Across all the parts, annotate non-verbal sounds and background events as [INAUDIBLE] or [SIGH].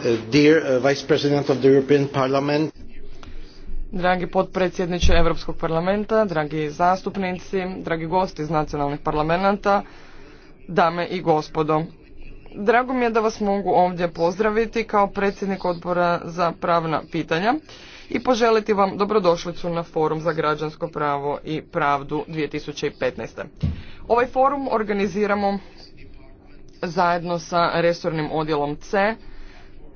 Uh, uh, dragi potpredsjedniče Europskog parlamenta, dragi zastupnici, dragi gosti iz nacionalnih parlamenta, dame i gospodo. Drago mi je da vas mogu ovdje pozdraviti kao predsjednik odbora za pravna pitanja i poželiti vam dobrodošlicu na forum za građansko pravo i pravdu 2015. Ovaj forum organiziramo zajedno sa resornim odjelom C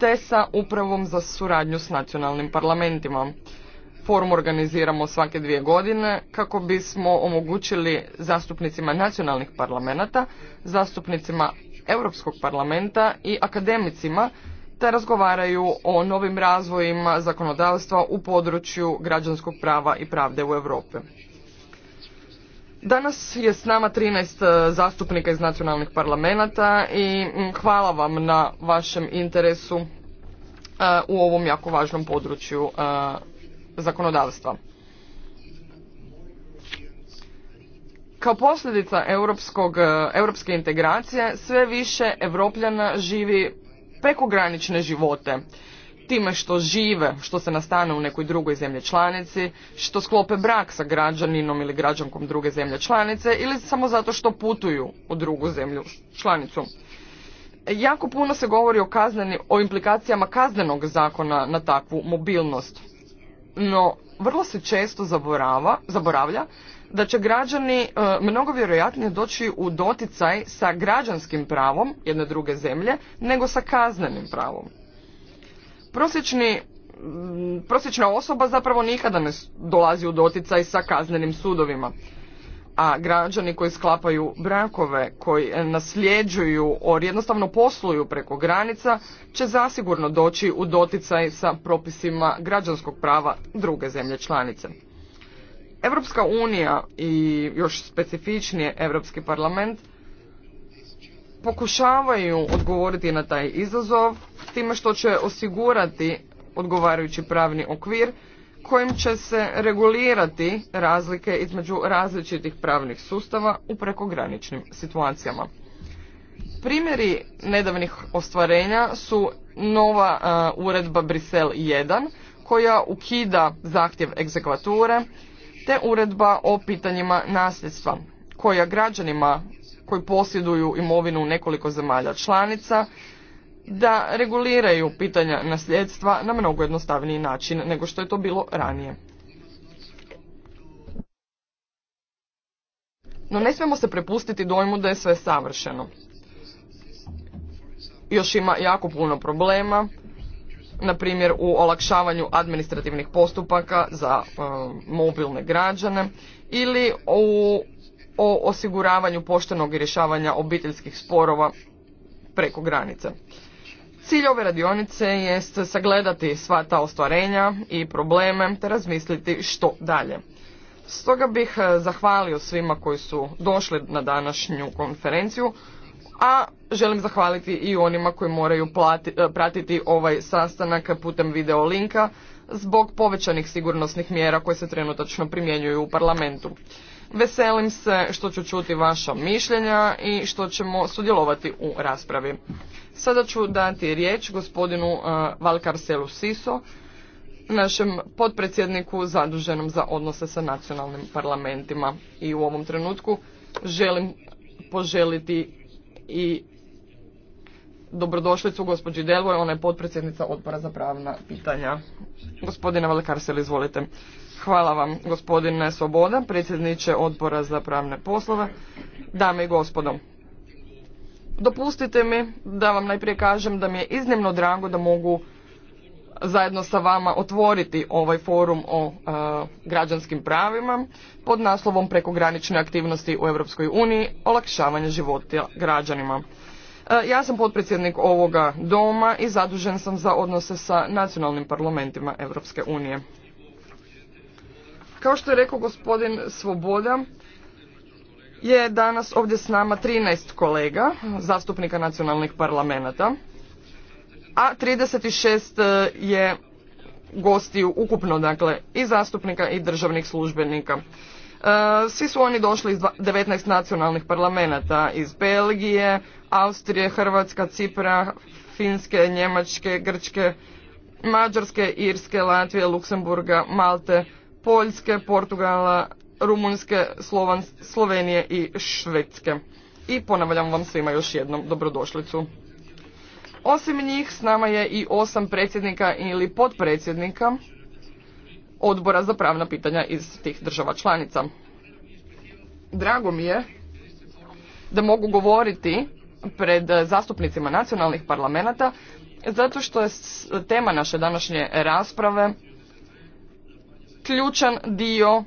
te sa upravom za suradnju s nacionalnim parlamentima. Forum organiziramo svake dvije godine kako bismo omogućili zastupnicima nacionalnih parlamenta, zastupnicima Europskog parlamenta i akademicima te razgovaraju o novim razvojima zakonodavstva u području građanskog prava i pravde u Europi. Danas je s nama 13 eh, zastupnika iz nacionalnih parlamenta i mm, hvala vam na vašem interesu eh, u ovom jako važnom području eh, zakonodavstva. Kao posljedica europskog, e, europske integracije sve više Evropljana živi prekogranične živote. Time što žive, što se nastane u nekoj drugoj zemlji članici, što sklope brak sa građaninom ili građankom druge zemlje članice ili samo zato što putuju u drugu zemlju članicu. Jako puno se govori o, kazneni, o implikacijama kaznenog zakona na takvu mobilnost. No, vrlo se često zaboravlja da će građani e, mnogo vjerojatnije doći u doticaj sa građanskim pravom jedne druge zemlje nego sa kaznenim pravom. Prosječni prosječna osoba zapravo nikada ne dolazi u doticaj sa kaznenim sudovima. A građani koji sklapaju brakove, koji e, nasljeđuju, or jednostavno posluju preko granica, će zasigurno doći u doticaj sa propisima građanskog prava druge zemlje članice. Evropska unija i još specifičnije Europski parlament pokušavaju odgovoriti na taj izazov time što će osigurati odgovarajući pravni okvir kojim će se regulirati razlike između različitih pravnih sustava u prekograničnim situacijama. Primjeri nedavnih ostvarenja su nova e, uredba Brisel 1 koja ukida zahtjev egzekvature, te uredba o pitanjima nasljedstva koja građanima koji posjeduju imovinu nekoliko zemalja članica da reguliraju pitanja nasljedstva na mnogo jednostavniji način nego što je to bilo ranije. No ne smijemo se prepustiti dojmu da je sve savršeno. Još ima jako puno problema na primjer u olakšavanju administrativnih postupaka za e, mobilne građane ili u, o osiguravanju poštenog rješavanja obiteljskih sporova preko granice. Cilj ove radionice jest sagledati sva ta ostvarenja i probleme te razmisliti što dalje. Stoga bih e, zahvalio svima koji su došli na današnju konferenciju a želim zahvaliti i onima koji moraju e, pratiti ovaj sastanak putem video linka zbog povećanih sigurnosnih mjera koje se trenutačno primjenjuju u parlamentu. Veselim se što ću čuti vaša mišljenja i što ćemo sudjelovati u raspravi. Sada ću dati riječ gospodinu e, Valkarselu Siso, našem potpredsjedniku zaduženom za odnose sa nacionalnim parlamentima. I u ovom trenutku želim poželiti i dobrodošlicu gospođi Delvoj, ona je potpredsjednica odbora za pravna pitanja. Gospodine Valkarsel, izvolite. Hvala vam, gospodine Svoboda, predsjedniče odbora za pravne poslove, dame i gospodo. Dopustite mi da vam najprije kažem da mi je iznimno drago da mogu zajedno sa vama otvoriti ovaj forum o e, građanskim pravima pod naslovom prekogranične aktivnosti u Europskoj uniji, olakšavanje života građanima. E, ja sam potpredsjednik ovoga doma i zadužen sam za odnose sa nacionalnim parlamentima Europske unije. Kao što je rekao gospodin Svoboda, je danas ovdje s nama 13 kolega, zastupnika nacionalnih parlamenta a 36 e, je gostiju ukupno, dakle, i zastupnika i državnih službenika. E, svi su oni došli iz 19 nacionalnih parlamenta, iz Belgije, Austrije, Hrvatska, Cipra, Finske, Njemačke, Grčke, Mađarske, Irske, Latvije, Luksemburga, Malte, Poljske, Portugala, Rumunjske, Slovenije i Švedske. I ponavljam vam svima još jednom dobrodošlicu. Osim njih s nama je i osam predsjednika ili potpredsjednika odbora za pravna pitanja iz tih država članica. Drago mi je da mogu govoriti pred zastupnicima nacionalnih parlamenta zato što je tema naše današnje rasprave ključan dio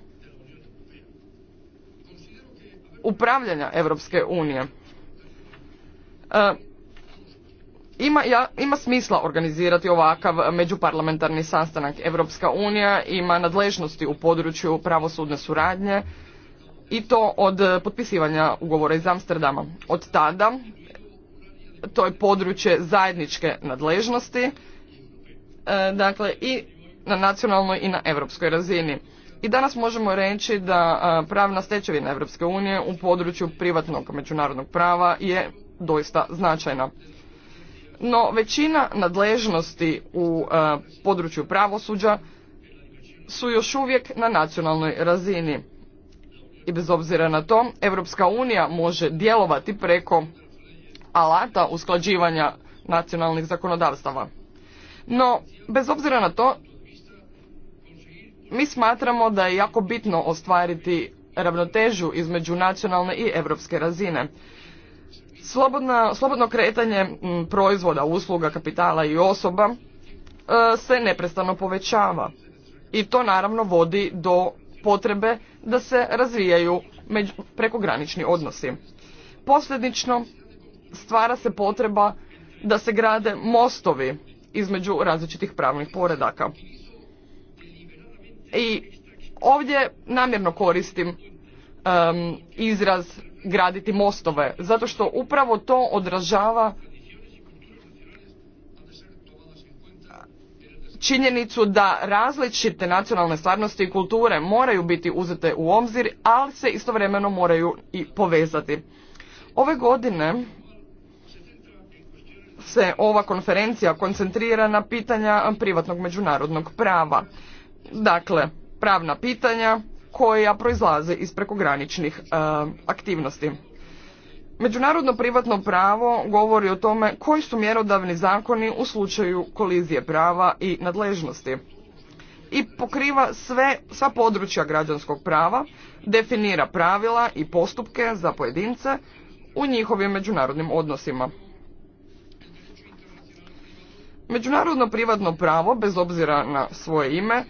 upravljanja Europske unije. E, ima, ima smisla organizirati ovakav međuparlamentarni sastanak. Europska unija ima nadležnosti u području pravosudne suradnje i to od eh, potpisivanja ugovora iz Amsterdama. Od tada to je područje zajedničke nadležnosti, eh, dakle i na nacionalnoj i na europskoj razini. I danas možemo reći da eh, pravna stečevina Europske unije u području privatnog međunarodnog prava je doista značajna no većina nadležnosti u e, području pravosuđa su još uvijek na nacionalnoj razini. I bez obzira na to, Europska unija može djelovati preko alata usklađivanja nacionalnih zakonodavstava. No, bez obzira na to, mi smatramo da je jako bitno ostvariti ravnotežu između nacionalne i europske razine slobodno kretanje mm, proizvoda, usluga, kapitala i osoba e, se neprestano povećava i to naravno vodi do potrebe da se razvijaju među, prekogranični odnosi. Posljedično stvara se potreba da se grade mostovi između različitih pravnih poredaka. I ovdje namjerno koristim izraz graditi mostove zato što upravo to odražava činjenicu da različite nacionalne stvarnosti i kulture moraju biti uzete u obzir, ali se istovremeno moraju i povezati. Ove godine se ova konferencija koncentrira na pitanja privatnog međunarodnog prava. Dakle, pravna pitanja koja proizlaze iz prekograničnih e, aktivnosti. Međunarodno privatno pravo govori o tome koji su mjerodavni zakoni u slučaju kolizije prava i nadležnosti i pokriva sve, sva područja građanskog prava, definira pravila i postupke za pojedince u njihovim međunarodnim odnosima. Međunarodno privatno pravo, bez obzira na svoje ime,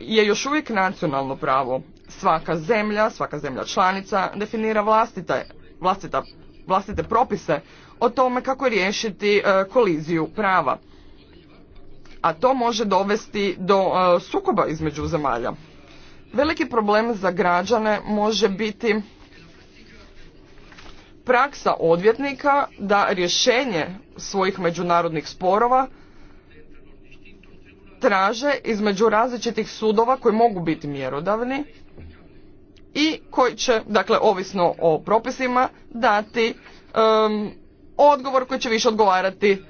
je još uvijek nacionalno pravo. Svaka zemlja, svaka zemlja članica definira vlastite, vlastite propise o tome kako riješiti e, koliziju prava. A to može dovesti do e, sukoba između zemalja. Veliki problem za građane može biti praksa odvjetnika da rješenje svojih međunarodnih sporova traže između različitih sudova koji mogu biti mjerodavni i koji će, dakle, ovisno o propisima, dati odgovor koji će više odgovarati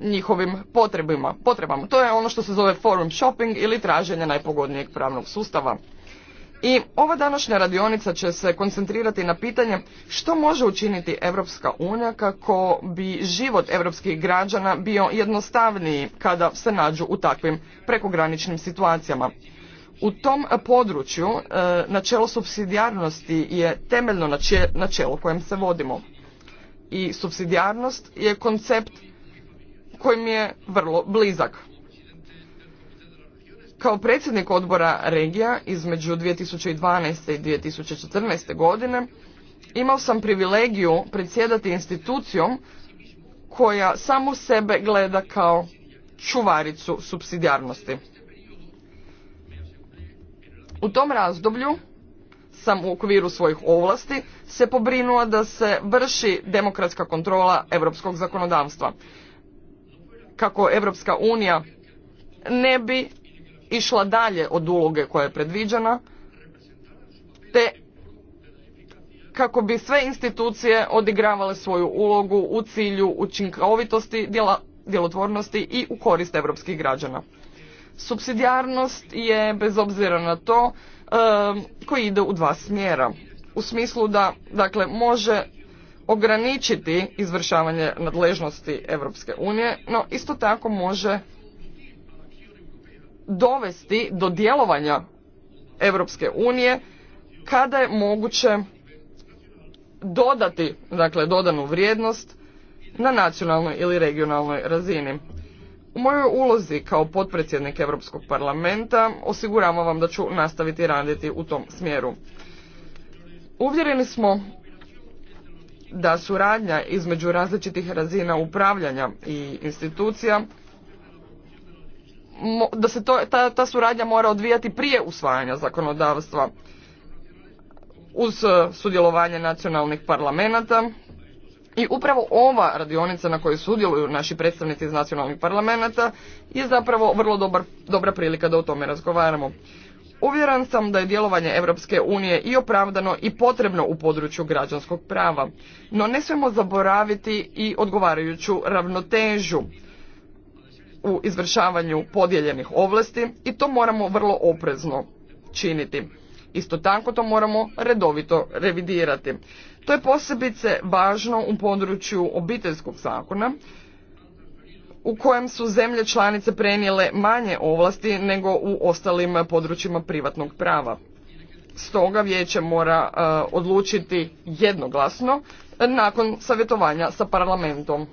njihovim potrebima, potrebama. To je ono što se zove forum shopping ili traženje najpogodnijeg pravnog sustava. I ova današnja radionica će se koncentrirati na pitanje što može učiniti Europska unija kako bi život europskih građana bio jednostavniji kada se nađu u takvim prekograničnim situacijama. U tom području e, načelo subsidijarnosti je temeljno načelo kojem se vodimo. I subsidijarnost je koncept kojim je vrlo blizak. Kao predsjednik odbora regija između 2012. i 2014. godine imao sam privilegiju predsjedati institucijom koja samo sebe gleda kao čuvaricu subsidijarnosti. U tom razdoblju sam u okviru svojih ovlasti se pobrinula da se vrši demokratska kontrola europskog zakonodavstva. Kako Europska unija ne bi išla dalje od uloge koja je predviđena, te kako bi sve institucije odigravale svoju ulogu u cilju učinkovitosti, djelotvornosti i u korist europskih građana. Subsidijarnost je, bez obzira na to, e, koji ide u dva smjera. U smislu da dakle, može ograničiti izvršavanje nadležnosti Europske unije, no isto tako može dovesti do djelovanja Europske unije kada je moguće dodati, dakle dodanu vrijednost na nacionalnoj ili regionalnoj razini. U mojoj ulozi kao potpredsjednik Europskog parlamenta osiguramo vam da ću nastaviti raditi u tom smjeru. Uvjereni smo da suradnja između različitih razina upravljanja i institucija da se to, ta, ta suradnja mora odvijati prije usvajanja zakonodavstva uz e, sudjelovanje nacionalnih parlamenata i upravo ova radionica na kojoj sudjeluju naši predstavnici iz nacionalnih parlamenata je zapravo vrlo dobar, dobra prilika da o tome razgovaramo. Uvjeran sam da je djelovanje Europske unije i opravdano i potrebno u području građanskog prava, no ne smijemo zaboraviti i odgovarajuću ravnotežu u izvršavanju podijeljenih ovlasti i to moramo vrlo oprezno činiti. Isto tako to moramo redovito revidirati. To je posebice važno u području obiteljskog zakona u kojem su zemlje članice prenijele manje ovlasti nego u ostalim područjima privatnog prava. Stoga vijeće mora e, odlučiti jednoglasno nakon savjetovanja sa parlamentom.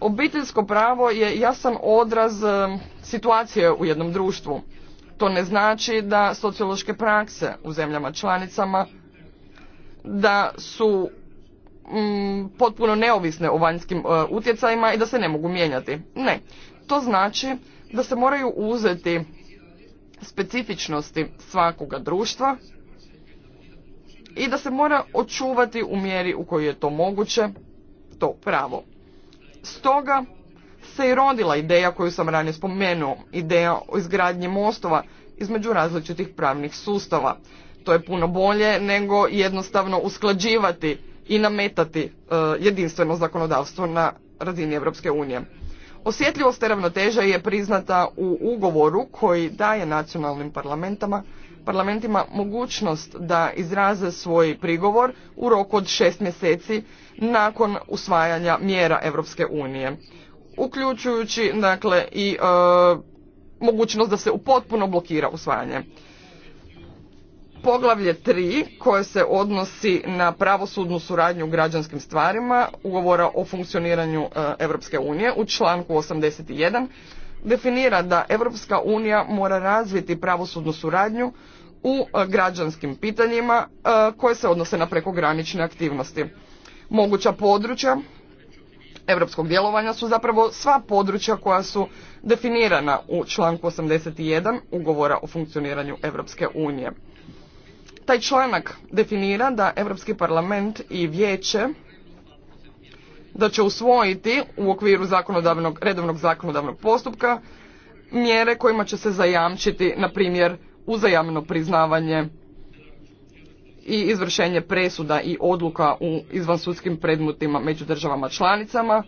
Obiteljsko pravo je jasan odraz e, situacije u jednom društvu. To ne znači da sociološke prakse u zemljama članicama da su mm, potpuno neovisne o vanjskim e, utjecajima i da se ne mogu mijenjati. Ne. To znači da se moraju uzeti specifičnosti svakoga društva i da se mora očuvati u mjeri u kojoj je to moguće to pravo. Stoga se i rodila ideja koju sam ranije spomenuo, ideja o izgradnji mostova između različitih pravnih sustava. To je puno bolje nego jednostavno usklađivati i nametati e, jedinstveno zakonodavstvo na razini Europske unije. Osjetljivost te je priznata u ugovoru koji daje nacionalnim parlamentima mogućnost da izraze svoj prigovor u roku od šest mjeseci nakon usvajanja mjera Europske unije, uključujući dakle i e, mogućnost da se potpuno blokira usvajanje. Poglavlje 3 koje se odnosi na pravosudnu suradnju u građanskim stvarima ugovora o funkcioniranju Europske unije u članku 81 definira da Europska unija mora razviti pravosudnu suradnju u e, građanskim pitanjima e, koje se odnose na prekogranične aktivnosti. Moguća područja europskog djelovanja su zapravo sva područja koja su definirana u članku 81 ugovora o funkcioniranju Europske unije. Taj članak definira da Europski parlament i vijeće da će usvojiti u okviru zakonodavnog, redovnog zakonodavnog postupka mjere kojima će se zajamčiti, na primjer, uzajamno priznavanje i izvršenje presuda i odluka u izvansudskim predmutima među državama članicama,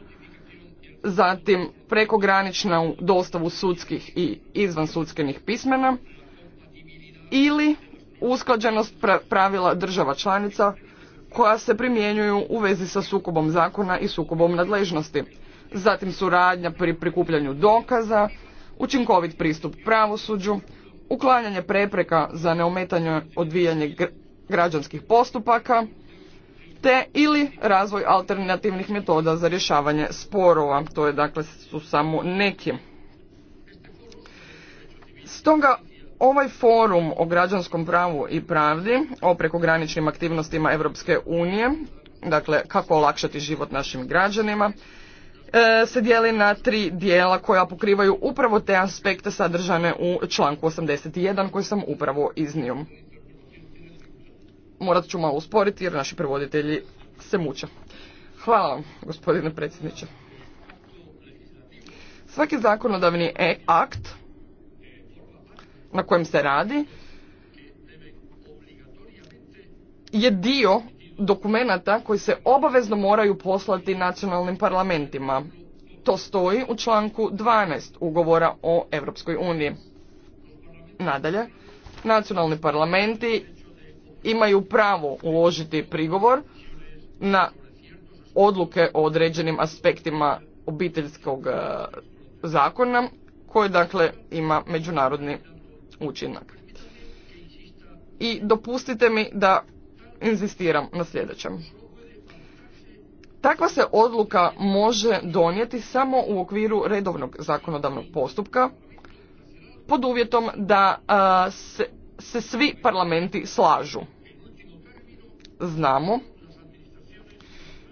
zatim prekograničnu dostavu sudskih i izvansudskih pismena ili usklađenost pravila država članica koja se primjenjuju u vezi sa sukobom zakona i sukobom nadležnosti. Zatim suradnja pri prikupljanju dokaza, učinkovit pristup pravosuđu, uklanjanje prepreka za neometanje odvijanje građanskih postupaka te ili razvoj alternativnih metoda za rješavanje sporova. To je dakle su samo neki. Stoga ovaj forum o građanskom pravu i pravdi, o prekograničnim aktivnostima Europske unije, dakle kako olakšati život našim građanima, e, se dijeli na tri dijela koja pokrivaju upravo te aspekte sadržane u članku 81 koji sam upravo iznio morat ću malo usporiti jer naši prevoditelji se muče. Hvala vam, gospodine predsjedniče. Svaki zakonodavni e- akt na kojem se radi je dio dokumenata koji se obavezno moraju poslati nacionalnim parlamentima. To stoji u članku 12 ugovora o Europskoj uniji. Nadalje, nacionalni parlamenti imaju pravo uložiti prigovor na odluke o određenim aspektima obiteljskog e, zakona koje dakle ima međunarodni učinak. I dopustite mi da inzistiram na sljedećem. Takva se odluka može donijeti samo u okviru redovnog zakonodavnog postupka pod uvjetom da se se svi parlamenti slažu. Znamo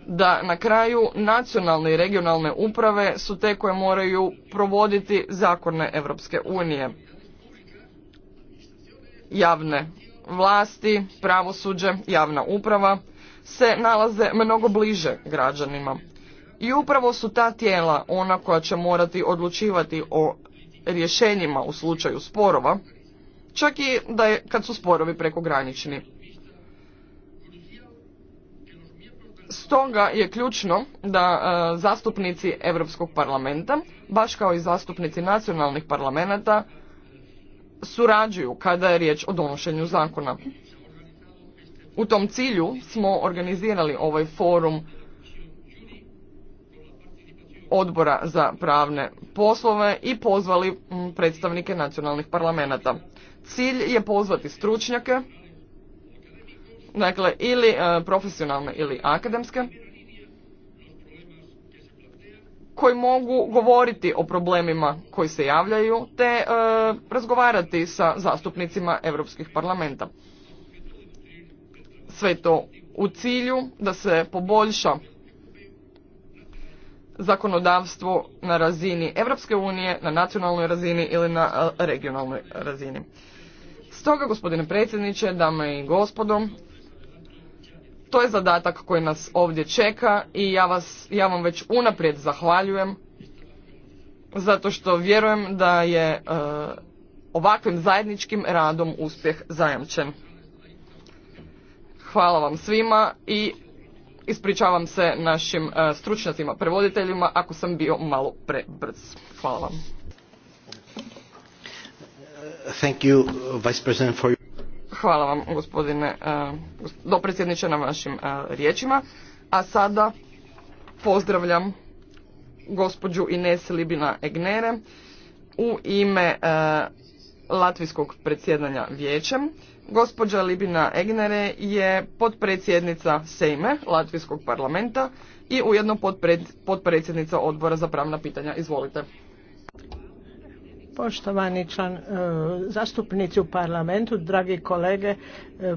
da na kraju nacionalne i regionalne uprave su te koje moraju provoditi zakone Europske unije. Javne vlasti, pravosuđe, javna uprava se nalaze mnogo bliže građanima. I upravo su ta tijela ona koja će morati odlučivati o rješenjima u slučaju sporova, čak i da je, kad su sporovi prekogranični. Stoga je ključno da e, zastupnici Europskog parlamenta, baš kao i zastupnici nacionalnih parlamenta, surađuju kada je riječ o donošenju zakona. U tom cilju smo organizirali ovaj forum odbora za pravne poslove i pozvali predstavnike nacionalnih parlamenta. Cilj je pozvati stručnjake, dakle ili e, profesionalne ili akademske, koji mogu govoriti o problemima koji se javljaju te e, razgovarati sa zastupnicima europskih parlamenta. Sve to u cilju da se poboljša zakonodavstvo na razini Europske unije, na nacionalnoj razini ili na e, regionalnoj razini. Stoga, gospodine predsjedniče, dame i gospodo, to je zadatak koji nas ovdje čeka i ja, vas, ja vam već unaprijed zahvaljujem zato što vjerujem da je e, ovakvim zajedničkim radom uspjeh zajamčen. Hvala vam svima i ispričavam se našim e, stručnjacima, prevoditeljima ako sam bio malo prebrz. Hvala vam. Hvala vam, gospodine e, dopredsjedniče, na vašim e, riječima. A sada pozdravljam gospođu Ines Libina Egnere u ime e, latvijskog predsjedanja vijećem. Gospođa Libina Egnere je potpredsjednica Sejme Latvijskog parlamenta i ujedno potpredsjednica odbora za pravna pitanja. Izvolite. Poštovani član, e, zastupnici u parlamentu, dragi kolege, e,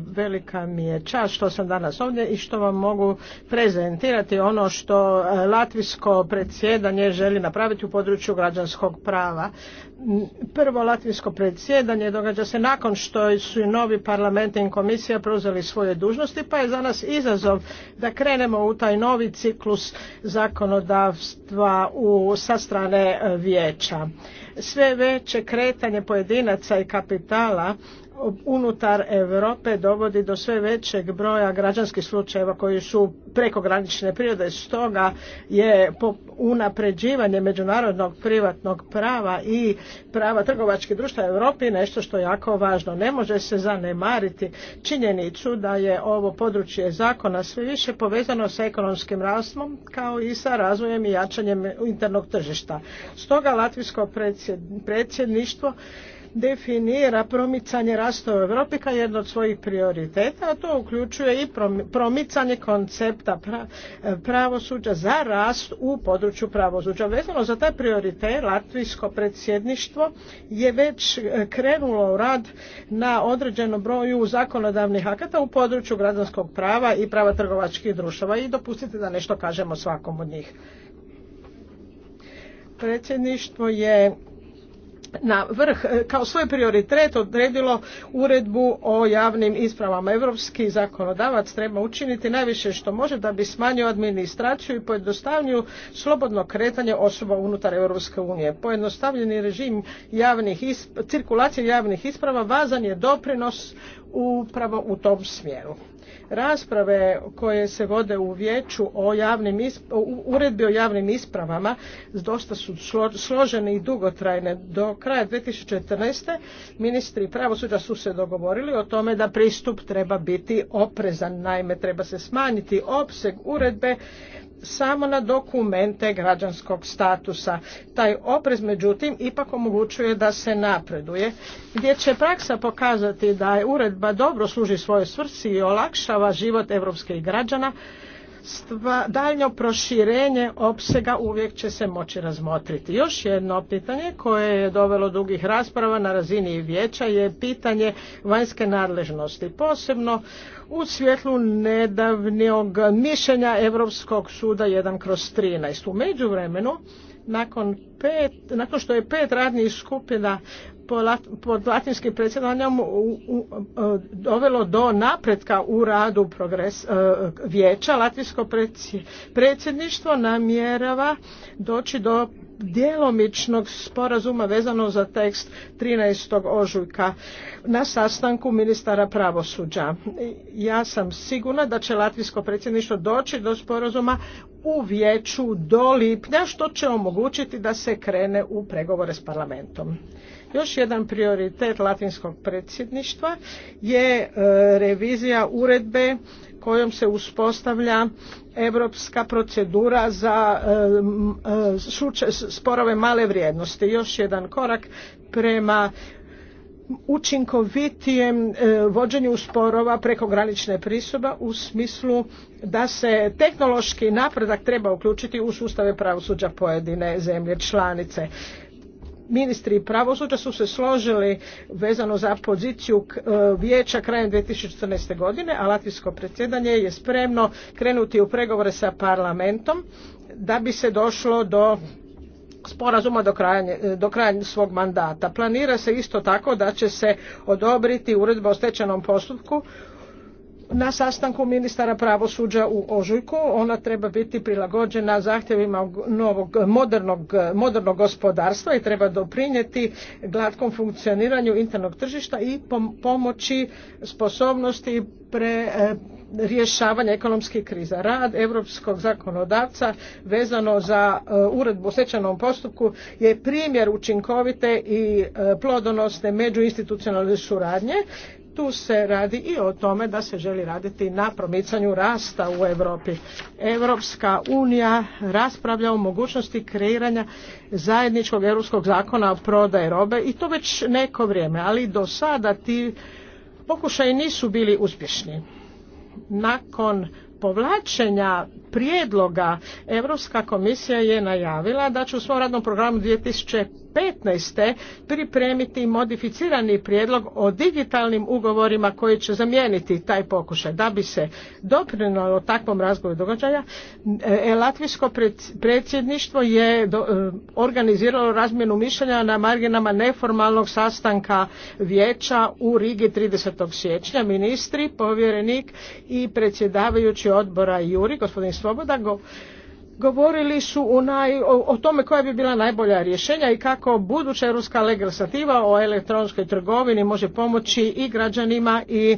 velika mi je čast što sam danas ovdje i što vam mogu prezentirati ono što e, latvijsko predsjedanje želi napraviti u području građanskog prava. Prvo latvijsko predsjedanje događa se nakon što su i novi parlament i komisija preuzeli svoje dužnosti, pa je za nas izazov da krenemo u taj novi ciklus zakonodavstva u, sa strane vijeća. Sve će kretanje pojedinaca i kapitala unutar Europe dovodi do sve većeg broja građanskih slučajeva koji su prekogranične prirode. Stoga je unapređivanje međunarodnog privatnog prava i prava trgovačkih društva Europi nešto što je jako važno. Ne može se zanemariti činjenicu da je ovo područje zakona sve više povezano sa ekonomskim rastom kao i sa razvojem i jačanjem internog tržišta. Stoga Latvijsko predsjedništvo definira promicanje rasta u Europi kao jedno od svojih prioriteta, a to uključuje i promicanje koncepta pravosuđa za rast u području pravosuđa. Vezano za taj prioritet, Latvijsko predsjedništvo je već e, krenulo u rad na određenom broju zakonodavnih akata u području građanskog prava i prava trgovačkih društava i dopustite da nešto kažemo svakom od njih. Predsjedništvo je na vrh e, kao svoj prioritet odredilo uredbu o javnim ispravama. Europski zakonodavac treba učiniti najviše što može da bi smanjio administraciju i pojednostavnju slobodno kretanje osoba unutar Europske unije. Pojednostavljeni režim javnih cirkulacije javnih isprava vazan je doprinos upravo u tom smjeru. Rasprave koje se vode u vijeću o javnim uredbi o javnim ispravama dosta su složene i dugotrajne. Do kraja 2014. ministri pravosuđa su se dogovorili o tome da pristup treba biti oprezan. Naime, treba se smanjiti opseg uredbe samo na dokumente građanskog statusa. Taj oprez međutim ipak omogućuje da se napreduje gdje će praksa pokazati da je uredba dobro služi svojoj svrsi i olakšava život evropskih građana Stva, daljnjo proširenje opsega uvijek će se moći razmotriti. Još jedno pitanje koje je dovelo dugih rasprava na razini vijeća je pitanje vanjske nadležnosti, posebno u svjetlu nedavnog mišljenja Evropskog suda 1 kroz 13. U međuvremenu, nakon, pet, nakon što je pet radnih skupina pod latinskim predsjedanjem e, dovelo do napretka u radu progres, e, vijeća. Latinsko predsjedništvo namjerava doći do djelomičnog sporazuma vezano za tekst 13. ožujka na sastanku ministara pravosuđa. Ja sam sigurna da će latinsko predsjedništvo doći do sporazuma u vijeću do lipnja što će omogućiti da se krene u pregovore s parlamentom. Još jedan prioritet latinskog predsjedništva je e, revizija uredbe kojom se uspostavlja europska procedura za e, e, sporove male vrijednosti. Još jedan korak prema učinkovitijem vođenju sporova granične prisoba u smislu da se tehnološki napredak treba uključiti u sustave pravosuđa pojedine zemlje članice ministri pravosuđa su se složili vezano za poziciju e, vijeća krajem 2014. godine, a latvijsko predsjedanje je spremno krenuti u pregovore sa parlamentom da bi se došlo do sporazuma do kraja, e, do kraja svog mandata. Planira se isto tako da će se odobriti uredba o stečajnom postupku na sastanku ministara pravosuđa u Ožujku. Ona treba biti prilagođena zahtjevima novog modernog, modernog gospodarstva i treba doprinijeti glatkom funkcioniranju internog tržišta i pomoći sposobnosti pre eh, rješavanja ekonomskih kriza. Rad europskog zakonodavca vezano za eh, uredbu o sečanom postupku je primjer učinkovite i eh, plodonosne međuinstitucionalne suradnje tu se radi i o tome da se želi raditi na promicanju rasta u Europi. Europska unija raspravlja o mogućnosti kreiranja zajedničkog europskog zakona o prodaje robe i to već neko vrijeme, ali do sada ti pokušaji nisu bili uspješni. Nakon povlačenja prijedloga Europska komisija je najavila da će u svom radnom programu 2015. pripremiti modificirani prijedlog o digitalnim ugovorima koji će zamijeniti taj pokušaj. Da bi se o takvom razgovoru događaja, e, Latvijsko predsjedništvo je e, organiziralo razmjenu mišljenja na marginama neformalnog sastanka vijeća u Rigi 30. siječnja. Ministri, povjerenik i predsjedavajući odbora Juri, gospodin Svoboda, govorili su o, tome koja bi bila najbolja rješenja i kako buduća ruska legislativa o elektronskoj trgovini može pomoći i građanima i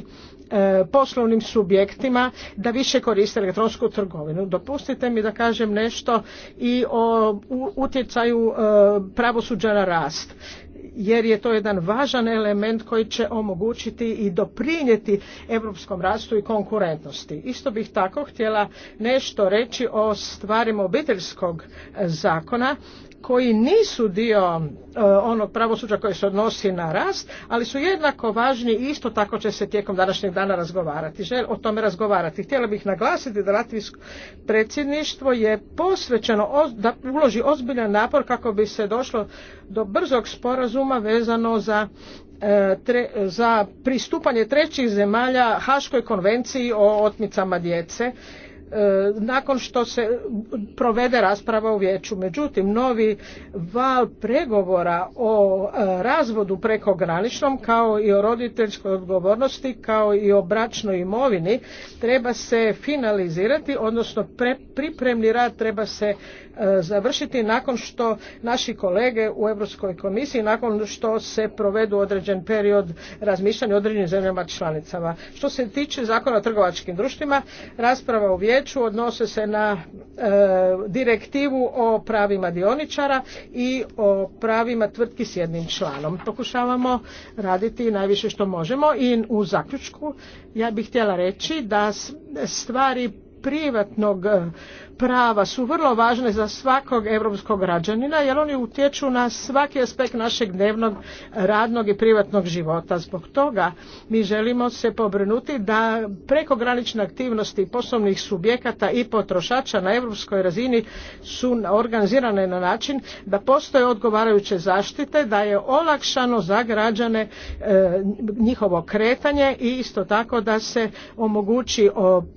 e, poslovnim subjektima da više koriste elektronsku trgovinu. Dopustite mi da kažem nešto i o utjecaju e, pravosuđa na rast jer je to jedan važan element koji će omogućiti i doprinijeti europskom rastu i konkurentnosti. Isto bih tako htjela nešto reći o stvarima obiteljskog zakona koji nisu dio eh, onog pravosuđa koji se odnosi na rast, ali su jednako važni i isto tako će se tijekom današnjeg dana razgovarati. Žel o tome razgovarati. Htjela bih naglasiti da Latvijsko predsjedništvo je posvećeno da uloži ozbiljan napor kako bi se došlo do brzog sporazuma vezano za eh, za pristupanje trećih zemalja Haškoj konvenciji o otmicama djece E, nakon što se provede rasprava u vijeću. Međutim, novi val pregovora o e, razvodu prekograničnom kao i o roditeljskoj odgovornosti kao i o bračnoj imovini treba se finalizirati, odnosno pripremni rad treba se e, završiti nakon što naši kolege u Europskoj komisiji, nakon što se provedu određen period razmišljanja određenim zemljama članicama. Što se tiče zakona o trgovačkim društvima, rasprava u vijeću vijeću odnose se na e, direktivu o pravima dioničara i o pravima tvrtki s jednim članom. Pokušavamo raditi najviše što možemo i u zaključku ja bih htjela reći da stvari privatnog e, prava su vrlo važne za svakog europskog građanina jer oni utječu na svaki aspekt našeg dnevnog radnog i privatnog života. Zbog toga mi želimo se pobrinuti da prekogranične aktivnosti poslovnih subjekata i potrošača na europskoj razini su organizirane na način da postoje odgovarajuće zaštite, da je olakšano za građane e, njihovo kretanje i isto tako da se omogući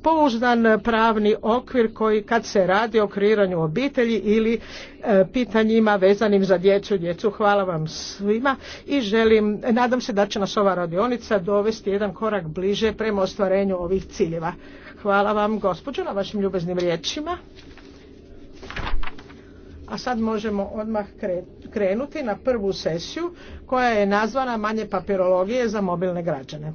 pouzdan pravi pravni okvir koji kad se radi o kreiranju obitelji ili e, pitanjima vezanim za djecu i djecu. Hvala vam svima i želim, nadam se da će nas ova radionica dovesti jedan korak bliže prema ostvarenju ovih ciljeva. Hvala vam gospođo na vašim ljubeznim riječima. A sad možemo odmah krenuti na prvu sesiju koja je nazvana manje papirologije za mobilne građane.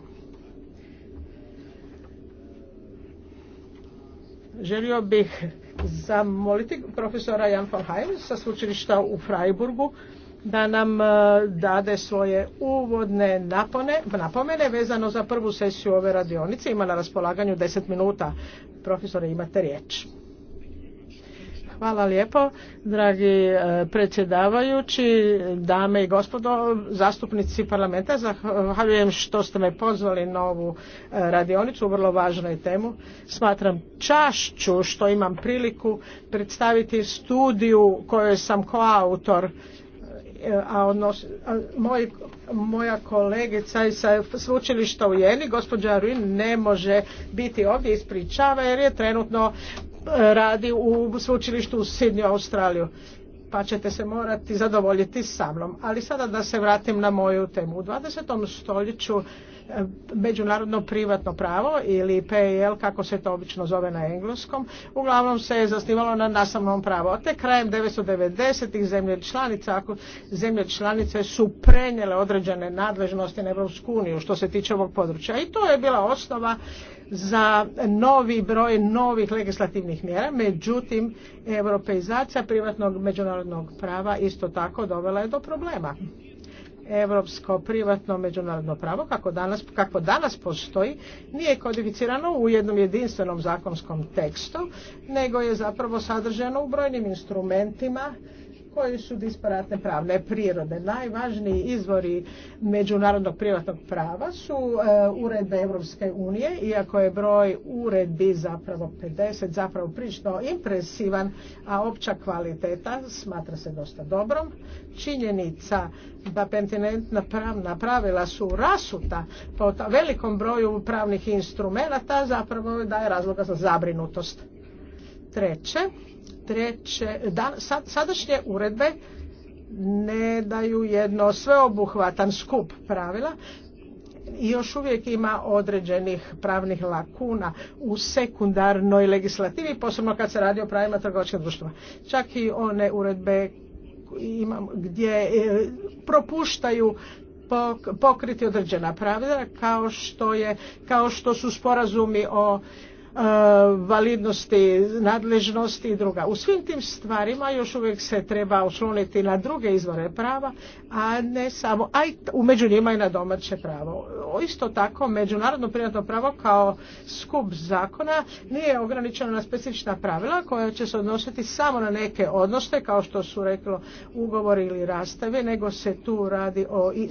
Želio bih zamoliti profesora Jan Falhajn sa sveučilišta u Freiburgu da nam e, dade svoje uvodne napone, napomene vezano za prvu sesiju ove radionice. Ima na raspolaganju 10 minuta. Profesore, imate riječ. Hvala lijepo, dragi e, predsjedavajući, dame i gospodo, zastupnici parlamenta. Zahvaljujem što ste me pozvali na ovu e, radionicu, vrlo važnoj temu. Smatram čašću što imam priliku predstaviti studiju kojoj sam koautor a, odnos, a moj, moja kolegica sa sveučilišta u Jeni, gospođa Ruin, ne može biti ovdje, ispričava jer je trenutno radi u sveučilištu u Sidnju Australiju. Pa ćete se morati zadovoljiti sa mnom. Ali sada da se vratim na moju temu. U 20. stoljeću međunarodno privatno pravo ili PIL, kako se to obično zove na engleskom uglavnom se je zasnivalo na nastavnom pravu a tek krajem 990. zemlje članice ako zemlje članice su prenijele određene nadležnosti na Europsku uniju što se tiče ovog područja i to je bila osnova za novi broj novih legislativnih mjera međutim europeizacija privatnog međunarodnog prava isto tako dovela je do problema europsko privatno međunarodno pravo kako danas, kako danas postoji nije kodificirano u jednom jedinstvenom zakonskom tekstu nego je zapravo sadržano u brojnim instrumentima koji su disparatne pravne prirode. Najvažniji izvori međunarodnog privatnog prava su e, uredbe Europske unije, iako je broj uredbi zapravo 50, zapravo prilično impresivan, a opća kvaliteta smatra se dosta dobrom. Činjenica da pentinentna pravna pravila su rasuta po velikom broju pravnih instrumenta, zapravo daje razloga za zabrinutost. Treće, treće, sadašnje uredbe ne daju jedno sveobuhvatan skup pravila i još uvijek ima određenih pravnih lakuna u sekundarnoj legislativi, posebno kad se radi o pravima trgovačkih društva. Čak i one uredbe gdje e, propuštaju pokriti određena pravila kao što, je, kao što su sporazumi o E, validnosti, nadležnosti i druga. U svim tim stvarima još uvijek se treba osloniti na druge izvore prava, a ne samo, a i među njima i na domaće pravo. Isto tako, međunarodno privatno pravo kao skup zakona nije ograničeno na specifična pravila koja će se odnositi samo na neke odnose, kao što su reklo ugovori ili rastave, nego se tu radi o, i,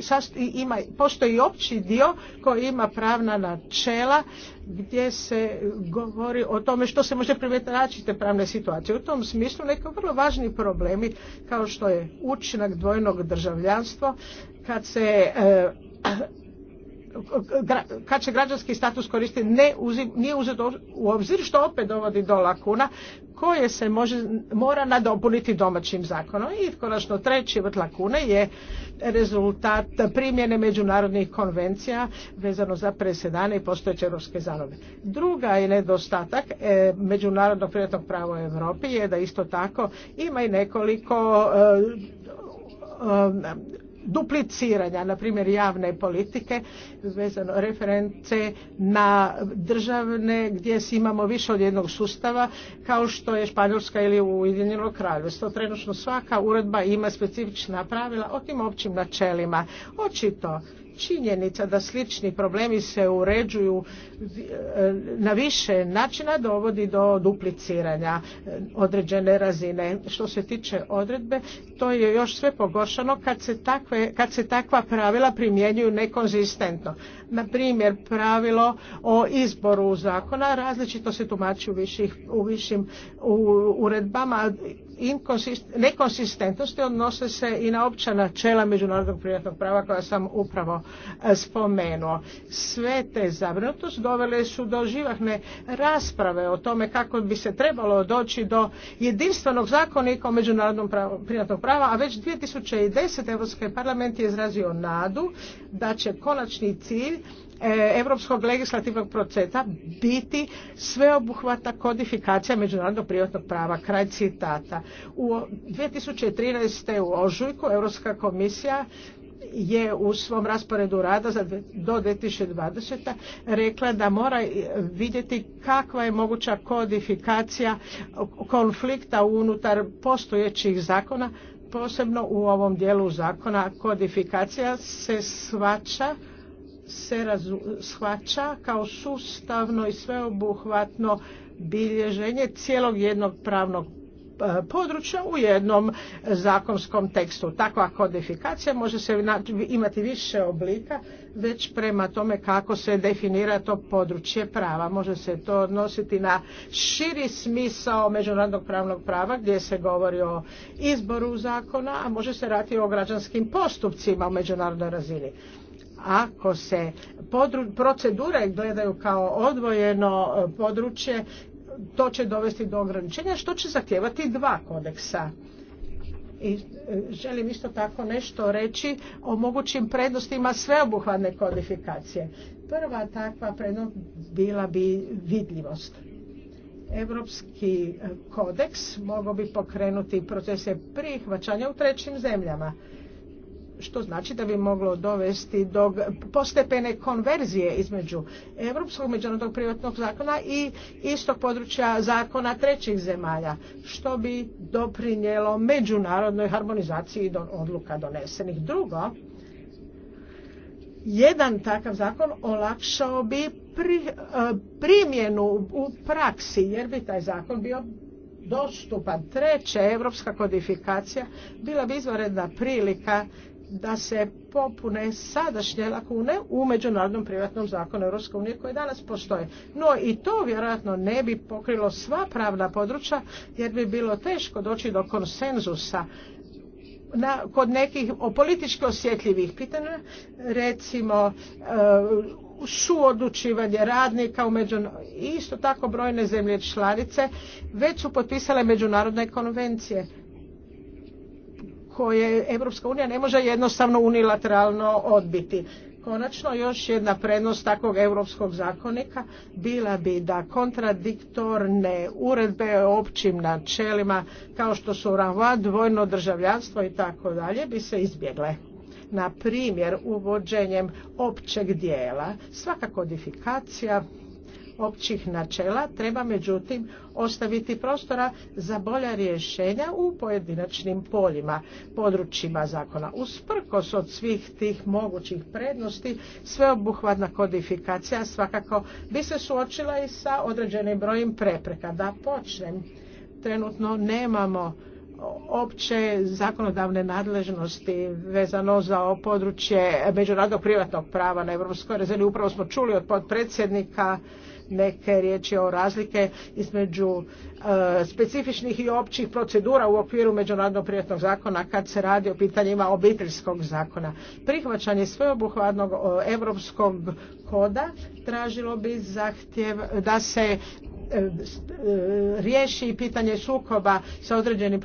ima, postoji opći dio koji ima pravna načela gdje se govori o tome što se može primijetiti te pravne situacije. U tom smislu neki vrlo važni problemi kao što je učinak dvojnog državljanstva kad se eh, kad će građanski status koristiti, ne uzim, nije uzet u obzir što opet dovodi do lakuna koje se može, mora nadopuniti domaćim zakonom. I konačno treći vrt lakune je rezultat primjene međunarodnih konvencija vezano za presedane i postojeće europske zanove. Druga je nedostatak e, međunarodnog prijatnog prava u Europi je da isto tako ima i nekoliko e, e, dupliciranja, na primjer javne politike, vezano reference na državne gdje imamo više od jednog sustava kao što je Španjolska ili Ujedinjeno kraljevstvo. Trenutno svaka uredba ima specifična pravila o tim općim načelima. Očito činjenica da slični problemi se uređuju e, na više načina dovodi do dupliciranja e, određene razine. Što se tiče odredbe, to je još sve pogoršano kad se, takve, kad se takva pravila primjenjuju nekonzistentno. Na primjer, pravilo o izboru zakona različito se tumači u, viših, u višim uredbama nekonsistentnosti odnose se i na opća načela međunarodnog privatnog prava koja sam upravo e, spomenuo. Sve te zabrinutost dovele su do živahne rasprave o tome kako bi se trebalo doći do jedinstvenog zakonika o međunarodnom pravu, privatnog prava, a već 2010. Europski parlament je izrazio nadu da će konačni cilj europskog legislativnog procesa biti sveobuhvata kodifikacija međunarodnog privatnog prava. Kraj citata. U 2013. u ožujku Europska komisija je u svom rasporedu rada za do 2020. rekla da mora vidjeti kakva je moguća kodifikacija konflikta unutar postojećih zakona, posebno u ovom dijelu zakona kodifikacija se svača se shvaća kao sustavno i sveobuhvatno bilježenje cijelog jednog pravnog e, područja u jednom zakonskom tekstu. Takva kodifikacija može se imati više oblika već prema tome kako se definira to područje prava. Može se to odnositi na širi smisao međunarodnog pravnog prava gdje se govori o izboru zakona, a može se rati o građanskim postupcima u međunarodnoj razini. Ako se procedure gledaju kao odvojeno e, područje, to će dovesti do ograničenja, što će zahtijevati dva kodeksa. I e, želim isto tako nešto reći o mogućim prednostima sveobuhvatne kodifikacije. Prva takva prednost bila bi vidljivost. Europski e, kodeks mogao bi pokrenuti procese prihvaćanja u trećim zemljama što znači da bi moglo dovesti do postepene konverzije između Europskog međunarodnog privatnog zakona i istog područja zakona trećih zemalja, što bi doprinjelo međunarodnoj harmonizaciji do odluka donesenih. Drugo, jedan takav zakon olakšao bi e, primjenu u praksi, jer bi taj zakon bio dostupan. Treća europska kodifikacija bila bi izvanredna prilika da se popune sadašnje lakune u međunarodnom privatnom zakonu Europske unije koji danas postoje. No i to vjerojatno ne bi pokrilo sva pravna područja jer bi bilo teško doći do konsenzusa na, kod nekih politički osjetljivih pitanja, recimo e, suodlučivanje radnika u isto tako brojne zemlje članice već su potpisale međunarodne konvencije koje Europska unija ne može jednostavno unilateralno odbiti. Konačno još jedna prednost takvog europskog zakonika bila bi da kontradiktorne uredbe o općim načelima kao što su rava, dvojno državljanstvo i tako dalje bi se izbjegle. Na primjer uvođenjem općeg dijela svaka kodifikacija općih načela, treba međutim ostaviti prostora za bolja rješenja u pojedinačnim poljima, područjima zakona. Usprkos od svih tih mogućih prednosti, sveobuhvatna kodifikacija svakako bi se suočila i sa određenim brojem prepreka. Da počnem, trenutno nemamo opće zakonodavne nadležnosti vezano za područje međunarodnog privatnog prava na europskoj razini. Upravo smo čuli od podpredsjednika neke riječi o razlike između e, specifičnih i općih procedura u okviru međunarodnog prijatnog zakona kad se radi o pitanjima obiteljskog zakona. Prihvaćanje sveobuhvatnog europskog koda tražilo bi zahtjev da se e, e, riješi pitanje sukoba sa određenim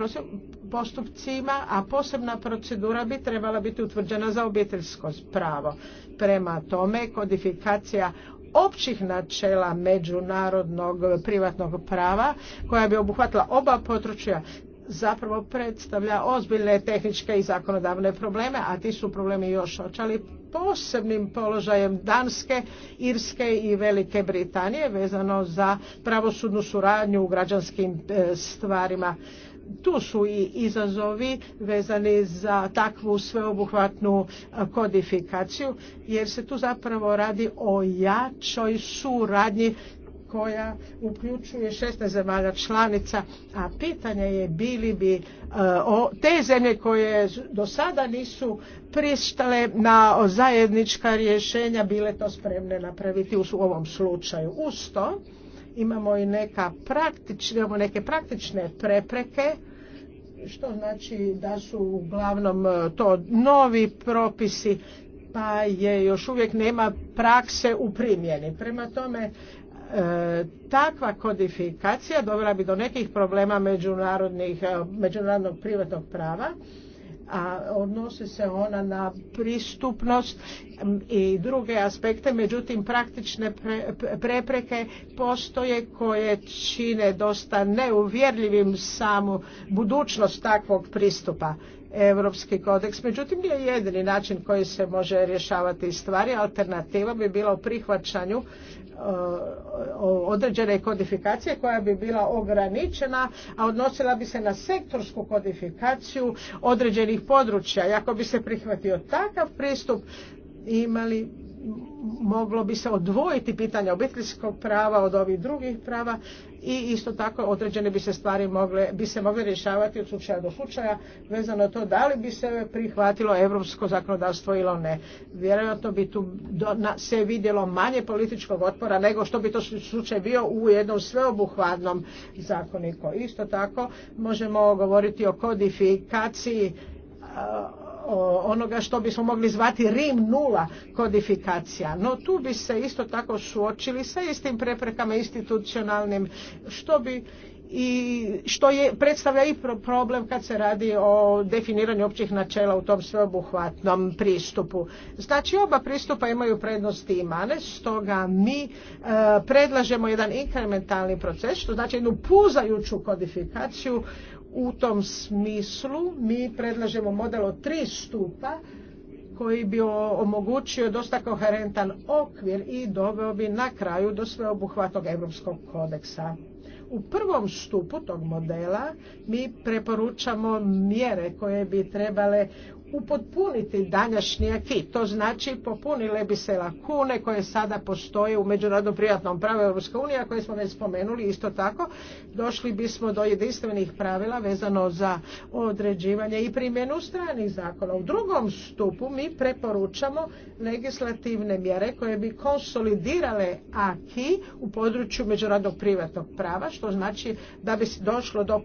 postupcima, a posebna procedura bi trebala biti utvrđena za obiteljsko pravo. Prema tome, kodifikacija općih načela međunarodnog privatnog prava koja bi obuhvatila oba područja zapravo predstavlja ozbiljne tehničke i zakonodavne probleme, a ti su problemi još očali posebnim položajem Danske, Irske i Velike Britanije vezano za pravosudnu suradnju u građanskim e, stvarima tu su i izazovi vezani za takvu sveobuhvatnu e, kodifikaciju jer se tu zapravo radi o jačoj suradnji koja uključuje 16 zemalja članica, a pitanje je bili bi e, o te zemlje koje do sada nisu pristale na zajednička rješenja bile to spremne napraviti u ovom slučaju. Uz to imamo i neka praktične, imamo neke praktične prepreke što znači da su uglavnom e, to novi propisi pa je još uvijek nema prakse u primjeni. Prema tome e, takva kodifikacija dovela bi do nekih problema međunarodnih, e, međunarodnog privatnog prava a odnosi se ona na pristupnost i druge aspekte, međutim praktične prepreke postoje koje čine dosta neuvjerljivim samu budućnost takvog pristupa. Europski kodeks, međutim je jedini način koji se može rješavati stvari, alternativa bi bila u prihvaćanju određene kodifikacije koja bi bila ograničena, a odnosila bi se na sektorsku kodifikaciju određenih područja. I ako bi se prihvatio takav pristup imali moglo bi se odvojiti pitanje obiteljskog prava od ovih drugih prava i isto tako određene bi se stvari mogle, bi se mogle rješavati od slučaja do slučaja vezano to da li bi se prihvatilo europsko zakonodavstvo ili ne. Vjerojatno bi tu se vidjelo manje političkog otpora nego što bi to slučaj bio u jednom sveobuhvatnom zakoniku. Isto tako možemo govoriti o kodifikaciji onoga što bismo mogli zvati Rim nula kodifikacija. No tu bi se isto tako suočili sa istim preprekama institucionalnim što bi i što je predstavlja i problem kad se radi o definiranju općih načela u tom sveobuhvatnom pristupu. Znači oba pristupa imaju prednosti i mane, stoga mi e, predlažemo jedan inkrementalni proces, što znači jednu puzajuću kodifikaciju u tom smislu mi predlažemo model od tri stupa koji bi omogućio dosta koherentan okvir i doveo bi na kraju do sveobuhvatnog europskog kodeksa. U prvom stupu tog modela mi preporučamo mjere koje bi trebale upotpuniti današnji AKI. To znači popunile bi se lakune koje sada postoje u međunarodnom privatnom pravu Europske unije, koje smo već spomenuli isto tako. Došli bismo do jedinstvenih pravila vezano za određivanje i primjenu stranih zakona. U drugom stupu mi preporučamo legislativne mjere koje bi konsolidirale aki u području međunarodnog privatnog prava, što znači da bi došlo do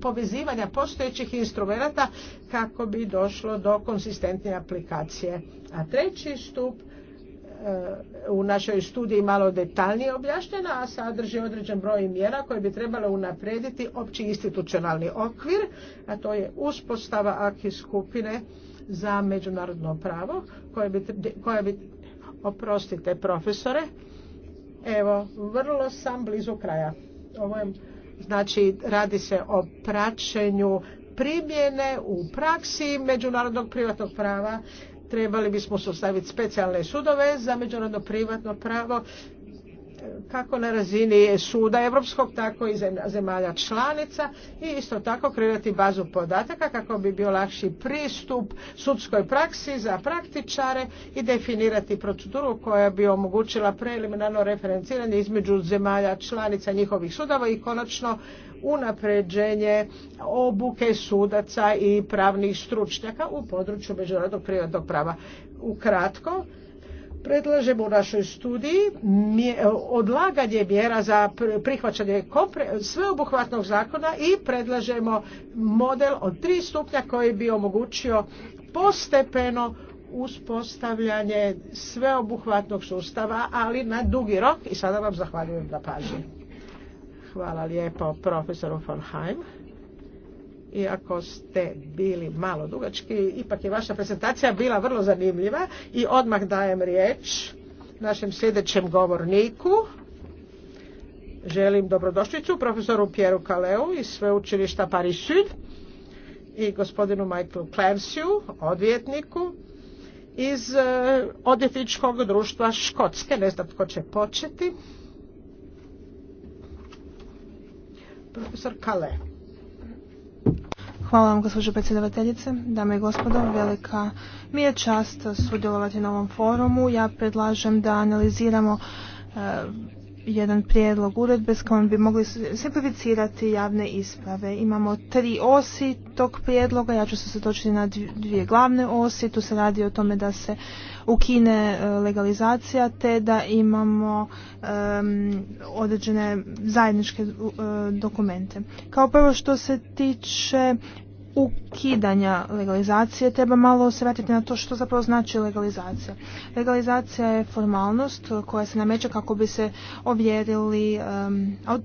povezivanja postojećih instrumenta kako bi do došlo do konsistentne aplikacije. A treći stup e, u našoj studiji malo detaljnije objašnjena, a sadrži određen broj mjera koje bi trebalo unaprijediti opći institucionalni okvir, a to je uspostava AKI skupine za međunarodno pravo, koje bi, koja bi, oprostite profesore, evo, vrlo sam blizu kraja. Ovo znači, radi se o praćenju primjene u praksi međunarodnog privatnog prava trebali bismo sustaviti specijalne sudove za međunarodno privatno pravo kako na razini suda europskog tako i zemalja članica i isto tako kreirati bazu podataka kako bi bio lakši pristup sudskoj praksi za praktičare i definirati proceduru koja bi omogućila preliminarno referenciranje između zemalja članica njihovih sudova i konačno unapređenje obuke sudaca i pravnih stručnjaka u području međunarodnog privatnog prava. Ukratko, Predlažemo u našoj studiji e, odlaganje mjera za prihvaćanje sveobuhvatnog zakona i predlažemo model od tri stupnja koji bi omogućio postepeno uspostavljanje sveobuhvatnog sustava, ali na dugi rok i sada vam zahvaljujem na pažnji. Hvala lijepo profesoru von Heim iako ste bili malo dugački, ipak je vaša prezentacija bila vrlo zanimljiva i odmah dajem riječ našem sljedećem govorniku. Želim dobrodošlicu profesoru Pieru Kaleu iz sveučilišta Paris Sud i gospodinu Michael Clancy, odvjetniku iz e, odvjetničkog društva Škotske. Ne znam tko će početi. Profesor Kaleu. Hvala vam, gospođo predsjedavateljice. Dame i gospodo, velika mi je čast sudjelovati na ovom forumu. Ja predlažem da analiziramo e, jedan prijedlog uredbe s kojom bi mogli simplificirati javne isprave. Imamo tri osi tog prijedloga, ja ću se sotočiti na dvije glavne osi. Tu se radi o tome da se ukine e, legalizacija te da imamo određene zajedničke e, dokumente. Kao prvo što se tiče ukidanja legalizacije treba malo se vratiti na to što zapravo znači legalizacija. Legalizacija je formalnost koja se nameće kako bi se ovjerili,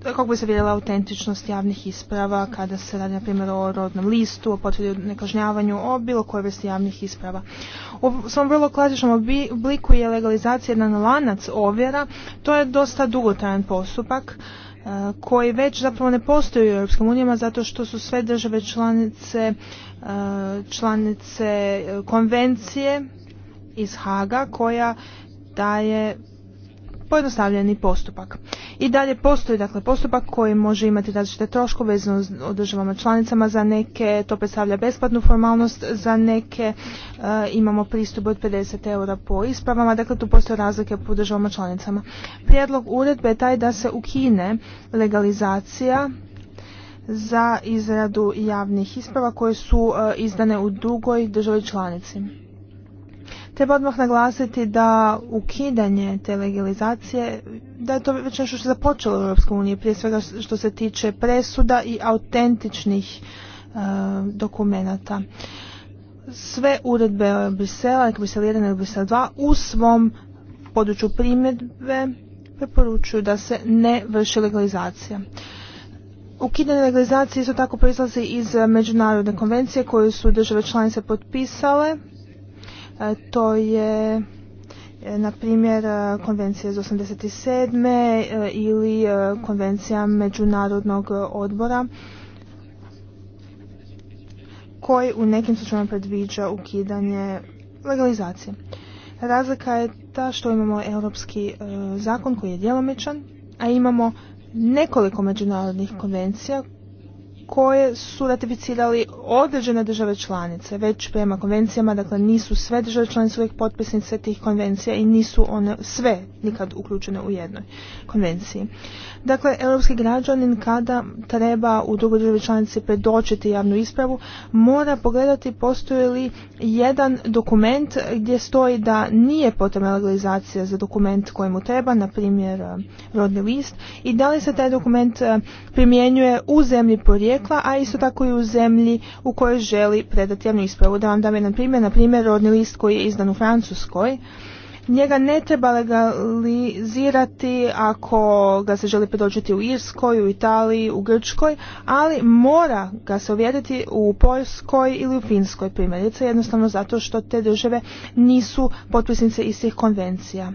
kako bi se vjerila autentičnost javnih isprava kada se radi na primjer o rodnom listu, o potvrdi o nekažnjavanju, o bilo kojoj vrsti javnih isprava. U svom vrlo klasičnom obliku je legalizacija jedan lanac ovjera, to je dosta dugotrajan postupak E, koji već zapravo ne postoji u EU zato što su sve države članice e, članice e, konvencije iz Haga koja daje pojednostavljeni postupak. I dalje postoji dakle postupak koji može imati različite troškove vezano o državama članicama za neke, to predstavlja besplatnu formalnost, za neke eh, imamo pristup od 50 eura po ispravama, dakle tu postoje razlike po državama članicama. Prijedlog uredbe je taj da se ukine legalizacija za izradu javnih isprava koje su eh, izdane u drugoj državi članici. Treba odmah naglasiti da ukidanje te legalizacije, da je to već nešto što je započelo u Europskoj uniji, prije svega što se tiče presuda i autentičnih e, dokumenata. Sve uredbe Brisela, Brisel 1 i Brisel 2 u svom području primjedbe preporučuju da se ne vrši legalizacija. Ukidanje legalizacije isto tako proizlazi iz međunarodne konvencije koju su države članice potpisale E, to je e, na primjer e, konvencija iz 87. ili konvencija međunarodnog odbora koji u nekim slučajima predviđa ukidanje legalizacije. Razlika je ta što imamo europski zakon koji je djelomičan, a imamo nekoliko međunarodnih konvencija koje su ratificirali određene države članice, već prema konvencijama, dakle nisu sve države članice uvijek potpisnice tih konvencija i nisu one sve nikad uključene u jednoj konvenciji. Dakle, europski građanin kada treba u drugoj državi članici predočiti javnu ispravu, mora pogledati postoji li jedan dokument gdje stoji da nije potrebna legalizacija za dokument kojemu treba, na primjer rodni list, i da li se taj dokument e, primjenjuje u zemlji porijekla porijekla, a isto tako i u zemlji u kojoj želi predati javnu ispravu. Da vam dam jedan primjer, na primjer rodni list koji je izdan u Francuskoj, njega ne treba legalizirati ako ga se želi predočiti u Irskoj, u Italiji, u Grčkoj, ali mora ga se uvjeriti u Poljskoj ili u Finskoj primjerice, jednostavno zato što te države nisu potpisnice istih konvencija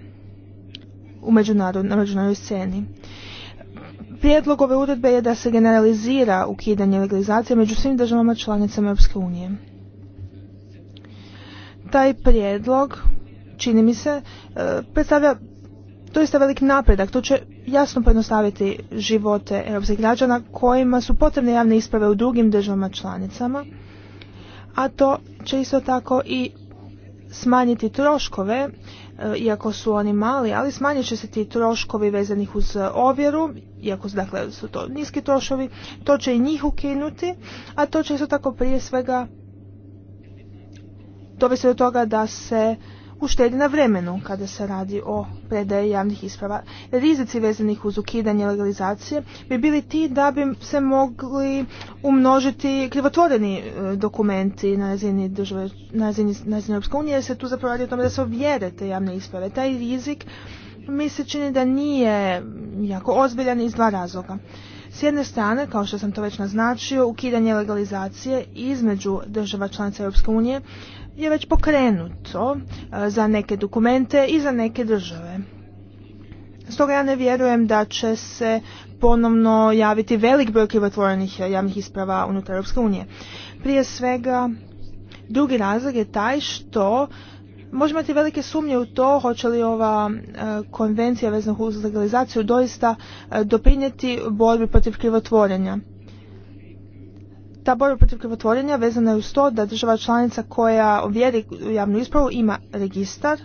u međunarodnoj sceni. Prijedlog ove uredbe je da se generalizira ukidanje legalizacije među svim državama članicama Europske unije. Taj prijedlog, čini mi se, e, predstavlja doista velik napredak. To će jasno pojednostaviti živote europskih građana kojima su potrebne javne isprave u drugim državama članicama, a to će isto tako i smanjiti troškove E, iako su oni mali, ali smanjit će se ti troškovi vezanih uz e, ovjeru, iako su, dakle, su to niski troškovi, to će i njih ukinuti, a to će isto tako prije svega dovesti do toga da se uštedi na vremenu kada se radi o predaje javnih isprava. Rizici vezanih uz ukidanje legalizacije bi bili ti da bi se mogli umnožiti krivotvoreni e, dokumenti na razini na Europske unije, jer se tu zapravo radi o tome da se ovjere te javne isprave. Taj rizik mi se čini da nije jako ozbiljan iz dva razloga. S jedne strane, kao što sam to već naznačio, ukidanje legalizacije između država članica Europske unije je već pokrenuto e, za neke dokumente i za neke države. Stoga ja ne vjerujem da će se ponovno javiti velik broj krivotvorenih javnih isprava unutar Europske unije. Prije svega, drugi razlog je taj što možemo imati velike sumnje u to hoće li ova e, konvencija vezana uz legalizaciju doista e, doprinijeti borbi protiv krivotvorenja. Ta borba protiv krivotvorenja vezana je uz to da država članica koja ovjeri javnu ispravu ima registar,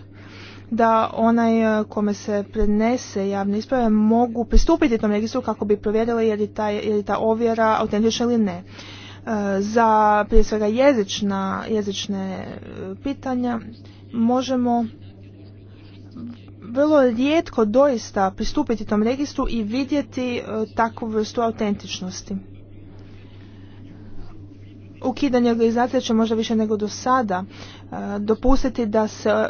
da onaj e, kome se prenese javne isprave mogu pristupiti tom registru kako bi provjerila je li ta, ta ovjera autentična ili ne. E, za prije svega jezična, jezične e, pitanja možemo vrlo rijetko doista pristupiti tom registru i vidjeti takvu vrstu autentičnosti ukidanje organizacije će možda više nego do sada e, dopustiti da se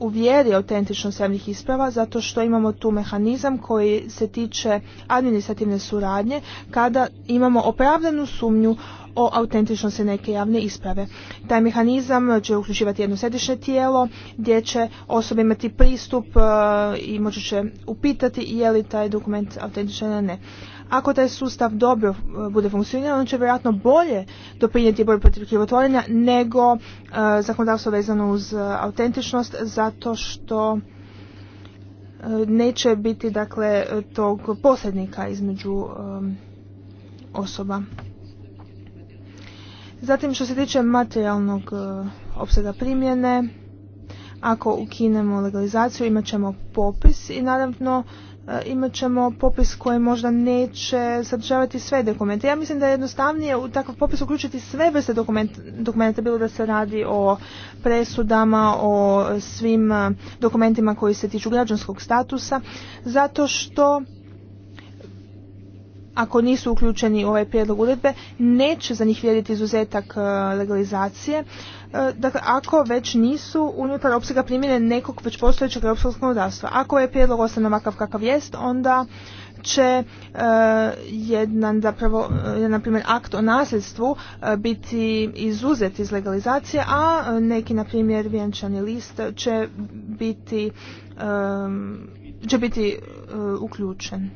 uvjeri autentičnost javnih isprava zato što imamo tu mehanizam koji se tiče administrativne suradnje kada imamo opravdanu sumnju o autentičnosti neke javne isprave. Taj mehanizam će uključivati jedno središnje tijelo gdje će osobe imati pristup e, i moći će upitati je li taj dokument autentičan ili ne. Ako taj sustav dobro e, bude funkcionirao, on će vjerojatno bolje doprinijeti borbi protiv krivotvorenja nego e, zakonodavstvo vezano uz autentičnost zato što neće biti dakle tog posrednika između osoba Zatim što se tiče materijalnog e, opsega primjene, ako ukinemo legalizaciju imat ćemo popis i naravno e, imat ćemo popis koji možda neće sadržavati sve dokumente. Ja mislim da je jednostavnije u takav popis uključiti sve vrste dokumenta, bilo da se radi o presudama, o svim e, dokumentima koji se tiču građanskog statusa, zato što ako nisu uključeni u ovaj prijedlog uredbe, neće za njih vrijediti izuzetak e, legalizacije. E, dakle, ako već nisu unutar opsega primjene nekog već postojećeg europskog zakonodavstva. Ako je ovaj prijedlog ostane ovakav kakav jest, onda će e, jedan zapravo na primjer akt o nasljedstvu biti izuzet iz legalizacije, a neki na primjer vjenčani list će biti će biti uključen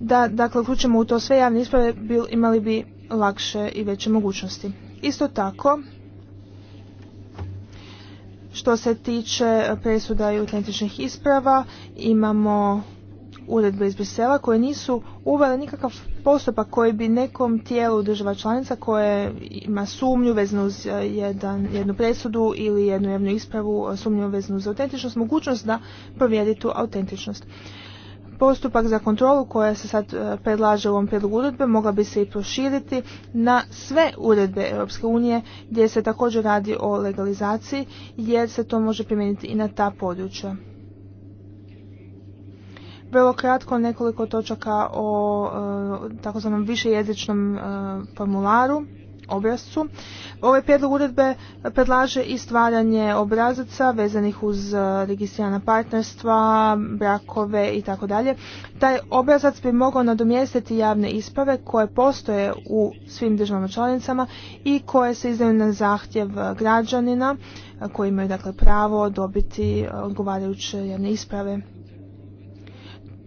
da dakle uključimo u to sve javne isprave imali bi lakše i veće mogućnosti. Isto tako, što se tiče presuda i autentičnih isprava, imamo uredbe iz Brisela koje nisu uvele nikakav postupak koji bi nekom tijelu država članica koje ima sumnju veznu uz e, jedan, jednu presudu ili jednu javnu ispravu e, sumnju veznu uz autentičnost, mogućnost da provjeri tu autentičnost. Postupak za kontrolu koja se sad e, predlaže u ovom prijedlogu uredbe mogla bi se i proširiti na sve uredbe Europske unije gdje se također radi o legalizaciji jer se to može primijeniti i na ta područja. Vrlo kratko nekoliko točaka o e, takozvanom višejezičnom e, formularu obrazcu. Ovaj prijedlog uredbe predlaže i stvaranje obrazaca vezanih uz e, registrirana partnerstva, brakove i tako dalje. Taj obrazac bi mogao nadomjestiti javne isprave koje postoje u svim državama članicama i koje se izdaju na zahtjev građanina e, koji imaju dakle pravo dobiti e, odgovarajuće javne isprave.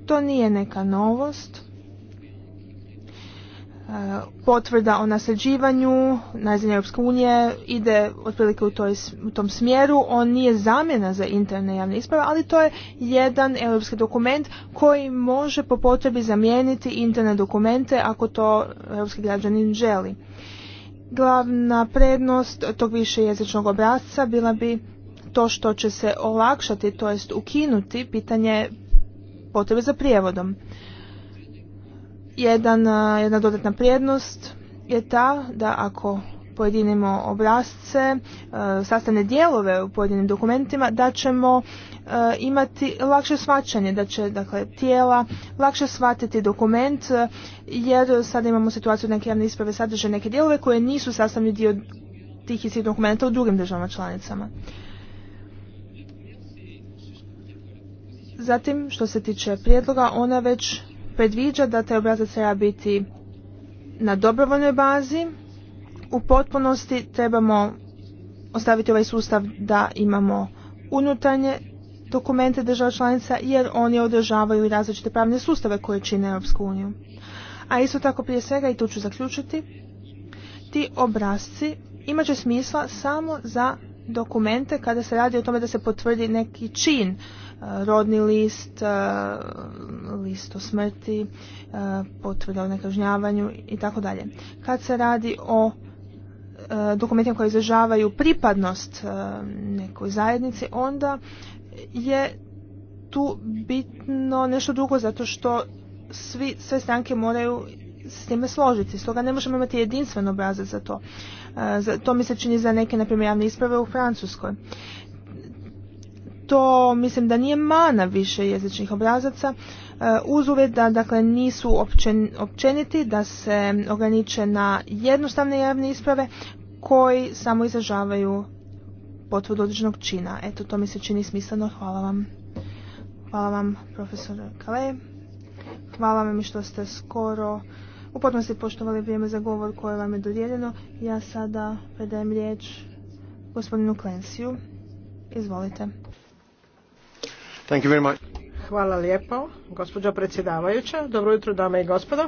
To nije neka novost potvrda o nasljeđivanju na razini Europske unije ide otprilike u, toj, u tom smjeru. On nije zamjena za interne javne isprave, ali to je jedan europski dokument koji može po potrebi zamijeniti interne dokumente ako to europski građanin želi. Glavna prednost tog više jezičnog obrazca bila bi to što će se olakšati, to jest ukinuti pitanje potrebe za prijevodom. Jedan, jedna dodatna prijednost je ta da ako pojedinimo obrazce, sastavne dijelove u pojedinim dokumentima, da ćemo imati lakše shvaćanje, da će dakle, tijela lakše shvatiti dokument, jer sada imamo situaciju da neke javne isprave sadrže neke dijelove koje nisu sastavni dio tih istih dokumenta u drugim državama članicama. Zatim, što se tiče prijedloga, ona već predviđa da taj obrazac treba biti na dobrovoljnoj bazi. U potpunosti trebamo ostaviti ovaj sustav da imamo unutarnje dokumente država članica jer oni održavaju i različite pravne sustave koje čine Europsku uniju. A isto tako prije svega, i tu ću zaključiti, ti obrazci imat će smisla samo za dokumente kada se radi o tome da se potvrdi neki čin rodni list, e, list o smrti, e, potvrda o nekažnjavanju i tako dalje. Kad se radi o e, dokumentima koji izražavaju pripadnost nekoj zajednici, onda je tu bitno nešto drugo zato što svi, sve stranke moraju s time složiti. Stoga ne možemo imati jedinstven obrazac za to. to mi se čini za neke, na primjer, javne isprave u Francuskoj to mislim da nije mana više jezičnih obrazaca e, uz uvjet da dakle, nisu općeniti, da se ograniče na jednostavne javne isprave koji samo izražavaju potvrdu određenog čina. Eto, to mi se čini smisleno. Hvala vam. Hvala vam, profesor Kale. Hvala vam što ste skoro u potpunosti poštovali vrijeme za govor koje vam je dodijeljeno. Ja sada predajem riječ gospodinu Klensiju. Izvolite. Hvala lijepo, gospođo predsjedavajuća. Dobro jutro, dame i gospodo.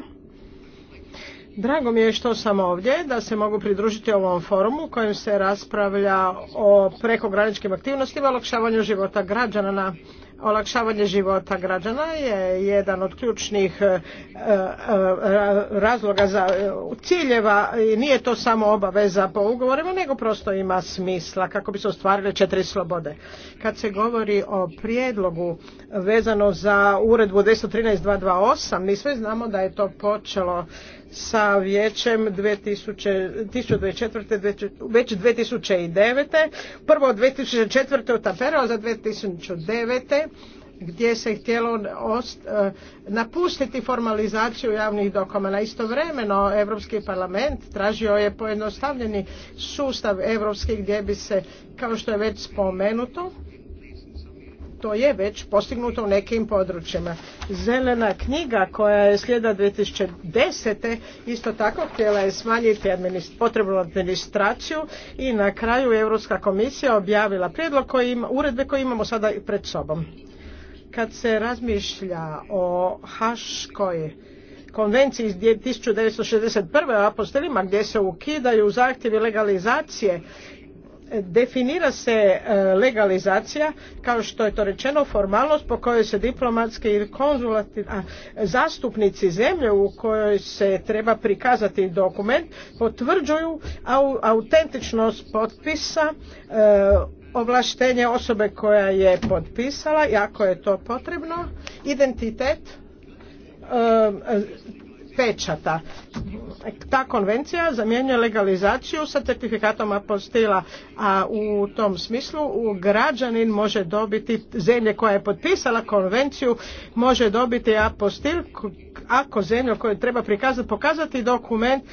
Drago mi je što sam ovdje, da se mogu pridružiti ovom forumu kojem se raspravlja o prekograničkim aktivnostima i olakšavanju života građana na Olakšavanje života građana je jedan od ključnih e, e, razloga za e, ciljeva i nije to samo obaveza po ugovorima, nego prosto ima smisla kako bi se ostvarile četiri slobode. Kad se govori o prijedlogu vezano za uredbu 213.228, mi sve znamo da je to počelo sa vijećem 2004. već 2009. Prvo od 2004. u Tampere, a za 2009 gdje se htjelo e, napustiti formalizaciju javnih dokumenta. Istovremeno Europski parlament tražio je pojednostavljeni sustav europski gdje bi se, kao što je već spomenuto, to je već postignuto u nekim područjima. Zelena knjiga koja je slijeda 2010. isto tako htjela je smanjiti potrebnu administraciju i na kraju Europska komisija objavila prijedlog koji uredbe koje imamo sada i pred sobom. Kad se razmišlja o Haškoj konvenciji iz 1961. o apostelima gdje se ukidaju zahtjevi legalizacije Definira se e, legalizacija, kao što je to rečeno, formalnost po kojoj se diplomatski ili konzulati, zastupnici zemlje u kojoj se treba prikazati dokument potvrđuju autentičnost potpisa e, ovlaštenje osobe koja je potpisala i ako je to potrebno, identitet e, pečata. Ta konvencija zamjenjuje legalizaciju sa certifikatom apostila, a u tom smislu građanin može dobiti, zemlje koja je potpisala konvenciju, može dobiti apostil ako zemlja koju treba prikazati, pokazati dokument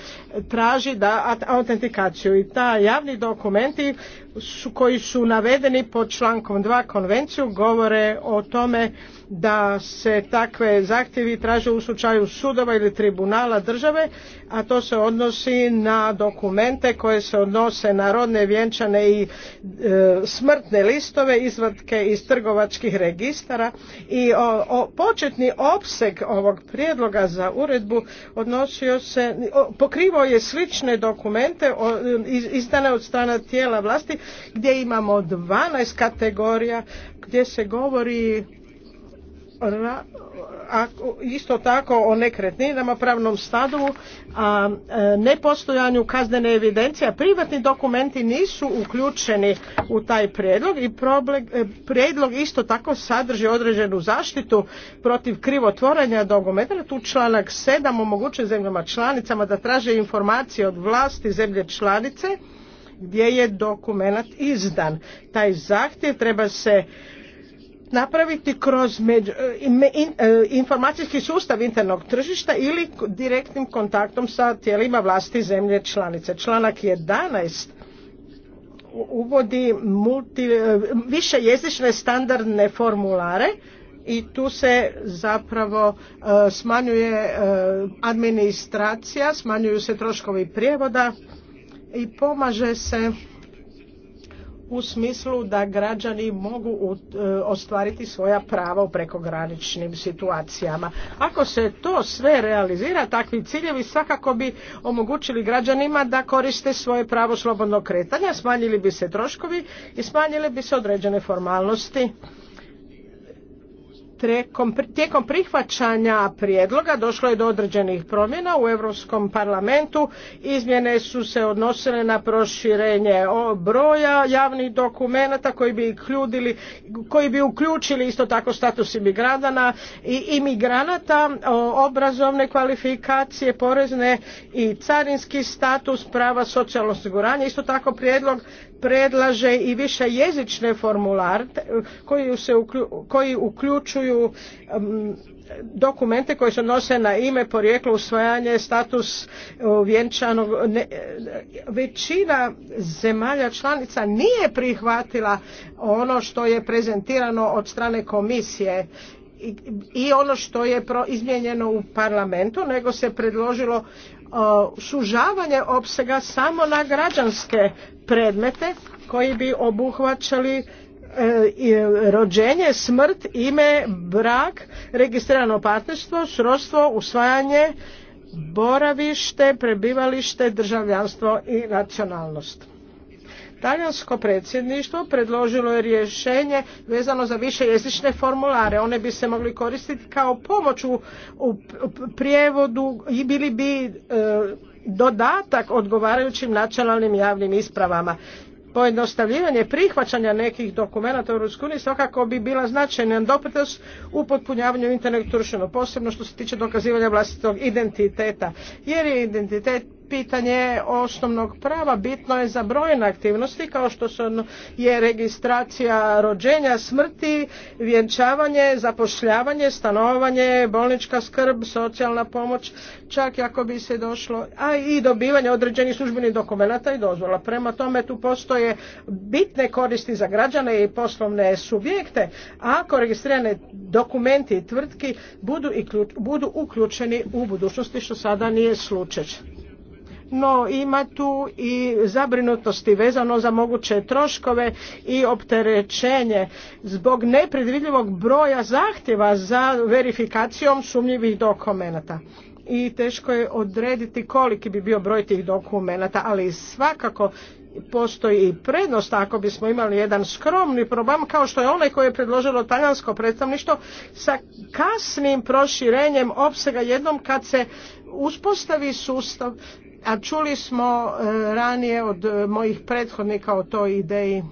traži da autentikaciju i ta javni dokumenti su, koji su navedeni pod člankom 2 konvenciju govore o tome da se takve zahtjevi traže u slučaju sudova ili tribunala države a to se odnosi na dokumente koje se odnose na rodne vjenčane i e, smrtne listove, izvatke iz trgovačkih registara i o, početni opseg ovog prijedloga za uredbu odnosio se, pokrivao je slične dokumente izdane od strana tijela vlasti gdje imamo 12 kategorija gdje se govori isto tako o nekretninama, pravnom stadu a e, nepostojanju kaznene evidencije, privatni dokumenti nisu uključeni u taj prijedlog i e, prijedlog isto tako sadrži određenu zaštitu protiv krivotvorenja dokumenta. Tu članak 7 omogućuje zemljama članicama da traže informacije od vlasti zemlje članice gdje je dokument izdan. Taj zahtjev treba se napraviti kroz e, e, informacijski sustav internog tržišta ili direktnim kontaktom sa tijelima vlasti zemlje članice. Članak 11 uvodi e, višejezične standardne formulare i tu se zapravo smanjuje administracija, smanjuju se troškovi prijevoda i pomaže se u smislu da građani mogu e, ostvariti svoja prava u prekograničnim situacijama. Ako se to sve realizira, takvi ciljevi svakako bi omogućili građanima da koriste svoje pravo slobodnog kretanja, smanjili bi se troškovi i smanjile bi se određene formalnosti Tijekom prihvaćanja prijedloga došlo je do određenih promjena u Europskom parlamentu. Izmjene su se odnosile na proširenje broja javnih dokumenata koji bi, uključili, koji bi uključili isto tako status imigranata i imigranata, obrazovne kvalifikacije, porezne i carinski status, prava socijalno osiguranje. Isto tako prijedlog predlaže i više jezične formulare koji, se, koji uključuju dokumente koji se odnose na ime, porijeklo, usvajanje, status vjenčanog. Većina zemalja članica nije prihvatila ono što je prezentirano od strane komisije i ono što je izmijenjeno u parlamentu, nego se predložilo sužavanje opsega samo na građanske predmete koji bi obuhvaćali E, rođenje, smrt, ime, brak, registrirano partnerstvo, srodstvo, usvajanje, boravište, prebivalište, državljanstvo i nacionalnost. Talijansko predsjedništvo predložilo je rješenje vezano za više jezične formulare. One bi se mogli koristiti kao pomoć u, prijevodu i bili bi e, dodatak odgovarajućim nacionalnim javnim ispravama pojednostavljivanje prihvaćanja nekih dokumenata u EU svakako bi bila značajna doprinos u potpunjavanju internetu posebno što se tiče dokazivanja vlastitog identiteta. Jer je identitet pitanje osnovnog prava bitno je za brojne aktivnosti kao što su je registracija rođenja, smrti, vjenčavanje, zapošljavanje, stanovanje, bolnička skrb, socijalna pomoć, čak i ako bi se došlo, a i dobivanje određenih službenih dokumenata i dozvola. Prema tome tu postoje bitne koristi za građane i poslovne subjekte, ako registrirane dokumenti i tvrtki budu, budu uključeni u budućnosti što sada nije slučaj no ima tu i zabrinutosti vezano za moguće troškove i opterećenje zbog nepredvidljivog broja zahtjeva za verifikacijom sumnjivih dokumenata i teško je odrediti koliki bi bio broj tih dokumenata, ali svakako postoji i prednost ako bismo imali jedan skromni problem, kao što je onaj koji je predložilo talijansko predstavništvo sa kasnim proširenjem opsega jednom kad se uspostavi sustav a čuli smo e, ranije od e, mojih prethodnika o toj ideji.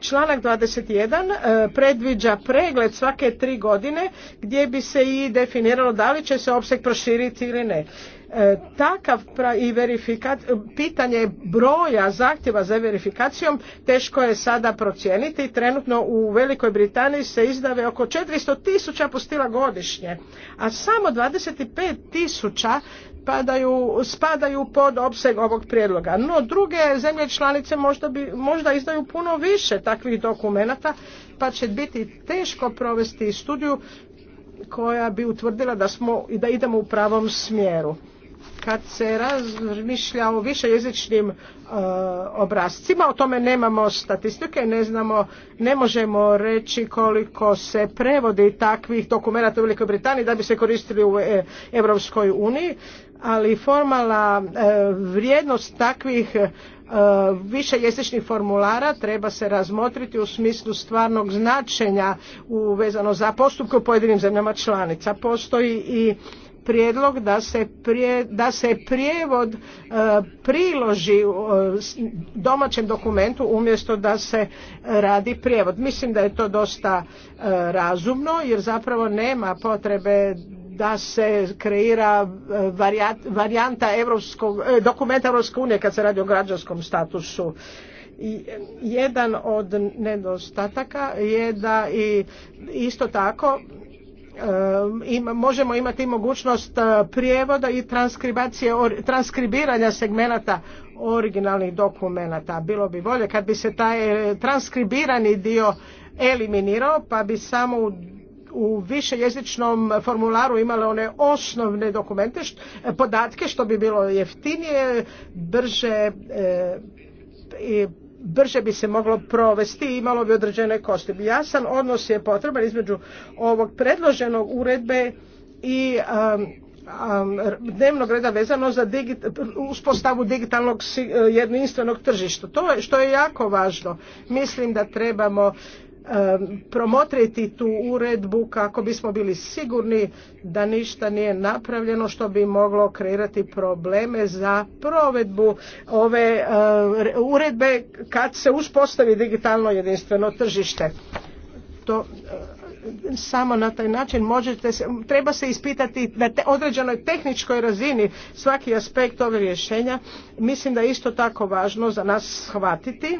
Članak 21 e, predviđa pregled svake tri godine gdje bi se i definiralo da li će se opseg proširiti ili ne. Takav i verifikat, pitanje broja zahtjeva za verifikacijom teško je sada procijeniti. Trenutno u Velikoj Britaniji se izdave oko 400 tisuća postila godišnje, a samo 25 tisuća padaju, spadaju pod opseg ovog prijedloga. No druge zemlje članice možda, bi, možda izdaju puno više takvih dokumenata pa će biti teško provesti studiju koja bi utvrdila da, smo, da idemo u pravom smjeru. Kad se razmišlja o višejezičnim e, obrazcima, o tome nemamo statistike, ne znamo, ne možemo reći koliko se prevodi takvih dokumenata u Velikoj Britaniji da bi se koristili u e, Europskoj uniji ali formalna e, vrijednost takvih e, više formulara treba se razmotriti u smislu stvarnog značenja vezano za postupke u pojedinim zemljama članica. Postoji i prijedlog da se, prije, da se prijevod e, priloži domaćem dokumentu umjesto da se radi prijevod. Mislim da je to dosta razumno jer zapravo nema potrebe da se kreira e, varijanta evropskog, e, dokumenta Europske unije kad se radi o građanskom statusu. jedan od nedostataka je da i isto tako e, možemo imati mogućnost prijevoda i transkribacije, transkribiranja segmenata originalnih dokumenata. Bilo bi bolje kad bi se taj transkribirani dio eliminirao pa bi samo u u višejezičnom formularu imale one osnovne dokumente, podatke što bi bilo jeftinije, brže e, i brže bi se moglo provesti i imalo bi određene koste. Jasan odnos je potreban između ovog predloženog uredbe i dnevnog reda vezano za uspostavu digitalnog e, jedinstvenog tržišta. To je što je jako važno. Mislim da trebamo promotriti tu uredbu kako bismo bili sigurni da ništa nije napravljeno što bi moglo kreirati probleme za provedbu ove uredbe kad se uspostavi digitalno jedinstveno tržište. To samo na taj način možete se, treba se ispitati na te, određenoj tehničkoj razini svaki aspekt ove rješenja. Mislim da je isto tako važno za nas shvatiti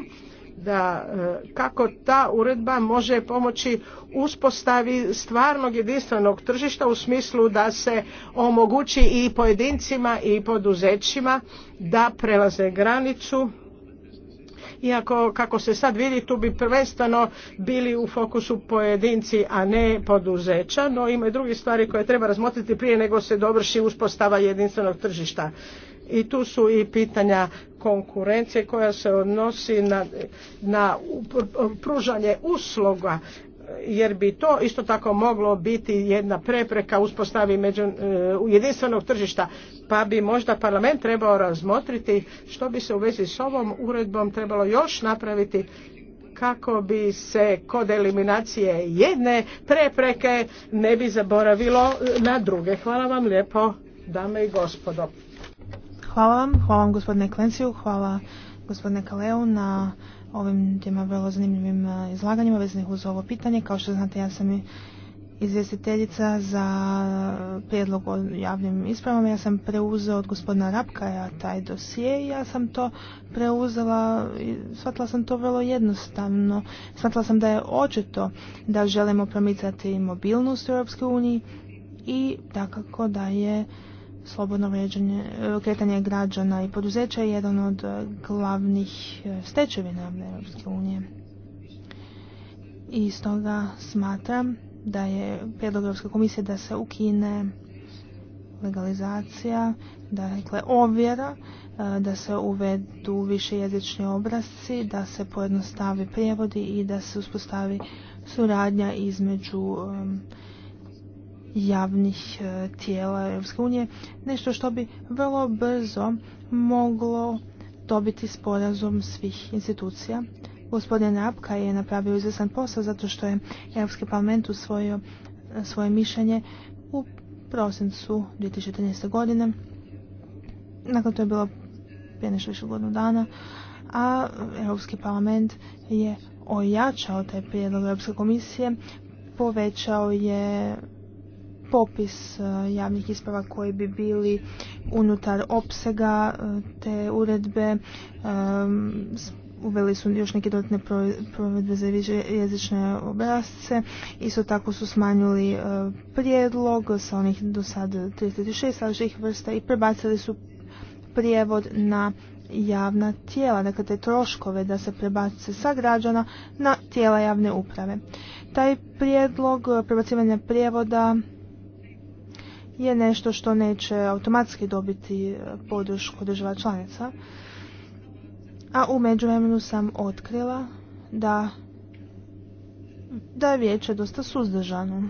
da e, kako ta uredba može pomoći uspostavi stvarnog jedinstvenog tržišta u smislu da se omogući i pojedincima i poduzećima da prelaze granicu iako kako se sad vidi tu bi prvenstveno bili u fokusu pojedinci a ne poduzeća no ima i drugih stvari koje treba razmotriti prije nego se dovrši uspostava jedinstvenog tržišta i tu su i pitanja konkurencije koja se odnosi na, na pružanje usluga jer bi to isto tako moglo biti jedna prepreka uspostavi među, e, jedinstvenog tržišta pa bi možda parlament trebao razmotriti što bi se u vezi s ovom uredbom trebalo još napraviti kako bi se kod eliminacije jedne prepreke ne bi zaboravilo na druge. Hvala vam lijepo dame i gospodo. Hvala vam, hvala vam gospodine Klenciju, hvala gospodine Kaleu na ovim djema vrlo zanimljivim eh, izlaganjima vezanih uz ovo pitanje. Kao što znate, ja sam i izvjestiteljica za prijedlog o javnim ispravama. Ja sam preuzela od gospodina Rapkaja taj dosije i ja sam to preuzela i shvatila sam to vrlo jednostavno. Shvatila sam da je očito da želimo promicati mobilnost u EU uniji i takako da je slobodno vređenje, e, kretanje građana i poduzeća je jedan od e, glavnih e, stečevina Europske unije. I stoga smatram da je prijedlog Europske komisije da se ukine legalizacija, dakle ovjera, da se uvedu više jezični obrazci, da se pojednostavi prijevodi i da se uspostavi suradnja između javnih e, tijela EU. unije, nešto što bi vrlo brzo moglo dobiti sporazum svih institucija. Gospodin Rapka je napravio izvjesan posao zato što je Europski parlament usvojio e, svoje mišljenje u prosincu 2014. godine. Nakon to je bilo prije nešto više godinu dana, a Europski parlament je ojačao taj prijedlog Europske komisije, povećao je popis e, javnih isprava koji bi bili unutar opsega e, te uredbe. E, uveli su još neke dodatne provedbe za jezične obrazce. Isto tako su smanjili prijedlog sa onih do sad 36 sadržajih vrsta i prebacili su prijevod na javna tijela, dakle te troškove da se prebace sa građana na tijela javne uprave. Taj prijedlog prebacivanja prijevoda je nešto što neće automatski dobiti e, podršku država članica. A u međuvremenu sam otkrila da, da je vijeće dosta suzdržano.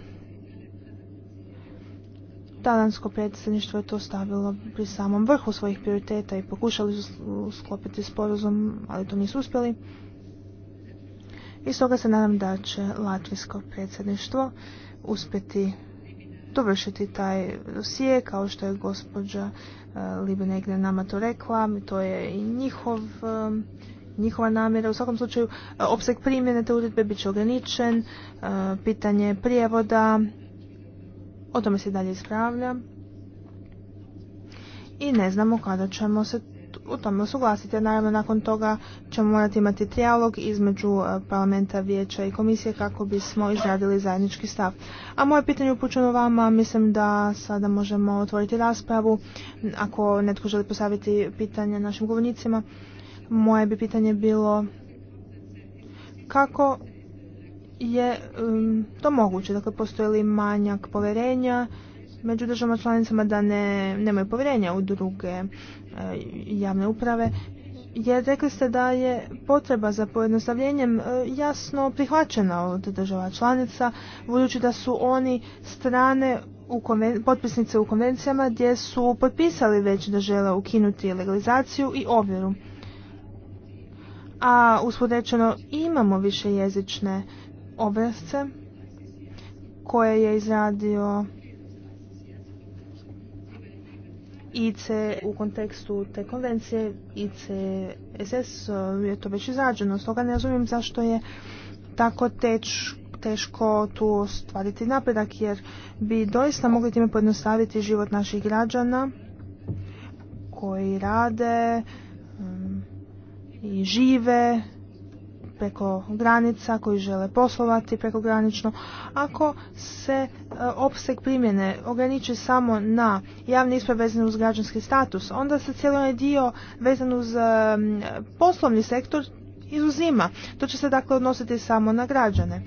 Talansko predsjedništvo je to stavilo pri samom vrhu svojih prioriteta i pokušali su sklopiti sporazum, ali to nisu uspjeli. I stoga se nadam da će Latvijsko predsjedništvo uspjeti dovršiti taj dosije, kao što je gospođa e, negdje nama to rekla, to je i njihov e, njihova namjera. U svakom slučaju, e, opseg primjene te uredbe bit će ograničen, pitanje prijevoda, o tome se dalje ispravlja. I ne znamo kada ćemo se u tome usuglasiti. Naravno, nakon toga ćemo morati imati trijalog između e, parlamenta, vijeća i komisije kako bismo izradili zajednički stav. A moje pitanje upućeno vama, mislim da sada možemo otvoriti raspravu. Ako netko želi postaviti pitanje našim govornicima, moje bi pitanje bilo kako je to moguće, dakle postoji li manjak poverenja među državama članicama da ne, nemaju povjerenja u druge e, javne uprave jer rekli ste da je potreba za pojednostavljenjem e, jasno prihvaćena od država članica, budući da su oni strane u potpisnice u konvencijama gdje su potpisali već da žele ukinuti legalizaciju i ovjeru. A usporečeno imamo više jezične obrazce koje je izradio IC u kontekstu te konvencije ICSS e, je to već izrađeno, stoga ne razumijem zašto je tako teč, teško tu ostvariti napredak jer bi doista mogli time pojednostaviti život naših građana koji rade mm, i žive preko granica, koji žele poslovati preko granično, ako se e, opseg primjene ograniči samo na javni isprave vezane uz građanski status, onda se cijeli onaj dio vezan uz e, poslovni sektor izuzima. To će se dakle odnositi samo na građane.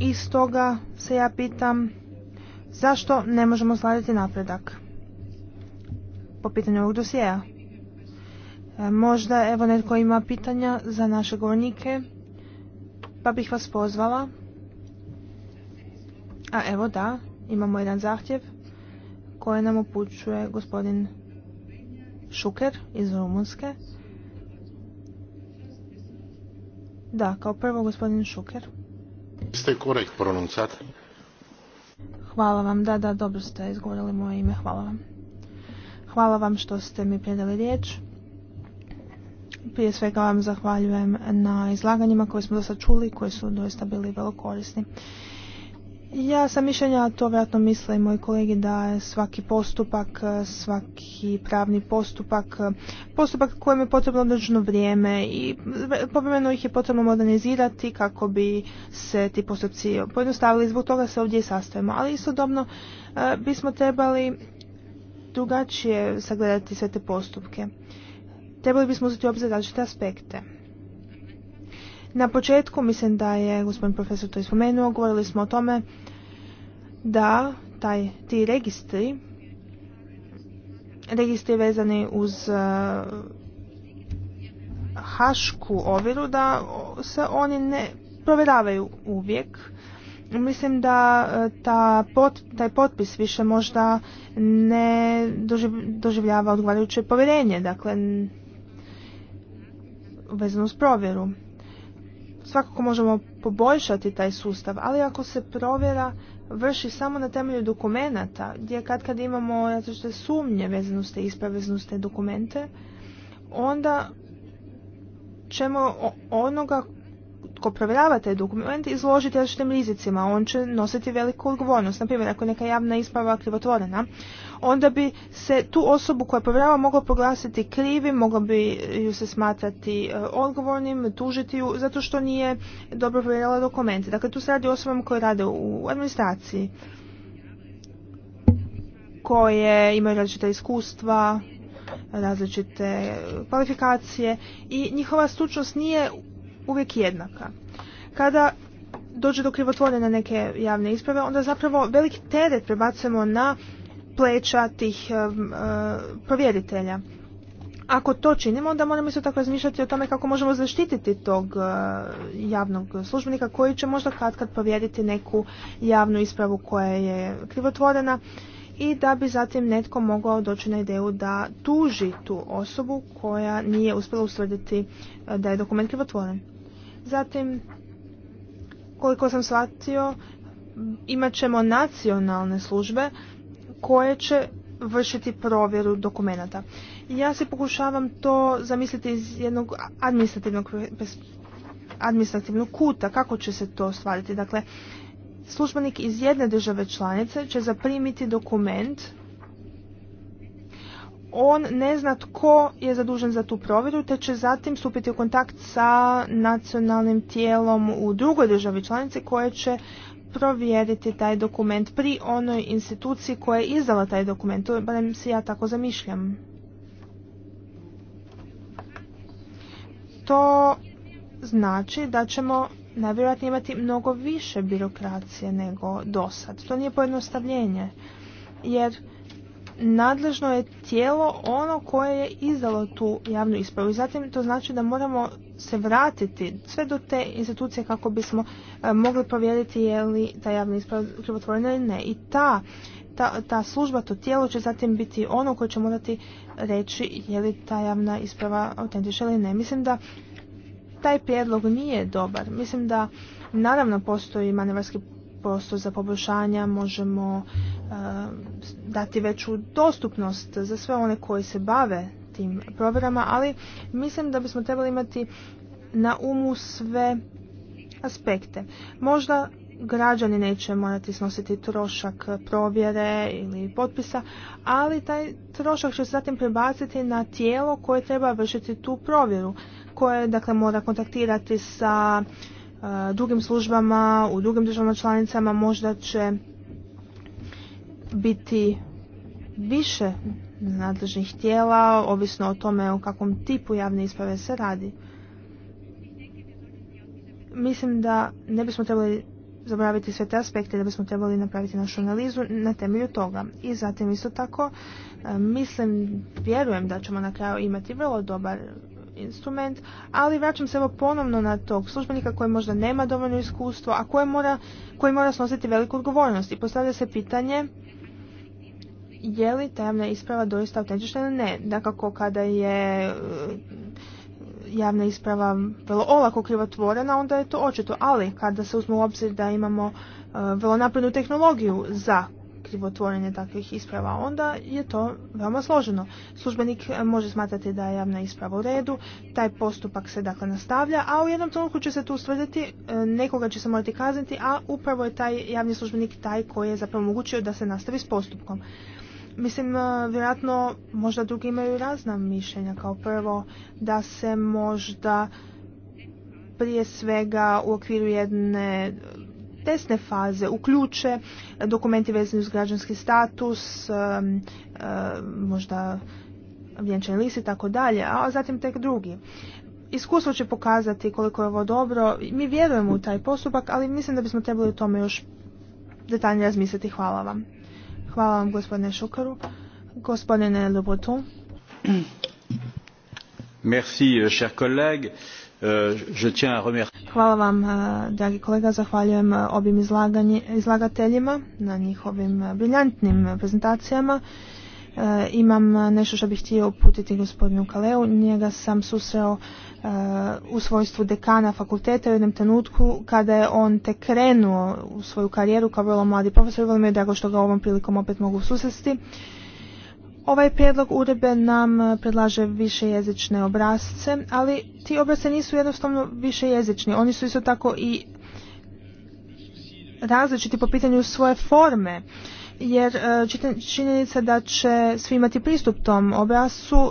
I stoga se ja pitam zašto ne možemo slaviti napredak po pitanju ovog dosijeja. E, možda evo netko ima pitanja za naše govornike pa bih vas pozvala. A evo da, imamo jedan zahtjev koje nam upućuje gospodin Šuker iz Rumunske. Da, kao prvo gospodin Šuker. Ste korekt pronuncat. Hvala vam, da, da, dobro ste izgovorili moje ime, hvala vam. Hvala vam što ste mi predali riječ. Prije svega vam zahvaljujem na izlaganjima koje smo do sad čuli, koji su doista bili vrlo korisni. Ja sam mišljenja, to vjerojatno misle i moji kolegi, da je svaki postupak, svaki pravni postupak, postupak kojem je potrebno određeno vrijeme i povremeno ih je potrebno modernizirati kako bi se ti postupci pojednostavili. Zbog toga se ovdje i sastavimo. Ali istodobno e, bismo trebali drugačije sagledati sve te postupke trebali bismo uzeti u obzir različite aspekte. Na početku, mislim da je gospodin profesor to ispomenuo, govorili smo o tome da taj, ti registri, registri vezani uz e, hašku ovjeru, da se oni ne provjeravaju uvijek. Mislim da e, ta taj potpis više možda ne doživljava odgovarajuće povjerenje. Dakle, vezano uz provjeru. Svakako možemo poboljšati taj sustav, ali ako se provjera vrši samo na temelju dokumenata, gdje kad kad imamo različite sumnje vezano s te isprave, vezano te dokumente, onda ćemo onoga ko provjerava taj dokumente izložiti različitim rizicima. On će nositi veliku odgovornost. Naprimjer, ako je neka javna isprava krivotvorena, onda bi se tu osobu koja povjerava mogla proglasiti krivim, mogla bi ju se smatrati e, odgovornim, tužiti ju, zato što nije dobro povjerala dokumente. Dakle, tu se radi o osobama koje rade u administraciji, koje imaju različita iskustva, različite kvalifikacije i njihova stručnost nije uvijek jednaka. Kada dođe do krivotvorene neke javne isprave, onda zapravo veliki teret prebacujemo na pleća tih eh, eh, provjeritelja. Ako to činimo, onda moramo isto tako razmišljati o tome kako možemo zaštititi tog eh, javnog službenika koji će možda kad kad provjeriti neku javnu ispravu koja je krivotvorena i da bi zatim netko mogao doći na ideju da tuži tu osobu koja nije uspjela ustvrditi da je dokument krivotvoren. Zatim, koliko sam shvatio, imat ćemo nacionalne službe koje će vršiti provjeru dokumenata. Ja se pokušavam to zamisliti iz jednog administrativnog, administrativnog kuta, kako će se to ostvariti. Dakle, službenik iz jedne države članice će zaprimiti dokument on ne zna tko je zadužen za tu provjeru, te će zatim stupiti u kontakt sa nacionalnim tijelom u drugoj državi članici koje će provjeriti taj dokument pri onoj instituciji koja je izdala taj dokument. To barem se ja tako zamišljam. To znači da ćemo najvjerojatnije imati mnogo više birokracije nego dosad. To nije pojednostavljenje. Jer nadležno je tijelo ono koje je izdalo tu javnu ispravu. I zatim to znači da moramo se vratiti sve do te institucije kako bismo e, mogli provjeriti je li ta javna isprava krivotvorena ili ne. I ta, ta, ta služba, to tijelo će zatim biti ono koje će morati reći je li ta javna isprava autentična ili ne. Mislim da taj prijedlog nije dobar. Mislim da naravno postoji manevarski prostor za poboljšanja, možemo e, dati veću dostupnost za sve one koji se bave tim provjerama, ali mislim da bismo trebali imati na umu sve aspekte. Možda građani neće morati snositi trošak provjere ili potpisa, ali taj trošak će se zatim prebaciti na tijelo koje treba vršiti tu provjeru, koje dakle mora kontaktirati sa e, drugim službama, u drugim državama članicama, možda će biti više nadležnih tijela, ovisno o tome o kakvom tipu javne isprave se radi. Mislim da ne bismo trebali zaboraviti sve te aspekte, da bismo trebali napraviti našu analizu na temelju toga. I zatim isto tako e, mislim, vjerujem da ćemo na kraju imati vrlo dobar instrument, ali vraćam se evo ponovno na tog službenika koji možda nema dovoljno iskustvo, a koji mora, koji mora snositi veliku odgovornost. I postavlja se pitanje je li javna isprava doista autentična ili ne. Dakako, kada je e, javna isprava vrlo olako krivotvorena, onda je to očito. Ali kada se uzme u obzir da imamo e, vrlo naprednu tehnologiju za krivotvorenje takvih isprava, onda je to veoma složeno. Službenik e, može smatrati da je javna isprava u redu, taj postupak se dakle nastavlja, a u jednom trenutku će se tu ustvrditi, nekoga će se morati kazniti, a upravo je taj javni službenik taj koji je zapravo omogućio da se nastavi s postupkom. Mislim, e, vjerojatno možda drugi imaju razna mišljenja. Kao prvo, da se možda prije svega u okviru jedne tesne faze uključe dokumenti vezani uz građanski status, e, e, možda vjenčani list i tako dalje, a zatim tek drugi. Iskustvo će pokazati koliko je ovo dobro. Mi vjerujemo u taj postupak, ali mislim da bismo trebali o tome još detaljnije razmisliti. Hvala vam. Hvala vam gospodine Šukaru. Gospodine Le Merci, euh, cher collègue. Euh, je tiens à remercier. Hvala vam, euh, dragi kolega, zahvaljujem obim izlagateljima na njihovim briljantnim prezentacijama. Imam nešto što bih htio uputiti gospodinu Kaleu. Njega sam susreo Eh, u svojstvu dekana fakulteta u jednom trenutku kada je on tek krenuo u svoju karijeru kao vrlo mladi profesor, vrlo mi je drago što ga ovom prilikom opet mogu susresti. Ovaj prijedlog uredbe nam eh, predlaže više jezične obrazce, ali ti obrazce nisu jednostavno više jezični. Oni su isto tako i različiti po pitanju svoje forme jer e, činjenica da će svi imati pristup tom obrasu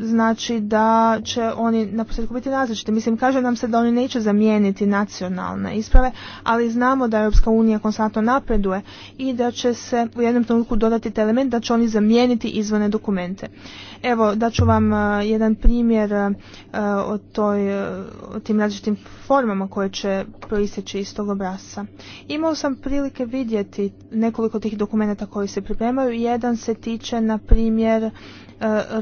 znači da će oni na posljedku biti različiti. Mislim, kaže nam se da oni neće zamijeniti nacionalne isprave, ali znamo da Europska unija konstantno napreduje i da će se u jednom trenutku dodati taj element da će oni zamijeniti izvane dokumente. Evo, da ću vam e, jedan primjer e, o, toj, o tim različitim formama koje će proisteći iz tog obrasa. Imao sam prilike vidjeti nekoliko tih dokumenta dokumenta koji se pripremaju. Jedan se tiče, na primjer, e,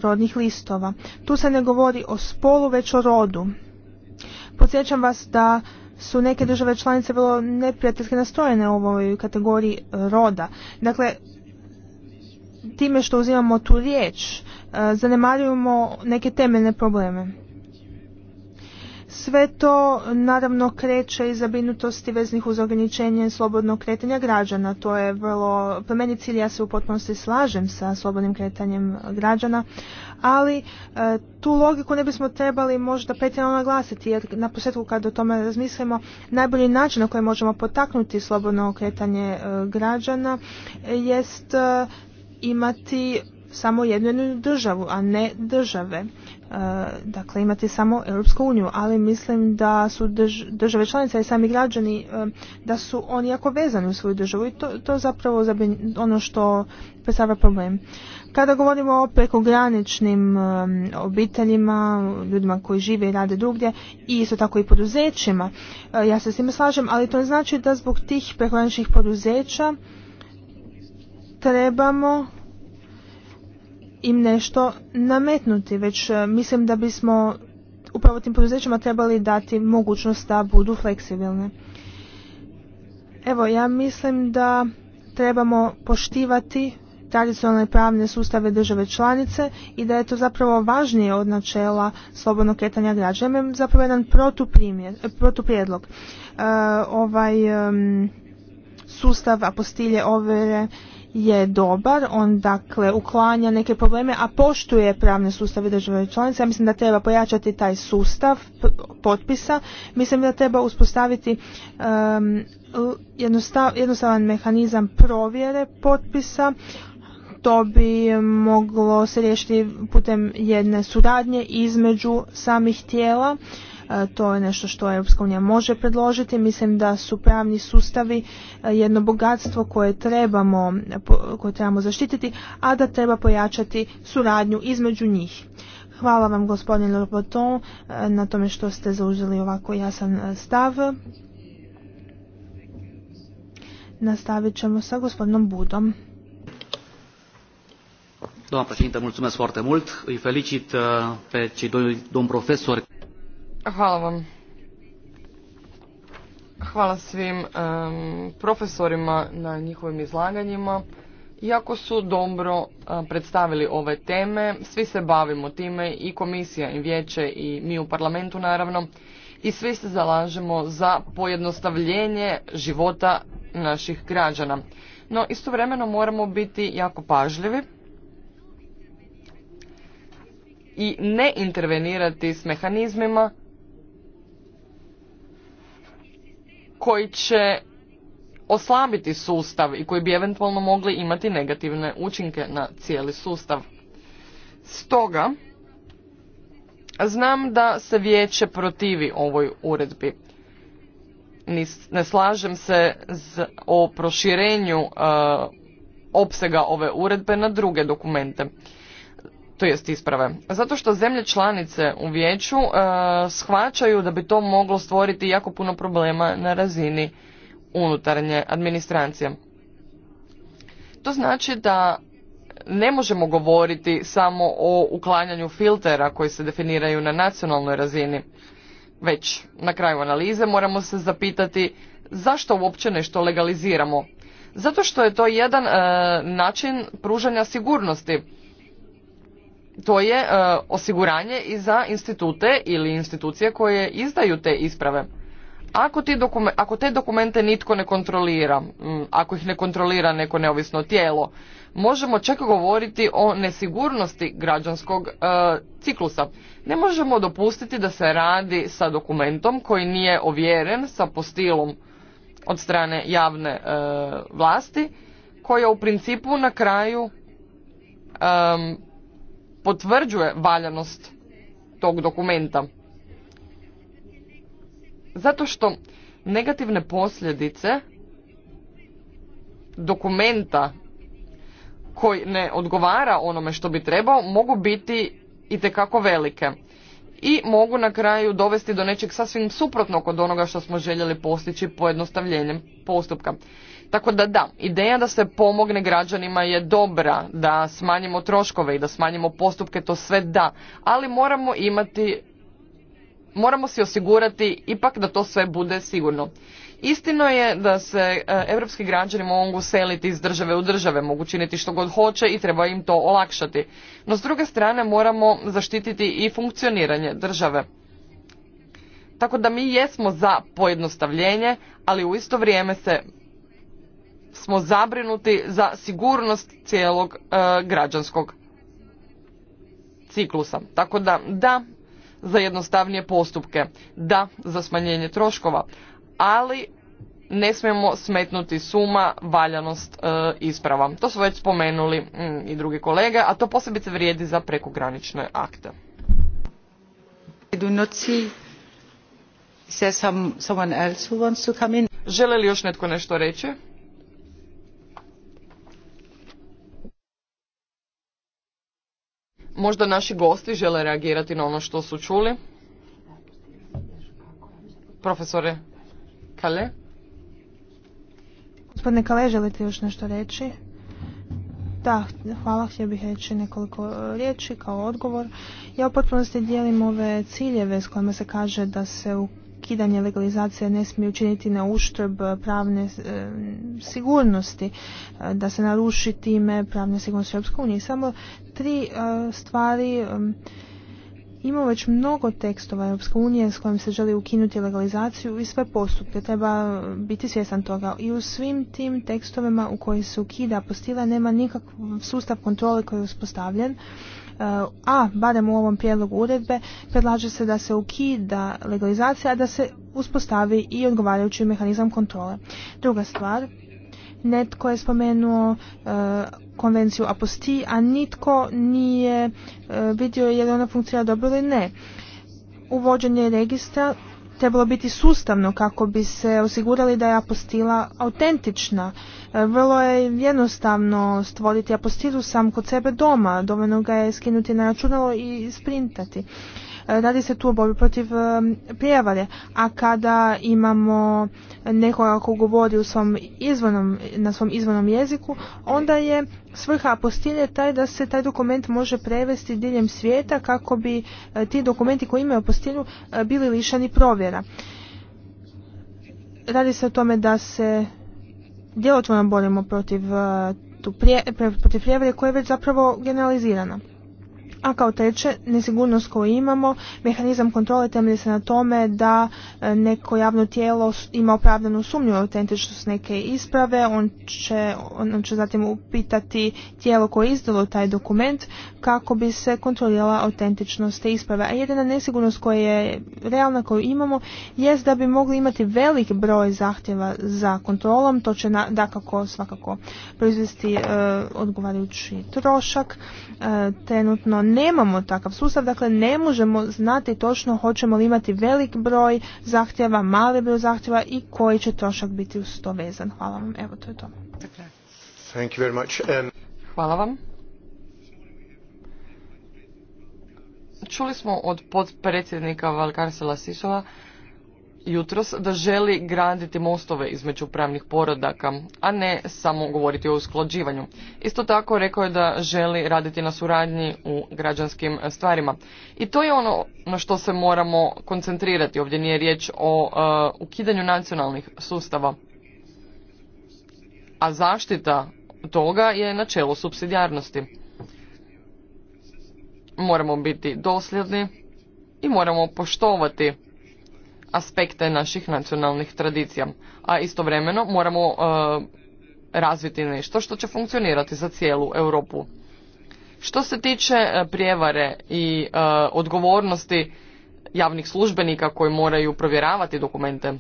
rodnih listova. Tu se ne govori o spolu, već o rodu. Podsjećam vas da su neke države članice vrlo neprijateljski nastrojene u ovoj kategoriji roda. Dakle, time što uzimamo tu riječ, e, zanemarujemo neke temeljne probleme. Sve to naravno kreće i zabrinutosti veznih uz ograničenje slobodnog kretanja građana. To je vrlo po meni cilj, ja se u potpunosti slažem sa slobodnim kretanjem građana, ali e, tu logiku ne bismo trebali možda pretjerano naglasiti jer na početku kad o tome razmislimo najbolji način na koji možemo potaknuti slobodno kretanje e, građana e, jest imati samo jednu, jednu državu, a ne države. E, dakle imati samo Europsku uniju, ali mislim da su države članice i sami građani e, da su oni jako vezani u svoju državu i to, to zapravo ono što predstavlja problem. Kada govorimo o prekograničnim e, obiteljima, ljudima koji žive i rade drugdje i isto tako i poduzećima, ja se s tim slažem, ali to ne znači da zbog tih prekograničnih poduzeća trebamo im nešto nametnuti, već e, mislim da bismo upravo tim poduzećima trebali dati mogućnost da budu fleksibilne. Evo, ja mislim da trebamo poštivati tradicionalne pravne sustave države članice i da je to zapravo važnije od načela slobodnog kretanja građana. Imam zapravo jedan e, protuprijedlog. E, ovaj sustav sustav apostilje overe je dobar, on dakle uklanja neke probleme, a poštuje pravne sustave države članice. Ja mislim da treba pojačati taj sustav potpisa, mislim da treba uspostaviti jednostavan mehanizam provjere potpisa, to bi moglo se riješiti putem jedne suradnje između samih tijela E, to je nešto što Europska unija može predložiti. Mislim da su pravni sustavi e, jedno bogatstvo koje trebamo, koje trebamo zaštititi, a da treba pojačati suradnju između njih. Hvala vam gospodine to e, na tome što ste zauzeli ovako jasan stav. Nastavit ćemo sa gospodinom Budom. Doamna mulțumesc foarte mult. Îi felicit pe cei doi domn profesori. Hvala vam. Hvala svim profesorima na njihovim izlaganjima. Iako su dobro predstavili ove teme, svi se bavimo time i komisija i vijeće i mi u parlamentu naravno i svi se zalažemo za pojednostavljenje života naših građana. No istovremeno moramo biti jako pažljivi i ne intervenirati s mehanizmima koji će oslabiti sustav i koji bi eventualno mogli imati negativne učinke na cijeli sustav. Stoga, znam da se vijeće protivi ovoj uredbi. Ne slažem se o proširenju e, opsega ove uredbe na druge dokumente to jest isprave. Zato što zemlje članice u vijeću e, shvaćaju da bi to moglo stvoriti jako puno problema na razini unutarnje administracije. To znači da ne možemo govoriti samo o uklanjanju filtera koji se definiraju na nacionalnoj razini. Već na kraju analize moramo se zapitati zašto uopće nešto legaliziramo. Zato što je to jedan e, način pružanja sigurnosti to je e, osiguranje i za institute ili institucije koje izdaju te isprave. Ako, ti ako te dokumente nitko ne kontrolira, ako ih ne kontrolira neko neovisno tijelo, možemo čak govoriti o nesigurnosti građanskog e, ciklusa. Ne možemo dopustiti da se radi sa dokumentom koji nije ovjeren sa postilom od strane javne e, vlasti, koja u principu na kraju potvrđuje valjanost tog dokumenta. Zato što negativne posljedice dokumenta koji ne odgovara onome što bi trebao mogu biti i tekako velike i mogu na kraju dovesti do nečeg sasvim suprotnog od onoga što smo željeli postići pojednostavljenjem postupka. Tako da da, ideja da se pomogne građanima je dobra, da smanjimo troškove i da smanjimo postupke, to sve da, ali moramo imati, moramo si osigurati ipak da to sve bude sigurno. Istino je da se europski građani mogu seliti iz države u države, mogu činiti što god hoće i treba im to olakšati. No s druge strane moramo zaštititi i funkcioniranje države. Tako da mi jesmo za pojednostavljenje, ali u isto vrijeme se smo zabrinuti za sigurnost cijelog e, građanskog ciklusa. Tako da da za jednostavnije postupke, da za smanjenje troškova, ali ne smijemo smetnuti suma valjanost e, isprava. To su već spomenuli mm, i drugi kolege, a to posebice vrijedi za prekogranične akte. Žele li još netko nešto reći? Možda naši gosti žele reagirati na ono što su čuli. Profesore, Kale? Gospodine Kale, želite još nešto reći? Da, hvala, htio bih reći nekoliko riječi kao odgovor. Ja u potpunosti dijelim ove ciljeve s kojima se kaže da se ukidanje legalizacije ne smije učiniti na uštrb pravne eh, sigurnosti, eh, da se naruši time pravne sigurnosti Europske unije. Samo tri eh, stvari e, ima već mnogo tekstova Europske unije s kojim se želi ukinuti legalizaciju i sve postupke. Treba e, biti svjestan toga. I u svim tim tekstovima u koji se ukida apostila nema nikakav sustav kontrole koji je uspostavljen. E, a, barem u ovom prijedlogu uredbe, predlaže se da se ukida legalizacija, a da se uspostavi i odgovarajući mehanizam kontrole. Druga stvar, netko je spomenuo e, konvenciju aposti, a nitko nije e, vidio je li ona funkcionira dobro ili ne. Uvođenje registra trebalo biti sustavno kako bi se osigurali da je apostila autentična. E, vrlo je jednostavno stvoriti apostilu sam kod sebe doma, dovoljno ga je skinuti na računalo i sprintati. Radi se tu o borbi protiv e, prijevare, a kada imamo nekoga ko govori u svom na svom izvornom jeziku, onda je svrha apostilje taj da se taj dokument može prevesti diljem svijeta kako bi e, ti dokumenti koji imaju apostilju e, bili lišani provjera. Radi se o tome da se djelotvorno borimo protiv protiv prijevare koja je već zapravo generalizirana. A kao treće, nesigurnost koju imamo, mehanizam kontrole temelji se na tome da e, neko javno tijelo ima opravdanu sumnju autentičnost neke isprave, on će, on će zatim upitati tijelo koje je izdalo taj dokument kako bi se kontrolirala autentičnost te isprave. A jedina nesigurnost koja je realna koju imamo jest da bi mogli imati velik broj zahtjeva za kontrolom, to će dakako svakako proizvesti e, odgovarajući trošak. E, trenutno nemamo takav sustav, dakle ne možemo znati točno hoćemo li imati velik broj zahtjeva, mali broj zahtjeva i koji će trošak biti uz to vezan. Hvala vam, evo to je to. Um, Hvala vam. Čuli smo od podpredsjednika Valkarsela Sisova jutros da želi graditi mostove između pravnih porodaka, a ne samo govoriti o usklađivanju. Isto tako rekao je da želi raditi na suradnji u građanskim stvarima. I to je ono na što se moramo koncentrirati. Ovdje nije riječ o e, ukidanju nacionalnih sustava. A zaštita toga je načelo subsidijarnosti. Moramo biti dosljedni i moramo poštovati aspekte naših nacionalnih tradicija. A istovremeno moramo e, razviti nešto što će funkcionirati za cijelu Europu. Što se tiče e, prijevare i e, odgovornosti javnih službenika koji moraju provjeravati dokumente,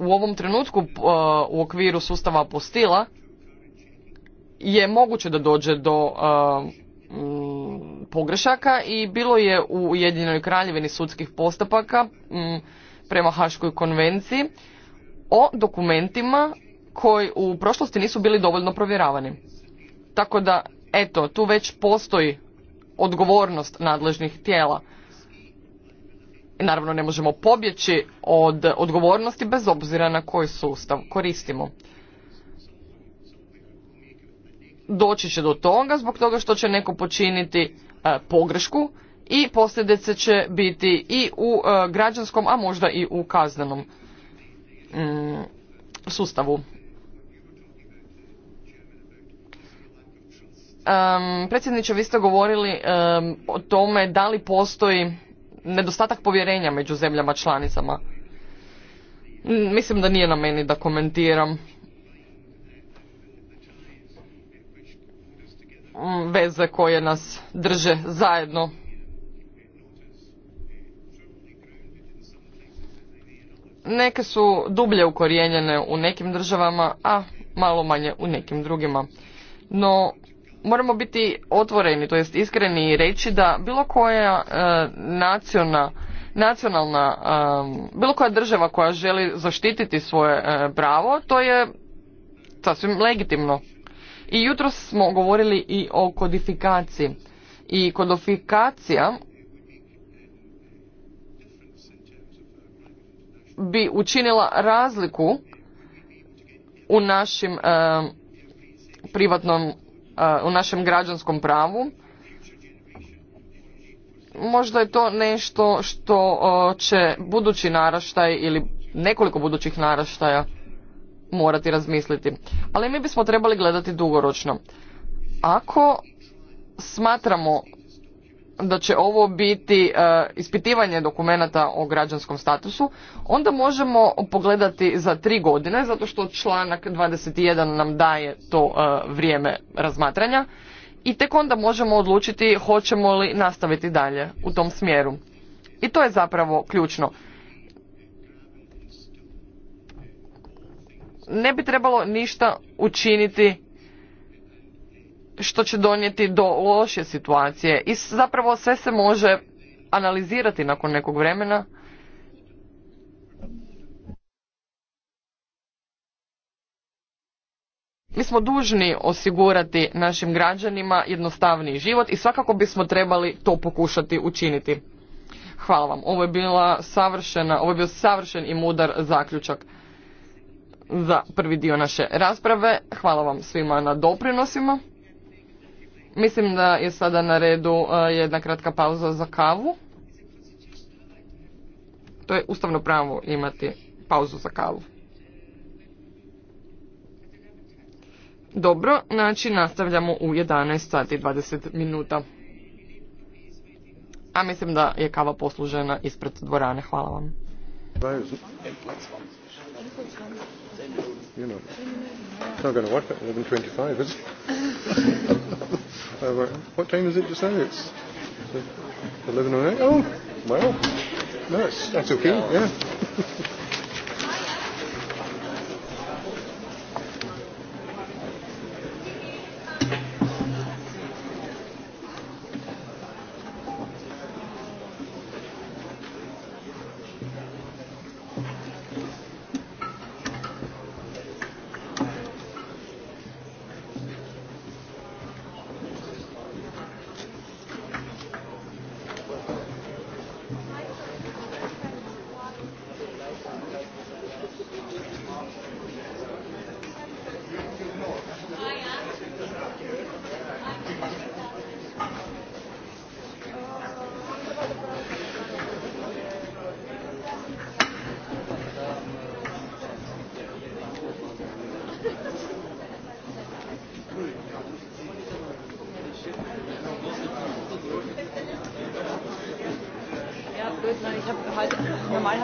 u ovom trenutku u okviru sustava postila je moguće da dođe do pogrešaka i bilo je u Ujedinjenoj kraljevini sudskih postupaka prema Haškoj konvenciji o dokumentima koji u prošlosti nisu bili dovoljno provjeravani. Tako da, eto, tu već postoji odgovornost nadležnih tijela. Naravno, ne možemo pobjeći od odgovornosti bez obzira na koji sustav koristimo. Doći će do toga zbog toga što će neko počiniti e, pogrešku, i posljedice će biti i u e, građanskom, a možda i u kaznenom mm, sustavu. Um, predsjedniče, vi ste govorili o tome da li postoji nedostatak povjerenja među zemljama članicama. Mm, mislim da nije na meni da komentiram mm, veze koje nas drže zajedno Neke su dublje ukorijenjene u nekim državama, a malo manje u nekim drugima. No, moramo biti otvoreni, to jest iskreni i reći da bilo koja e, nacionalna, nacionalna e, bilo koja država koja želi zaštititi svoje e, pravo, to je sasvim legitimno. I jutros smo govorili i o kodifikaciji. I kodifikacija bi učinila razliku u našim e, privatnom, e, u našem građanskom pravu. Možda je to nešto što će budući naraštaj ili nekoliko budućih naraštaja morati razmisliti. Ali mi bismo trebali gledati dugoročno. Ako smatramo da će ovo biti e, ispitivanje dokumenata o građanskom statusu, onda možemo pogledati za tri godine, zato što članak 21 nam daje to e, vrijeme razmatranja i tek onda možemo odlučiti hoćemo li nastaviti dalje u tom smjeru. I to je zapravo ključno. Ne bi trebalo ništa učiniti što će donijeti do loše situacije i zapravo sve se može analizirati nakon nekog vremena Mi smo dužni osigurati našim građanima jednostavniji život i svakako bismo trebali to pokušati učiniti. Hvala vam. Ovo je bila savršena, ovo je bio savršen i mudar zaključak za prvi dio naše rasprave. Hvala vam svima na doprinosima. Mislim da je sada na redu e, jedna kratka pauza za kavu. To je ustavno pravo imati pauzu za kavu. Dobro, znači nastavljamo u 11 sati 20 minuta. A mislim da je kava poslužena ispred dvorane. Hvala vam you know. It's not going to work at 11.25, is it? Uh, what time is it just now? It's 11.08? Oh, well, no, that's, that's okay, yeah. [LAUGHS] blöd, ich habe normal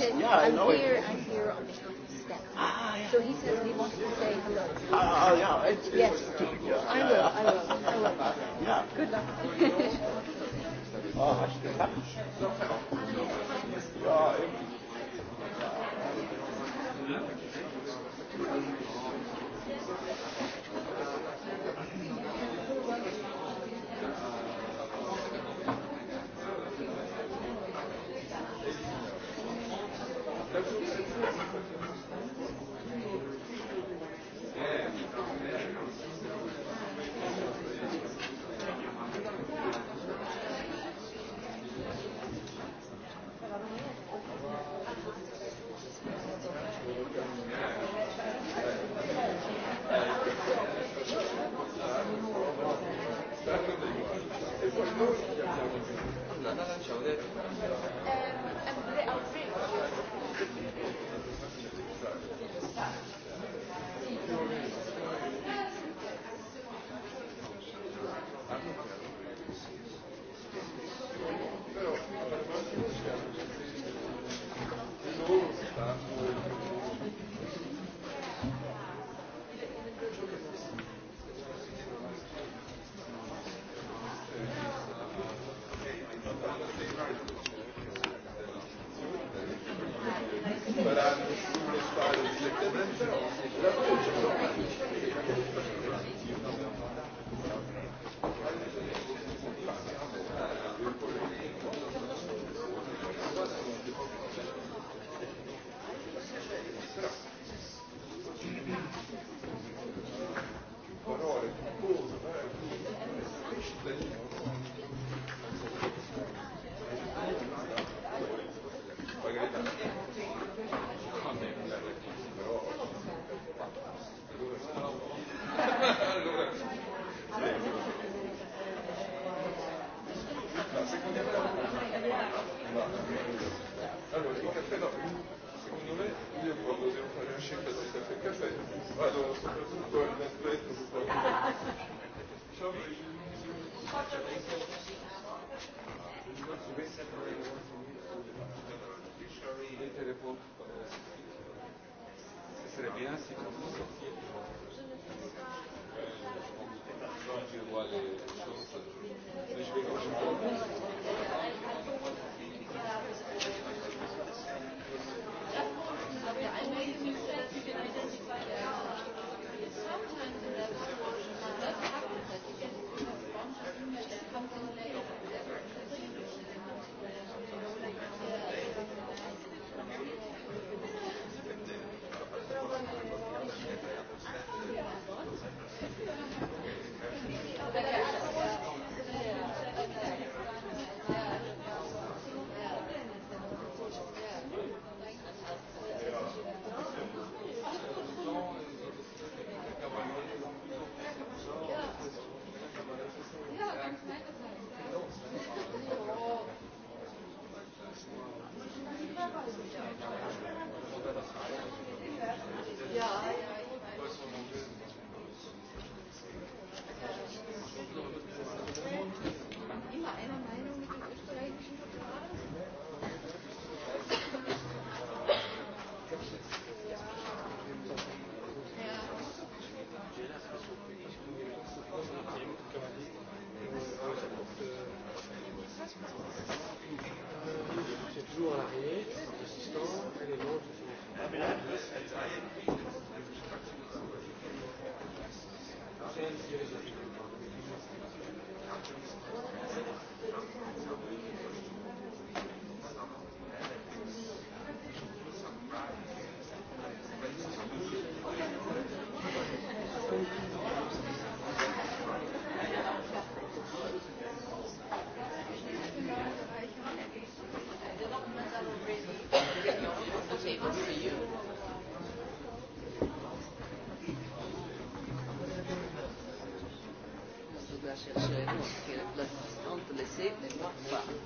Yeah, I know it. c'est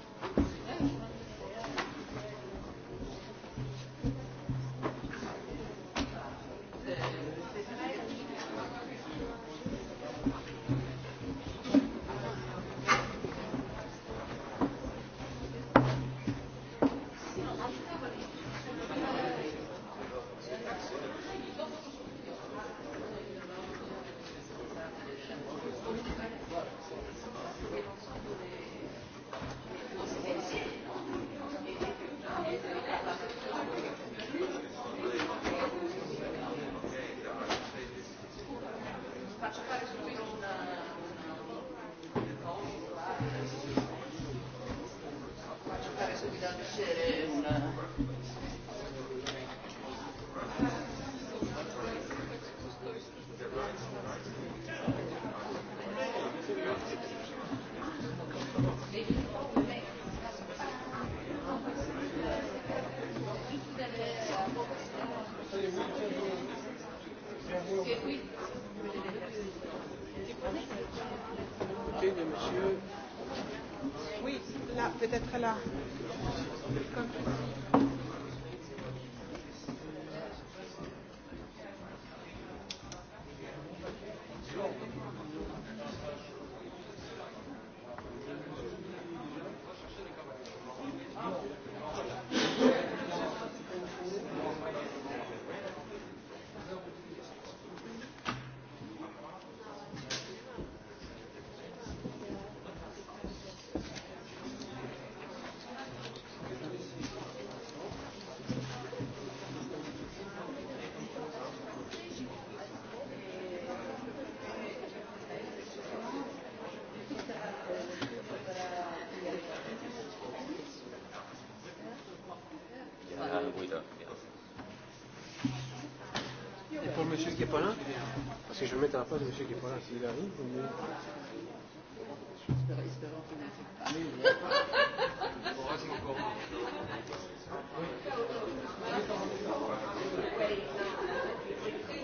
da. là Parce que je vais mettre la place de s'il arrive. [LAUGHS]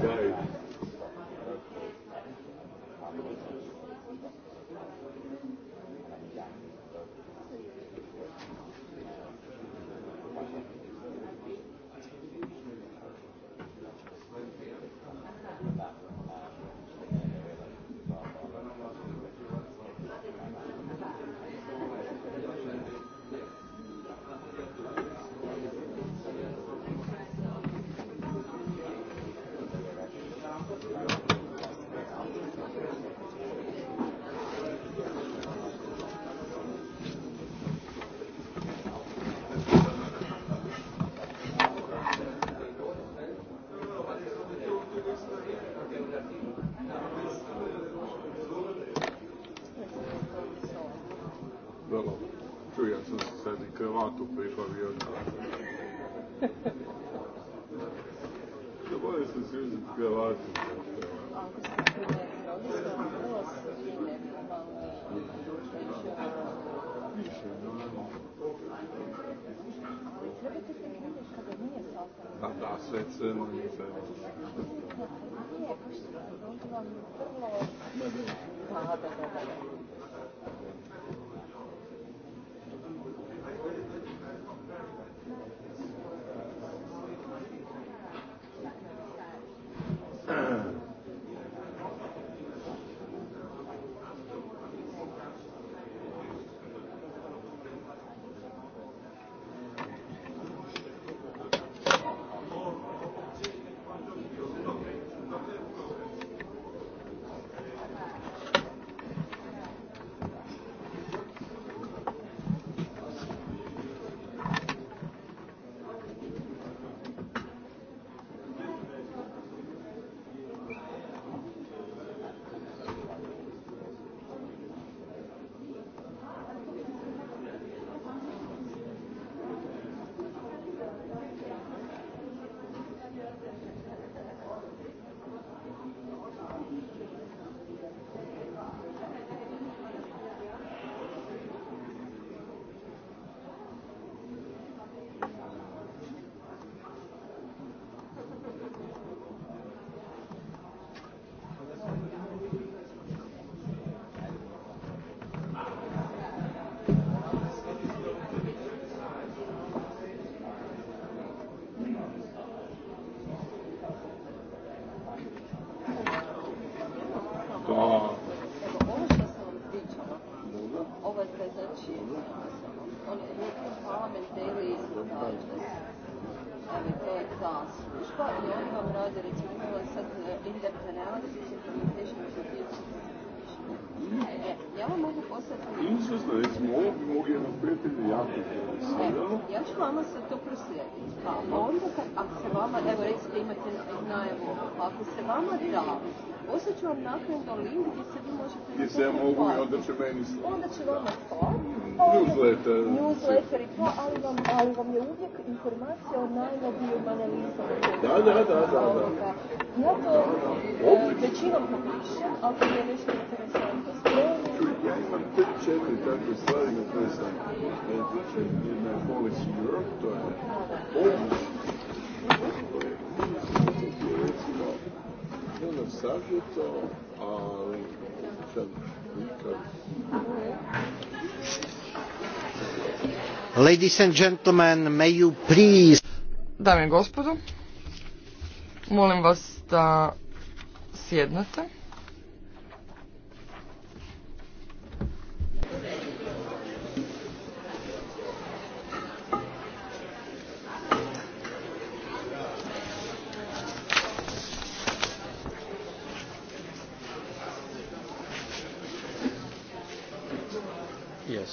da vama se to proslijedi. Pa onda, kad, ako se vama, evo recite imate najavu, ako se vama da, osjeću vam naknadno link gdje se vi možete... Gdje se ja mogu i onda će meni slati. Onda će vama to. Mm, newsletter. Newsletter i to, ali vam, je uvijek informacija o najnovijim analizama. Da, da, da, da. Ja to e, većinom napišem, ako mi je nešto interesantno spremno, ja imam tri, četiri takve stvari na koje sam e, najtiče. Jedna je Policy Europe, to je odnos je recimo ono savjeto, ali sad nikad... Ladies and gentlemen, may you please... Dame i gospodo, molim vas da sjednete.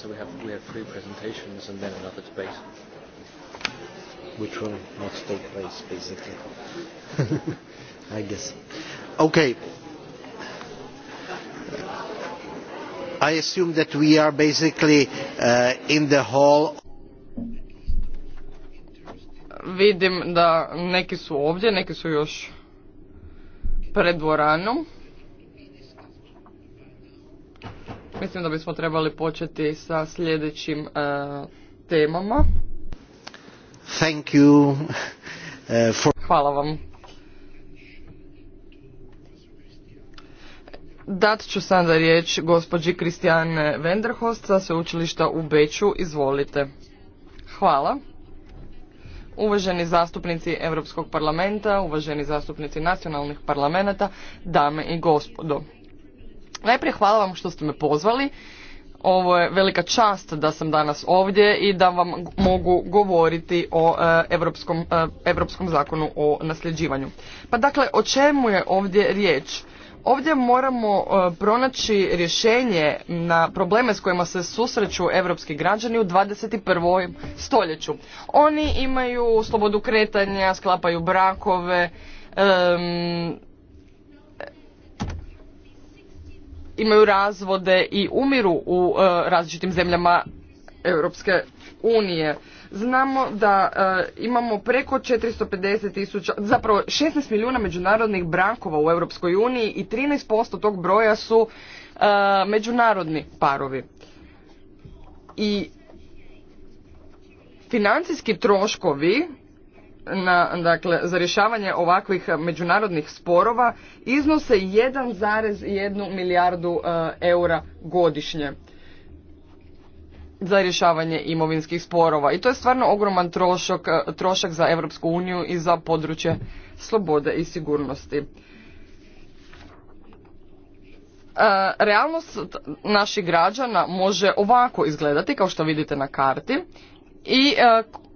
so we have we have three presentations and then another debate, which will not take place basically. [LAUGHS] I guess. Okay. I assume that we are basically uh, in the hall. Vidim da neki su ovdje, neki su još pred dvoranom. Mislim da bismo trebali početi sa sljedećim e, temama. Thank you e, for... Hvala vam. Dat ću sada riječ gospođi Kristijane Venderhost sa sveučilišta u Beću. Izvolite. Hvala. Uvaženi zastupnici Europskog parlamenta, uvaženi zastupnici nacionalnih parlamenta, dame i gospodo. Najprije hvala vam što ste me pozvali. Ovo je velika čast da sam danas ovdje i da vam mogu govoriti o europskom, e, zakonu o nasljeđivanju. Pa dakle, o čemu je ovdje riječ? Ovdje moramo e, pronaći rješenje na probleme s kojima se susreću europski građani u 21. stoljeću. Oni imaju slobodu kretanja, sklapaju brakove, imaju razvode i umiru u e, različitim zemljama Europske unije. Znamo da e, imamo preko 450 tisuća, zapravo 16 milijuna međunarodnih brankova u Europskoj uniji i 13% tog broja su e, međunarodni parovi. I financijski troškovi na, dakle, za rješavanje ovakvih međunarodnih sporova iznose 1,1 milijardu e, eura godišnje za rješavanje imovinskih sporova. I to je stvarno ogroman trošak, e, trošak za Europsku uniju i za područje slobode i sigurnosti. E, realnost naših građana može ovako izgledati, kao što vidite na karti, i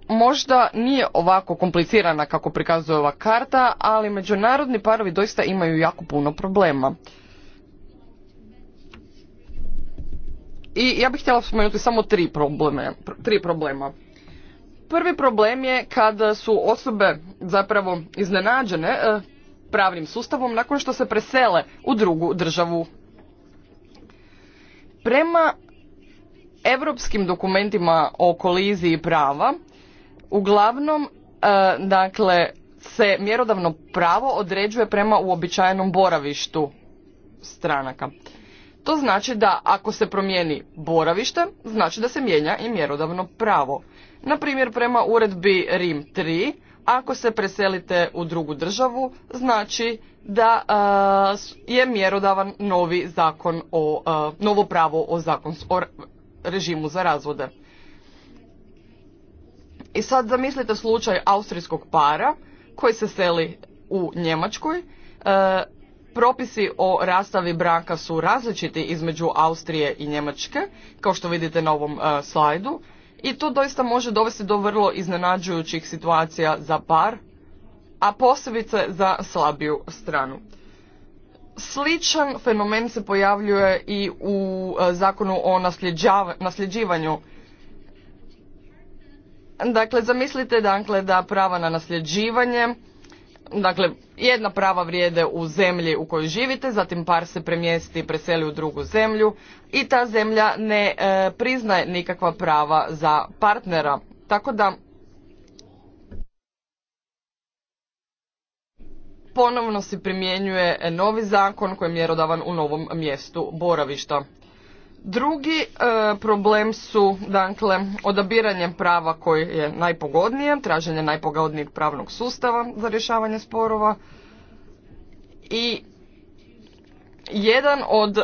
možda nije ovako komplicirana kako prikazuje ova karta, ali međunarodni parovi doista imaju jako puno problema. I ja bih htjela spomenuti samo tri, probleme, tri problema. Prvi problem je kada su osobe zapravo iznenađene e, pravnim sustavom nakon što se presele u drugu državu. Prema europskim dokumentima o koliziji prava, Uglavnom, e, dakle, se mjerodavno pravo određuje prema uobičajenom boravištu stranaka. To znači da ako se promijeni boravište, znači da se mijenja i mjerodavno pravo. Na primjer, prema uredbi Rim 3, ako se preselite u drugu državu, znači da e, je mjerodavan novi zakon o, e, novo pravo o zakon o režimu za razvode. I sad zamislite slučaj austrijskog para koji se seli u Njemačkoj. E, propisi o rastavi braka su različiti između Austrije i Njemačke, kao što vidite na ovom e, slajdu. I to doista može dovesti do vrlo iznenađujućih situacija za par, a posebice za slabiju stranu. Sličan fenomen se pojavljuje i u e, zakonu o nasljeđivanju Dakle, zamislite dakle, da prava na nasljeđivanje, dakle, jedna prava vrijede u zemlji u kojoj živite, zatim par se premjesti i preseli u drugu zemlju i ta zemlja ne e, priznaje nikakva prava za partnera. Tako da, ponovno se primjenjuje novi zakon koji je mjerodavan u novom mjestu boravišta. Drugi e, problem su dakle odabiranje prava koje je najpogodnije, traženje najpogodnijeg pravnog sustava za rješavanje sporova i jedan od e,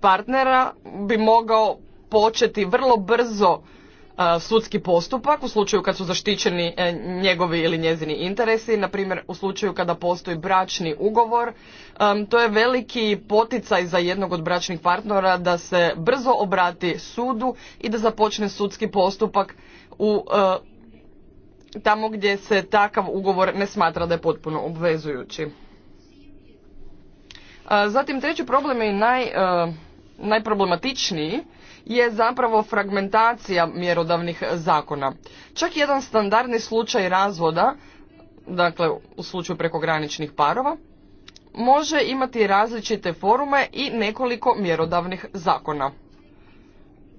partnera bi mogao početi vrlo brzo sudski postupak u slučaju kad su zaštićeni e, njegovi ili njezini interesi, na primjer u slučaju kada postoji bračni ugovor. To je veliki poticaj za jednog od bračnih partnera da se brzo obrati sudu i da započne sudski postupak u e, tamo gdje se takav ugovor ne smatra da je potpuno obvezujući. E, zatim treći problem je naj, najproblematičniji je zapravo fragmentacija mjerodavnih zakona. Čak jedan standardni slučaj razvoda, dakle u slučaju prekograničnih parova, može imati različite forume i nekoliko mjerodavnih zakona.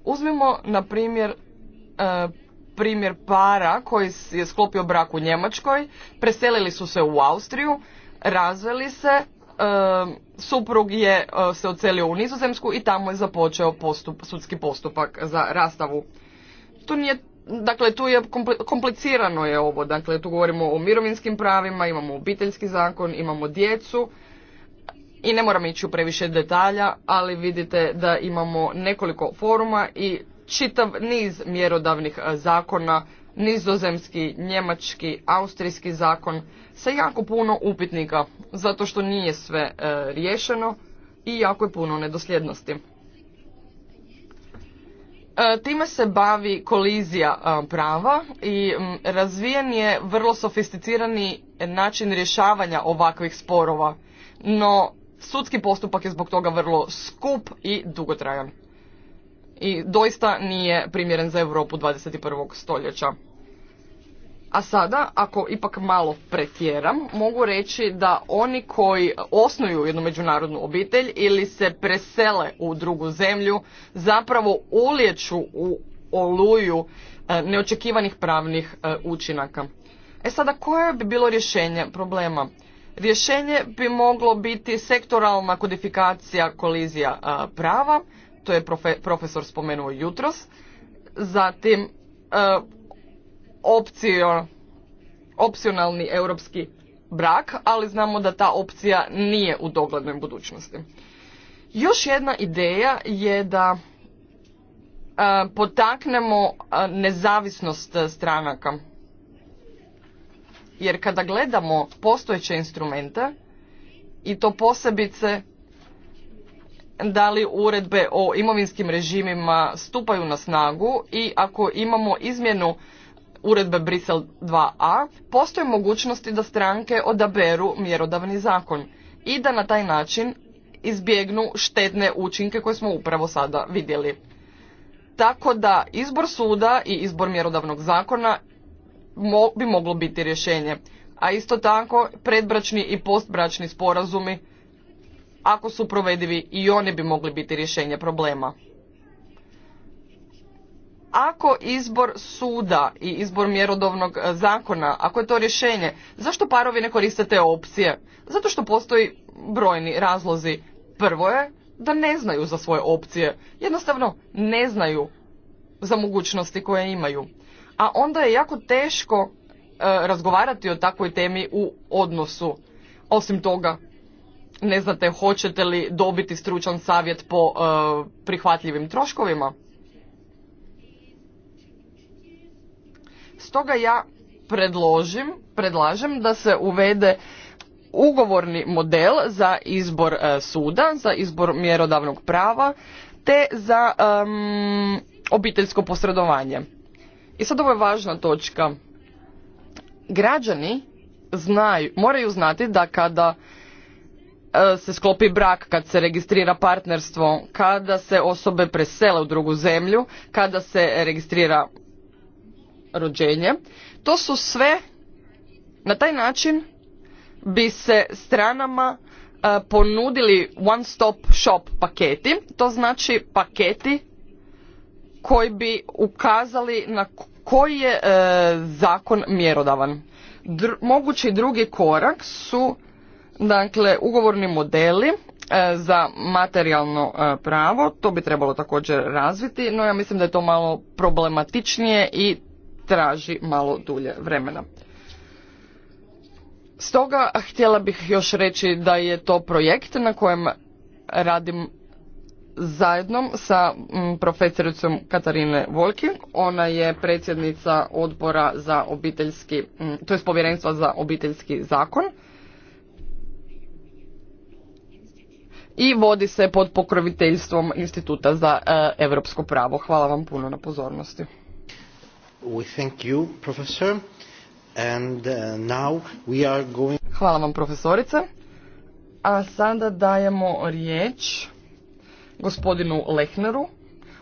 Uzmimo na primjer e, primjer para koji je sklopio brak u Njemačkoj, preselili su se u Austriju, razveli se suprug je e, se ocelio u Nizozemsku i tamo je započeo postup, sudski postupak za rastavu. Tu nije Dakle, tu je komplicirano je ovo. Dakle, tu govorimo o mirovinskim pravima, imamo obiteljski zakon, imamo djecu i ne moram ići u previše detalja, ali vidite da imamo nekoliko foruma i čitav niz mjerodavnih e, zakona nizozemski, njemački, austrijski zakon sa jako puno upitnika zato što nije sve e, riješeno i jako je puno nedosljednosti. E, time se bavi kolizija e, prava i razvijen je vrlo sofisticirani način rješavanja ovakvih sporova, no sudski postupak je zbog toga vrlo skup i dugotrajan i doista nije primjeren za Europu 21. stoljeća. A sada, ako ipak malo pretjeram, mogu reći da oni koji osnuju jednu međunarodnu obitelj ili se presele u drugu zemlju, zapravo ulječu u oluju e, neočekivanih pravnih e, učinaka. E sada, koje bi bilo rješenje problema? Rješenje bi moglo biti sektoralna kodifikacija kolizija e, prava, to je profesor spomenuo jutros, zatim opciju opcionalni europski brak, ali znamo da ta opcija nije u doglednoj budućnosti. Još jedna ideja je da e, potaknemo e, nezavisnost stranaka. Jer kada gledamo postojeće instrumente, i to posebice da li uredbe o imovinskim režimima stupaju na snagu i ako imamo izmjenu uredbe Brisel 2a postoje mogućnosti da stranke odaberu mjerodavni zakon i da na taj način izbjegnu štetne učinke koje smo upravo sada vidjeli. Tako da izbor suda i izbor mjerodavnog zakona bi moglo biti rješenje. A isto tako predbračni i postbračni sporazumi ako su provedivi i oni bi mogli biti rješenje problema ako izbor suda i izbor mjerodovnog e, zakona, ako je to rješenje, zašto parovi ne koriste te opcije? Zato što postoji brojni razlozi. Prvo je da ne znaju za svoje opcije. Jednostavno ne znaju za mogućnosti koje imaju. A onda je jako teško e, razgovarati o takvoj temi u odnosu. Osim toga, ne znate hoćete li dobiti stručan savjet po e, prihvatljivim troškovima. Stoga ja predložim, predlažem da se uvede ugovorni model za izbor e, suda, za izbor mjerodavnog prava, te za obiteljsko posredovanje. I sad ovo je važna točka. Građani znaju, moraju znati da kada e, se sklopi brak, kad se registrira partnerstvo, kada se osobe presele u drugu zemlju, kada se registrira rođenje. To su sve, na taj način bi se stranama e, ponudili one stop shop paketi, to znači paketi koji bi ukazali na koji je e, zakon mjerodavan. mogući drugi korak su dakle ugovorni modeli e, za materijalno pravo, to bi trebalo također razviti, no ja mislim da je to malo problematičnije i traži malo dulje vremena. Stoga htjela bih još reći da je to projekt na kojem radim zajedno sa mm, profesoricom Katarine Volkin. Ona je predsjednica odbora za obiteljski, mm, to je povjerenstva za obiteljski zakon. I vodi se pod pokroviteljstvom Instituta za europsko pravo. Hvala vam puno na pozornosti. Uh, Hvala vam, profesorice. A sada dajemo riječ gospodinu Lehneru.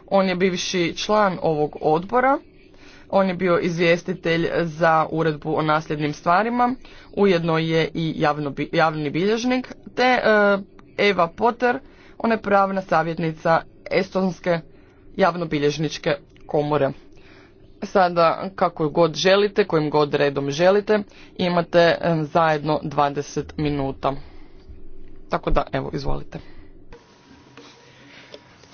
On je bivši član ovog odbora. On je bio izvjestitelj za uredbu o nasljednim stvarima. Ujedno je i javni bilježnik. Te e, Eva Potter, ona je pravna savjetnica Estonske javnobilježničke komore. Sada, kako god želite, kojim god redom želite, imate e, zajedno 20 minuta. Tako da, evo, izvolite.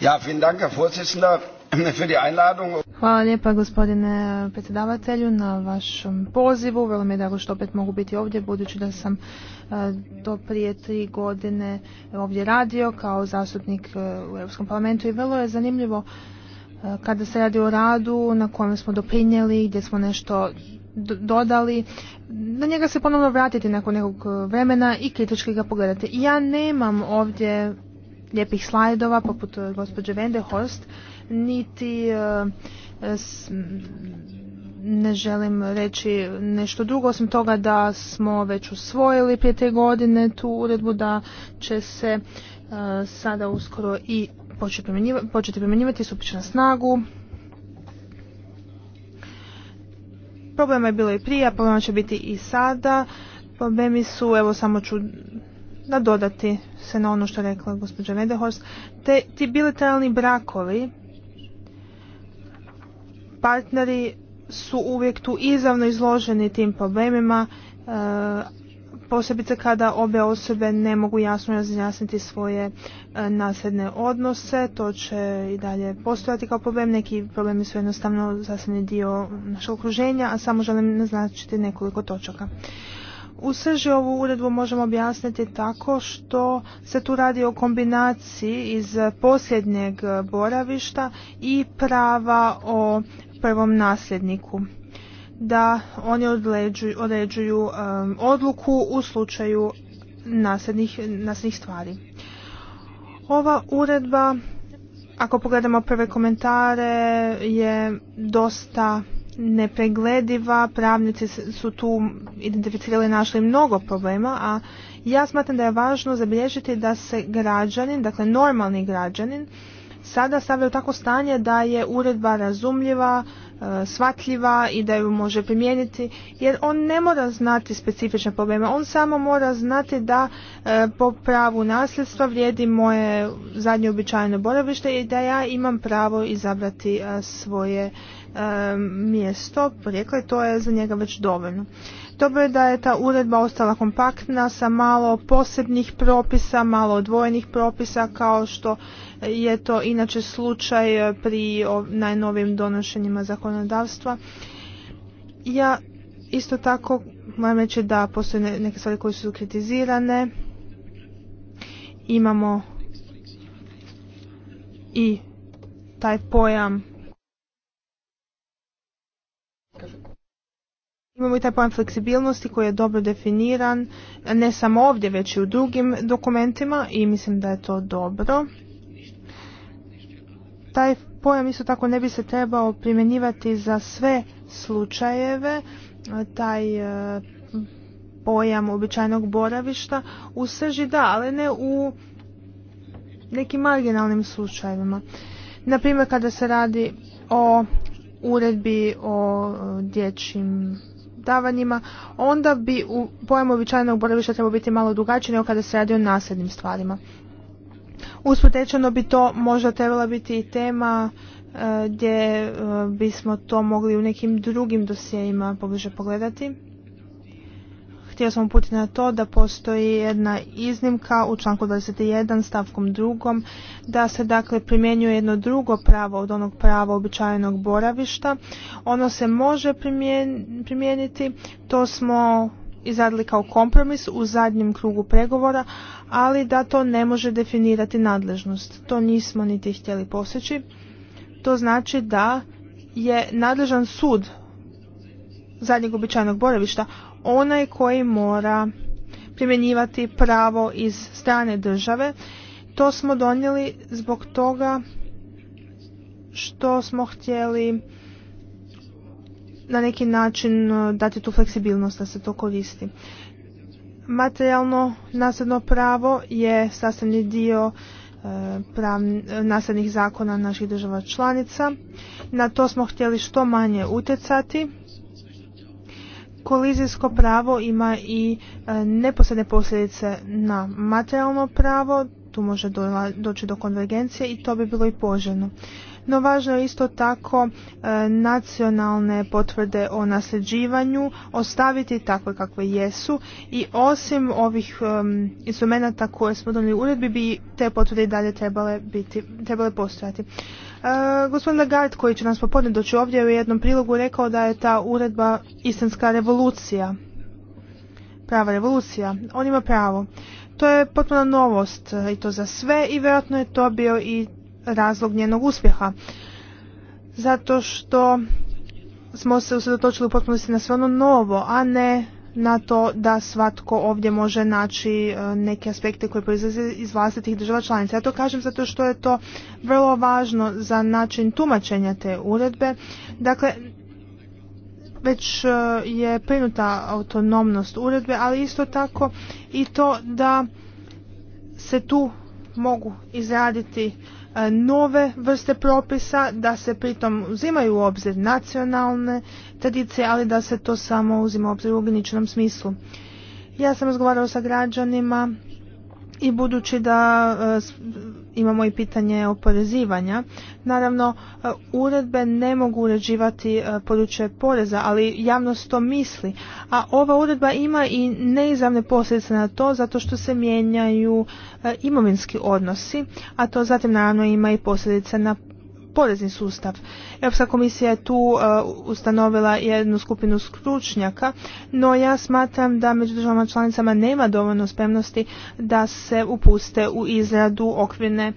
Ja, vielen Vorsitzender, [CLEARS THROAT] für die Einladung. Hvala lijepa gospodine predsjedavatelju na vašem pozivu. Vrlo mi je drago što opet mogu biti ovdje budući da sam e, do prije tri godine ovdje radio kao zastupnik e, u Europskom parlamentu i vrlo je zanimljivo kada se radi o radu na kojem smo doprinijeli, gdje smo nešto dodali, na njega se ponovno vratiti nakon nekog e, vremena i kritički ga pogledati. Ja nemam ovdje lijepih slajdova poput e, gospođe Vendehorst, niti e, ne želim reći nešto drugo osim toga da smo već usvojili prije te godine tu uredbu da će se sada uskoro i početi primjenjivati, stupit na snagu. Problema je bilo i prije, a problema će biti i sada. Problemi su, evo samo ću nadodati se na ono što je rekla gospođa Medehorst, te ti bilateralni brakovi partneri su uvijek tu izravno izloženi tim problemima, e, posebice kada obe osobe ne mogu jasno razjasniti svoje e, nasljedne odnose. To će i dalje postojati kao problem. Neki problemi su jednostavno sasvim dio našeg okruženja, a samo želim naznačiti nekoliko točaka. U srži ovu uredbu možemo objasniti tako što se tu radi o kombinaciji iz posljednjeg boravišta i prava o prvom nasljedniku da oni određuju um, odluku u slučaju nasljednih, stvari. Ova uredba, ako pogledamo prve komentare, je dosta nepreglediva. Pravnici su tu identificirali i našli mnogo problema, a ja smatram da je važno zabilježiti da se građanin, dakle normalni građanin, sada stavlja u tako stanje da je uredba razumljiva, e, shvatljiva i da ju može primijeniti jer on ne mora znati specifične probleme, on samo mora znati da e, po pravu nasljedstva vrijedi moje zadnje običajno boravište i da ja imam pravo izabrati e, svoje mjesto porijekla to je za njega već dovoljno. Dobro je da je ta uredba ostala kompaktna sa malo posebnih propisa, malo odvojenih propisa kao što je to inače slučaj eh, pri najnovim donošenjima zakonodavstva. Ja isto tako moram reći da postoje neke stvari koje su kritizirane. Imamo i taj pojam Imamo i taj pojam fleksibilnosti koji je dobro definiran ne samo ovdje već i u drugim dokumentima i mislim da je to dobro taj pojam isto tako ne bi se trebao primjenjivati za sve slučajeve, taj e, pojam običajnog boravišta u srži da, ali ne u nekim marginalnim slučajevima. Naprimjer kada se radi o uredbi o e, dječjim davanjima, onda bi u pojam običajnog boravišta trebao biti malo drugačiji nego kada se radi o nasljednim stvarima rečeno bi to možda trebala biti i tema e, gdje e, bismo to mogli u nekim drugim dosjeima pobliže pogledati. Htio sam uputiti na to da postoji jedna iznimka u članku 21 stavkom 2 da se dakle primjenjuje jedno drugo pravo od onog prava običajenog boravišta. Ono se može primijeniti, to smo izradili kao kompromis u zadnjem krugu pregovora, ali da to ne može definirati nadležnost. To nismo niti htjeli poseći. To znači da je nadležan sud zadnjeg običajnog boravišta onaj koji mora primjenjivati pravo iz strane države. To smo donijeli zbog toga što smo htjeli na neki način e, dati tu fleksibilnost da se to koristi. Materijalno nasljedno pravo je sastavni dio e, naslednih zakona naših država članica. Na to smo htjeli što manje utjecati. Kolizijsko pravo ima i e, neposredne posljedice na materijalno pravo, tu može doći do konvergencije i to bi bilo i poželjno no važno je isto tako e, nacionalne potvrde o nasljeđivanju ostaviti takve kakve jesu i osim ovih isomena instrumenata koje smo donijeli uredbi bi te potvrde i dalje trebale, biti, trebale postojati. E, gospodin Lagarde koji će nas popodne doći ovdje u jednom prilogu rekao da je ta uredba istinska revolucija. Prava revolucija. On ima pravo. To je potpuno novost e, i to za sve i vjerojatno je to bio i razlog njenog uspjeha. Zato što smo se usredotočili u potpunosti na sve ono novo, a ne na to da svatko ovdje može naći e, neke aspekte koje proizlaze iz vlastitih država članica. Ja to kažem zato što je to vrlo važno za način tumačenja te uredbe. Dakle, već e, je prinuta autonomnost uredbe, ali isto tako i to da se tu mogu izraditi E, nove vrste propisa, da se pritom uzimaju u obzir nacionalne tradicije, ali da se to samo uzima u obzir u ugljeničnom smislu. Ja sam razgovarala sa građanima i budući da e, imamo i pitanje oporezivanja. Naravno, e, uredbe ne mogu uređivati e, područje poreza, ali javnost to misli. A ova uredba ima i neizravne posljedice na to, zato što se mijenjaju e, imovinski odnosi, a to zatim naravno ima i posljedice na porezni sustav. Europska komisija je tu uh, ustanovila jednu skupinu stručnjaka, no ja smatram da među državama članicama nema dovoljno spremnosti da se upuste u izradu okvirne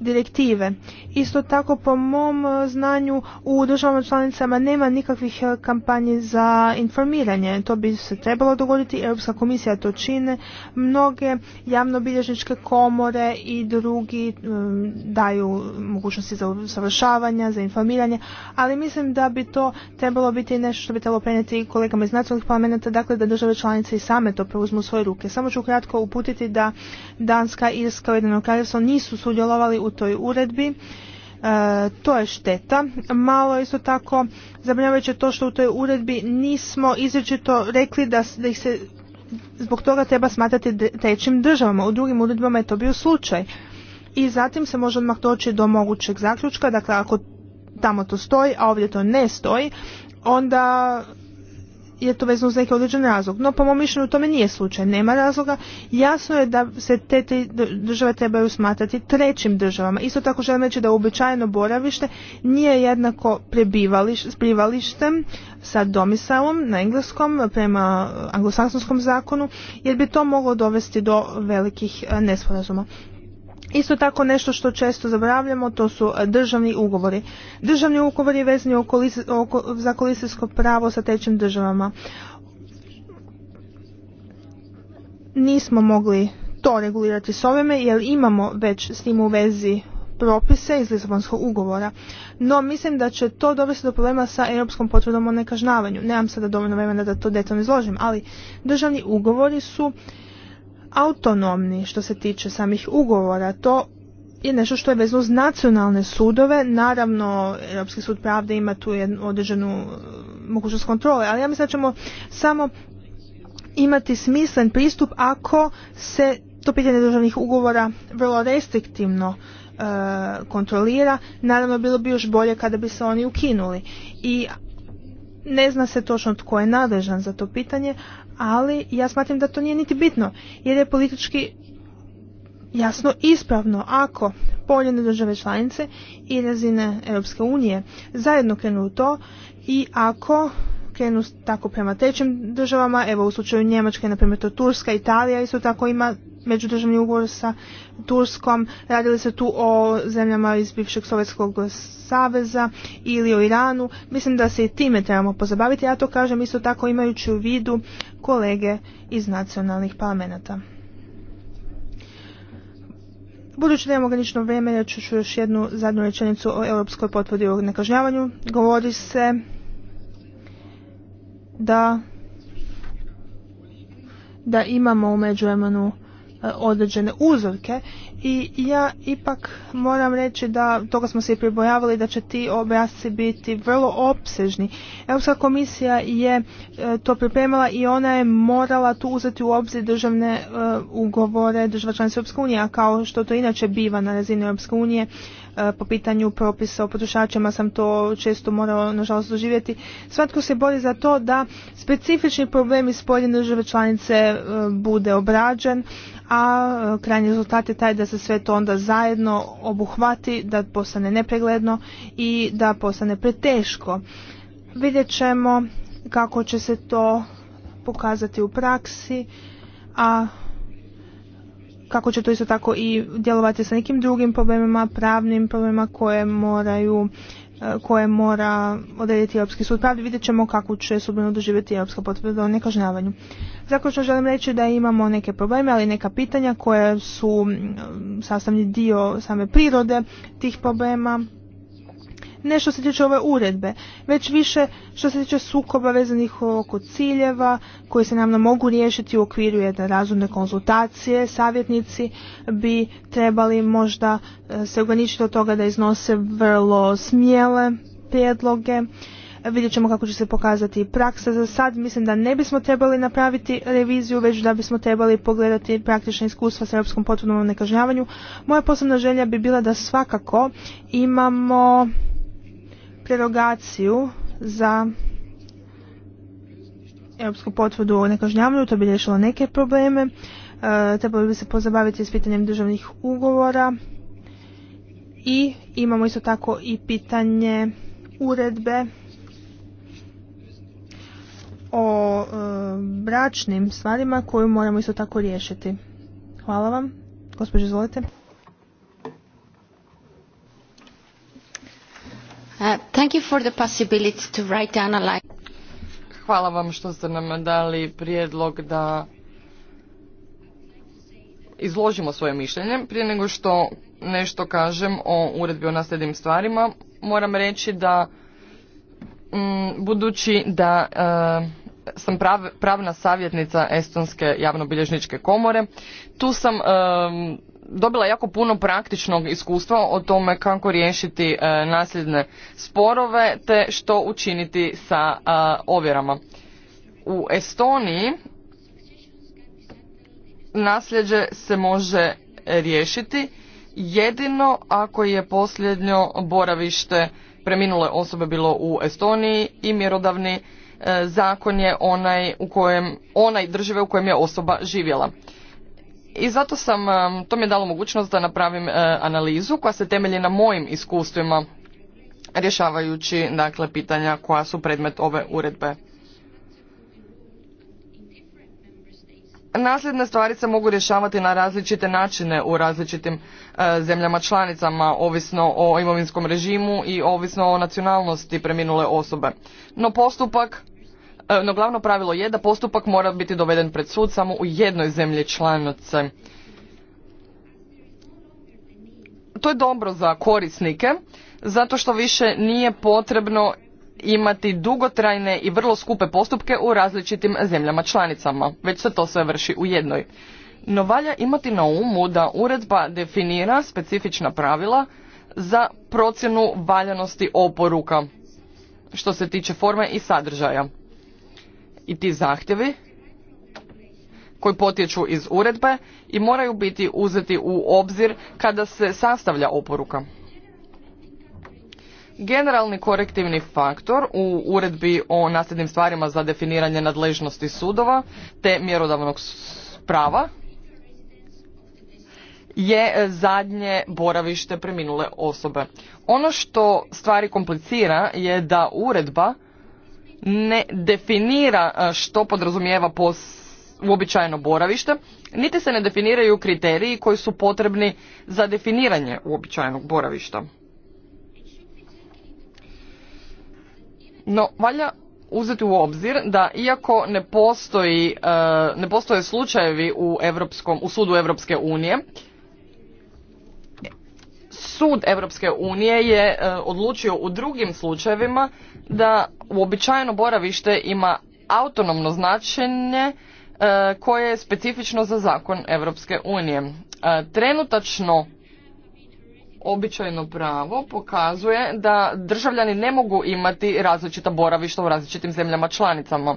direktive. Isto tako po mom e, znanju u državama članicama nema nikakvih e, kampanji za informiranje. To bi se trebalo dogoditi. Europska komisija to čine. Mnoge javnobilježničke komore i drugi e, daju mogućnosti za usavršavanja, za informiranje, ali mislim da bi to trebalo biti nešto što bi trebalo prenijeti kolegama iz nacionalnih parlamenta, dakle da države članice i same to preuzmu u svoje ruke. Samo ću kratko uputiti da Danska, Irska, Ujedinjeno kraljevstva nisu sudjelovali u toj uredbi. E, to je šteta. Malo isto tako zabrinjavajuće to što u toj uredbi nismo izričito rekli da, da ih se zbog toga treba smatrati trećim državama. U drugim uredbama je to bio slučaj. I zatim se može odmah doći do mogućeg zaključka, dakle ako tamo to stoji, a ovdje to ne stoji, onda je to vezano za neki određen razlog. No po mom mišljenju tome nije slučaj, nema razloga. Jasno je da se te tri države trebaju smatrati trećim državama. Isto tako želim reći da uobičajeno boravište nije jednako s prebivalištem sa domisalom na engleskom prema anglosaksonskom zakonu jer bi to moglo dovesti do velikih e, nesporazuma. Isto tako nešto što često zaboravljamo, to su e, državni ugovori. Državni ugovori je za kolisijsko pravo sa trećim državama. Nismo mogli to regulirati s ovime jer imamo već s tim u vezi propise iz Lisabonskog ugovora. No mislim da će to dovesti do problema sa Europskom potvrdom o nekažnavanju. Nemam sada dovoljno vremena da to detaljno izložim, ali državni ugovori su autonomni što se tiče samih ugovora. To je nešto što je vezno uz nacionalne sudove. Naravno, Europski sud pravde ima tu jednu određenu e, mogućnost kontrole, ali ja mislim da ćemo samo imati smislen pristup ako se to pitanje državnih ugovora vrlo restriktivno e, kontrolira. Naravno, bilo bi još bolje kada bi se oni ukinuli. I ne zna se točno tko je nadležan za to pitanje, ali ja smatram da to nije niti bitno, jer je politički jasno ispravno ako poljene države članice i razine Europske unije zajedno krenu u to i ako krenu tako prema trećim državama, evo u slučaju Njemačke, na primjer to Turska, Italija isto tako ima međudržavni ugovor sa Turskom, radili se tu o zemljama iz bivšeg Sovjetskog saveza ili o Iranu. Mislim da se i time trebamo pozabaviti, ja to kažem isto tako imajući u vidu kolege iz nacionalnih pamenata. Budući da imamo ograničeno vrijeme, ja ću još jednu zadnju rečenicu o europskoj potvrdi o nekažnjavanju. Govori se da da imamo u međuvremenu E, određene uzorke i ja ipak moram reći da toga smo se i pribojavali da će ti obrazci biti vrlo opsežni. Europska komisija je e, to pripremala i ona je morala tu uzeti u obzir državne e, ugovore država članica Europske unije, a kao što to inače biva na razini Europske unije E, po pitanju propisa o potrošačima sam to često morao nažalost doživjeti. Svatko se bori za to da specifični problem iz pojedine države članice e, bude obrađen, a e, krajnji rezultat je taj da se sve to onda zajedno obuhvati, da postane nepregledno i da postane preteško. Vidjet ćemo kako će se to pokazati u praksi, a kako će to isto tako i djelovati sa nekim drugim problemima, pravnim problemima koje moraju e, koje mora odrediti Europski sud pravde. Vidjet ćemo kako će sudbeno doživjeti Europska potvrda o nekažnjavanju. Zaključno želim reći da imamo neke probleme, ali neka pitanja koja su sastavni dio same prirode tih problema ne što se tiče ove uredbe, već više što se tiče sukoba vezanih oko ciljeva koji se nam mogu riješiti u okviru jedne razumne konzultacije. Savjetnici bi trebali možda e, se ograničiti od toga da iznose vrlo smjele prijedloge. Vidjet ćemo kako će se pokazati praksa. Za sad mislim da ne bismo trebali napraviti reviziju, već da bismo trebali pogledati praktične iskustva s Europskom potvrdom nekažnjavanju. Moja posebna želja bi bila da svakako imamo derogaciju za europsku potvrdu o nekažnjavanju, to bi rješilo neke probleme. E, trebalo bi se pozabaviti s pitanjem državnih ugovora i imamo isto tako i pitanje uredbe o e, bračnim stvarima koju moramo isto tako riješiti. Hvala vam. Gospođo, izvolite. Uh, Hvala vam što ste nam dali prijedlog da izložimo svoje mišljenje. Prije nego što nešto kažem o uredbi o nasljednim stvarima, moram reći da mm, budući da uh, sam pravna savjetnica Estonske javnobilježničke komore, tu sam um, dobila jako puno praktičnog iskustva o tome kako riješiti e, nasljedne sporove te što učiniti sa e, ovjerama. U Estoniji nasljeđe se može riješiti jedino ako je posljednjo boravište preminule osobe bilo u Estoniji i mjerodavni e, zakon je onaj u kojem onaj države u kojem je osoba živjela. I zato sam, to mi je dalo mogućnost da napravim e, analizu koja se temelji na mojim iskustvima rješavajući dakle pitanja koja su predmet ove uredbe. Nasljedne stvari se mogu rješavati na različite načine u različitim e, zemljama članicama, ovisno o imovinskom režimu i ovisno o nacionalnosti preminule osobe. No postupak E, no glavno pravilo je da postupak mora biti doveden pred sud samo u jednoj zemlji članice. To je dobro za korisnike, zato što više nije potrebno imati dugotrajne i vrlo skupe postupke u različitim zemljama članicama, već se to sve vrši u jednoj. No valja imati na umu da uredba definira specifična pravila za procjenu valjanosti oporuka što se tiče forme i sadržaja i ti zahtjevi koji potječu iz uredbe i moraju biti uzeti u obzir kada se sastavlja oporuka. Generalni korektivni faktor u uredbi o nasljednim stvarima za definiranje nadležnosti sudova te mjerodavnog prava je zadnje boravište preminule osobe. Ono što stvari komplicira je da uredba ne definira e, što podrazumijeva pos uobičajeno boravište, niti se ne definiraju kriteriji koji su potrebni za definiranje uobičajenog boravišta. No, valja uzeti u obzir da iako ne, postoji, e, ne postoje slučajevi u, Evropskom, u sudu Evropske unije, sud Evropske unije je e, odlučio u drugim slučajevima da uobičajeno boravište ima autonomno značenje e, koje je specifično za zakon Europske unije. E, trenutačno običajno pravo pokazuje da državljani ne mogu imati različita boravišta u različitim zemljama članicama.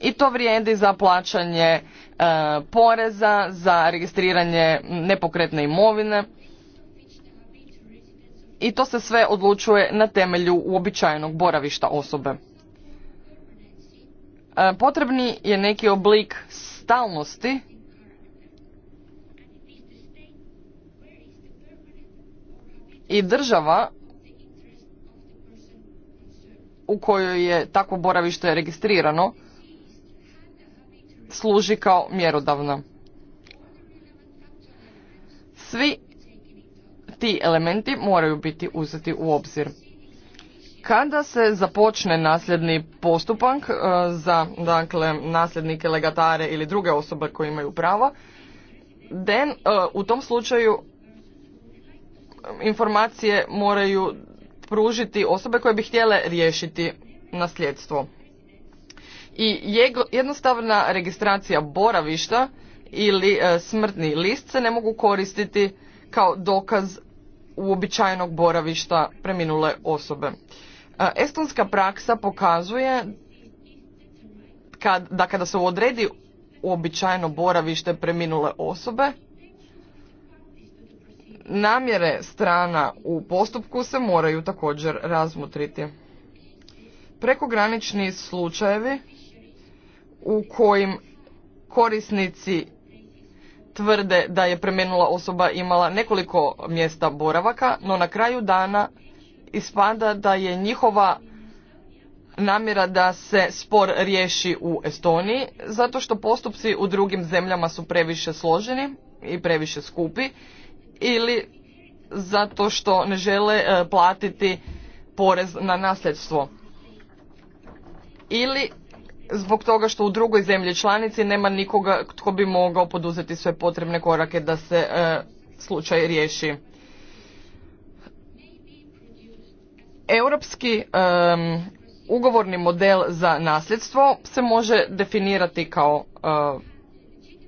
I to vrijedi za plaćanje e, poreza, za registriranje nepokretne imovine i to se sve odlučuje na temelju uobičajenog boravišta osobe. E, potrebni je neki oblik stalnosti i država u kojoj je takvo boravište registrirano služi kao mjerodavna. Svi ti elementi moraju biti uzeti u obzir. Kada se započne nasljedni postupak e, za dakle, nasljednike, legatare ili druge osobe koje imaju prava, den, e, u tom slučaju e, informacije moraju pružiti osobe koje bi htjele riješiti nasljedstvo. I jednostavna registracija boravišta ili smrtni list se ne mogu koristiti kao dokaz uobičajenog boravišta preminule osobe. E, estonska praksa pokazuje kad, da kada se odredi uobičajeno boravište preminule osobe, namjere strana u postupku se moraju također razmotriti. Prekogranični slučajevi u kojim korisnici tvrde da je premenula osoba imala nekoliko mjesta boravaka, no na kraju dana ispada da je njihova namjera da se spor riješi u Estoniji, zato što postupci u drugim zemljama su previše složeni i previše skupi, ili zato što ne žele e, platiti porez na nasljedstvo. Ili zbog toga što u drugoj zemlji članici nema nikoga tko bi mogao poduzeti sve potrebne korake da se e, slučaj riješi. Europski ugovorni model za nasljedstvo se može definirati kao e,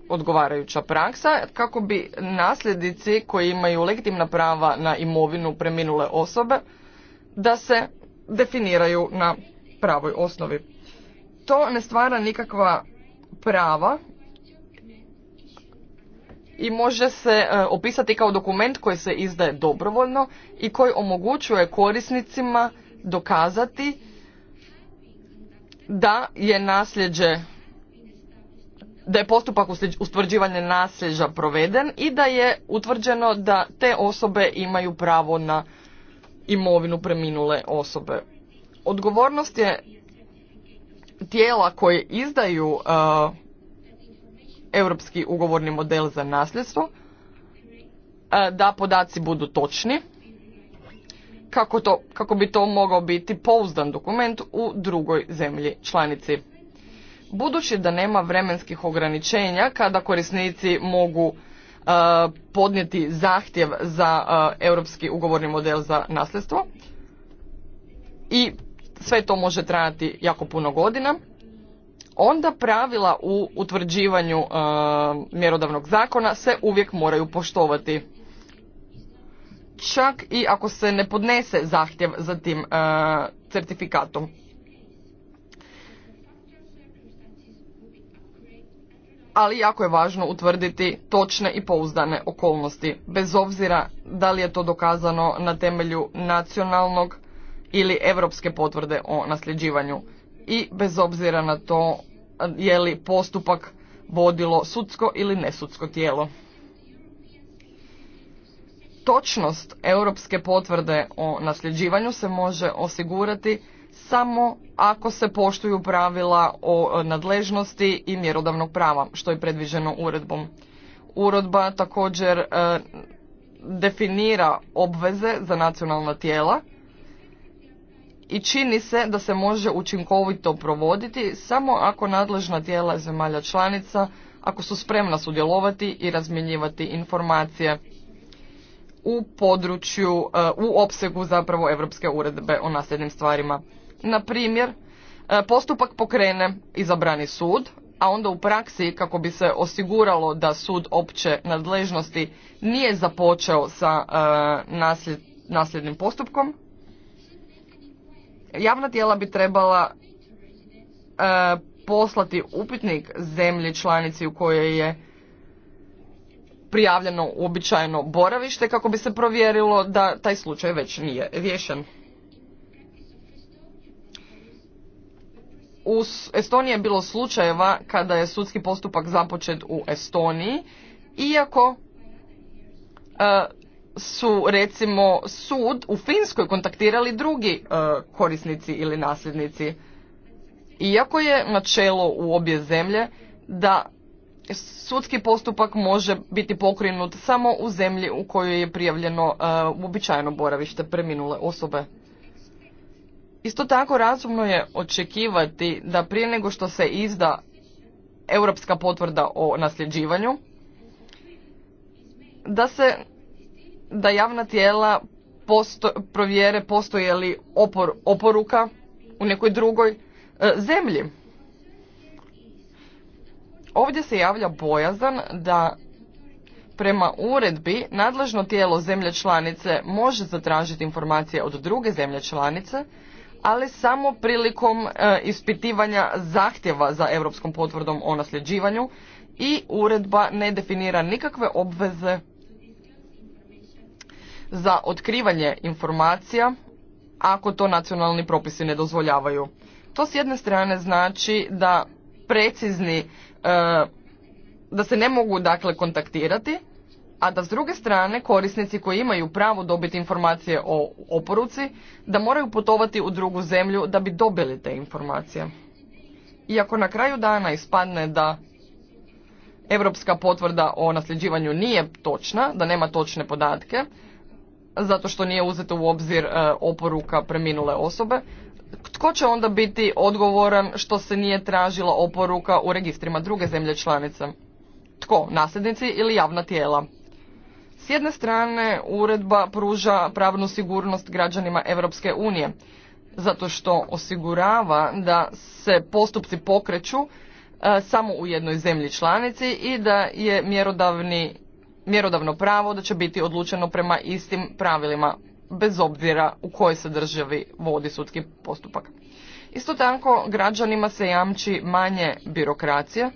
odgovarajuća praksa kako bi nasljednici koji imaju legitimna prava na imovinu preminule osobe da se definiraju na pravoj osnovi to ne stvara nikakva prava i može se e, opisati kao dokument koji se izdaje dobrovoljno i koji omogućuje korisnicima dokazati da je nasljeđe da je postupak ustvrđivanja nasljeđa proveden i da je utvrđeno da te osobe imaju pravo na imovinu preminule osobe. Odgovornost je tijela koje izdaju uh, europski ugovorni model za nasljedstvo, uh, da podaci budu točni, kako, to, kako bi to mogao biti pouzdan dokument u drugoj zemlji članici. Budući da nema vremenskih ograničenja kada korisnici mogu uh, podnijeti zahtjev za europski ugovorni model za nasljedstvo i sve to može trajati jako puno godina, onda pravila u utvrđivanju e, mjerodavnog zakona se uvijek moraju poštovati. Čak i ako se ne podnese zahtjev za tim e, certifikatom. ali jako je važno utvrditi točne i pouzdane okolnosti, bez obzira da li je to dokazano na temelju nacionalnog ili europske potvrde o nasljeđivanju i bez obzira na to je li postupak vodilo sudsko ili nesudsko tijelo. Točnost europske potvrde o nasljeđivanju se može osigurati samo ako se poštuju pravila o nadležnosti i mjerodavnog prava, što je predviđeno uredbom. Uredba također eh, definira obveze za nacionalna tijela i čini se da se može učinkovito provoditi samo ako nadležna tijela zemalja članica ako su spremna sudjelovati i razmjenjivati informacije u području, eh, u opsegu zapravo Europske uredbe o nasljednim stvarima. Na primjer, eh, postupak pokrene izabrani sud, a onda u praksi kako bi se osiguralo da sud opće nadležnosti nije započeo sa eh, nasljednim postupkom, Javna tijela bi trebala e, poslati upitnik zemlji članici u kojoj je prijavljeno uobičajeno boravište kako bi se provjerilo da taj slučaj već nije riješen. U Estoniji je bilo slučajeva kada je sudski postupak započet u Estoniji, iako e, su recimo sud u Finskoj kontaktirali drugi e, korisnici ili nasljednici. Iako je načelo u obje zemlje da sudski postupak može biti pokrenut samo u zemlji u kojoj je prijavljeno e, uobičajeno boravište preminule osobe. Isto tako razumno je očekivati da prije nego što se izda europska potvrda o nasljeđivanju, da se da javna tijela posto, provjere postoje li opor, oporuka u nekoj drugoj e, zemlji. Ovdje se javlja bojazan da prema uredbi nadležno tijelo zemlje članice može zatražiti informacije od druge zemlje članice, ali samo prilikom e, ispitivanja zahtjeva za europskom potvrdom o nasljeđivanju i uredba ne definira nikakve obveze za otkrivanje informacija ako to nacionalni propisi ne dozvoljavaju. To s jedne strane znači da precizni, e, da se ne mogu dakle kontaktirati, a da s druge strane korisnici koji imaju pravo dobiti informacije o oporuci, da moraju putovati u drugu zemlju da bi dobili te informacije. I ako na kraju dana ispadne da europska potvrda o nasljeđivanju nije točna, da nema točne podatke, zato što nije uzeto u obzir e, oporuka preminule osobe, tko će onda biti odgovoran što se nije tražila oporuka u registrima druge zemlje članice? Tko? Nasljednici ili javna tijela? S jedne strane, uredba pruža pravnu sigurnost građanima Europske unije, zato što osigurava da se postupci pokreću e, samo u jednoj zemlji članici i da je mjerodavni mjerodavno pravo da će biti odlučeno prema istim pravilima, bez obzira u kojoj se državi vodi sudski postupak. Isto tako, građanima se jamči manje birokracije,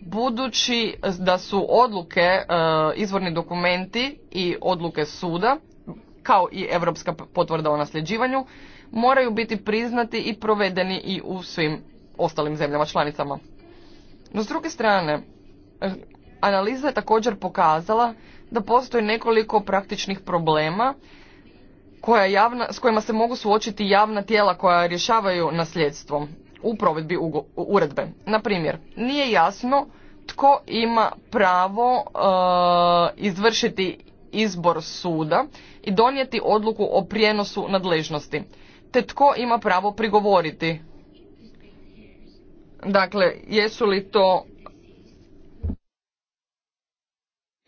budući da su odluke, e, izvorni dokumenti i odluke suda, kao i Europska potvrda o nasljeđivanju, moraju biti priznati i provedeni i u svim ostalim zemljama članicama. No, s druge strane, Analiza je također pokazala da postoji nekoliko praktičnih problema javna, s kojima se mogu suočiti javna tijela koja rješavaju nasljedstvo u provedbi uredbe. Na primjer, nije jasno tko ima pravo eh, izvršiti izbor suda i donijeti odluku o prijenosu nadležnosti, te tko ima pravo prigovoriti. Dakle, jesu li to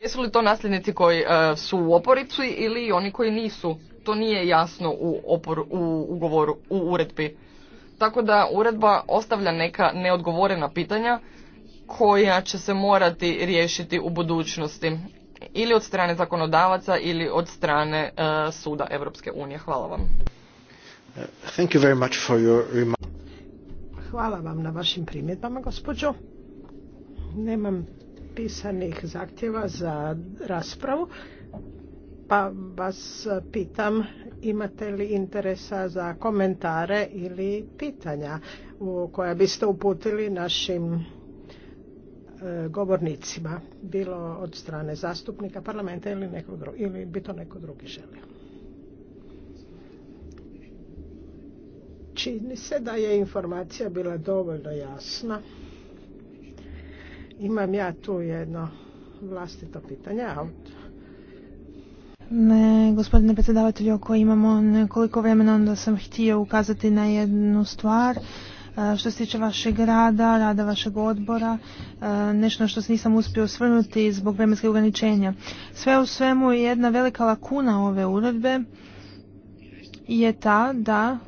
Jesu li to nasljednici koji e, su u oporici ili oni koji nisu? To nije jasno u, opor, u ugovoru, u uredbi. Tako da uredba ostavlja neka neodgovorena pitanja koja će se morati riješiti u budućnosti ili od strane zakonodavaca ili od strane e, suda Europske unije. Hvala vam. Thank you very much for your Hvala vam na vašim primjedbama, gospođo. Nemam pisanih zahtjeva za raspravu, pa vas pitam imate li interesa za komentare ili pitanja u koja biste uputili našim e, govornicima, bilo od strane zastupnika parlamenta ili, ili bi to neko drugi želio. Čini se da je informacija bila dovoljno jasna. Imam ja tu jedno vlastito pitanje. Ne, gospodine predsjedavatelju, ako imamo nekoliko vremena, onda sam htio ukazati na jednu stvar. E, što se tiče vašeg rada, rada vašeg odbora, e, nešto što se nisam uspio osvrnuti zbog vremenskih ograničenja. Sve u svemu jedna velika lakuna ove uredbe je ta da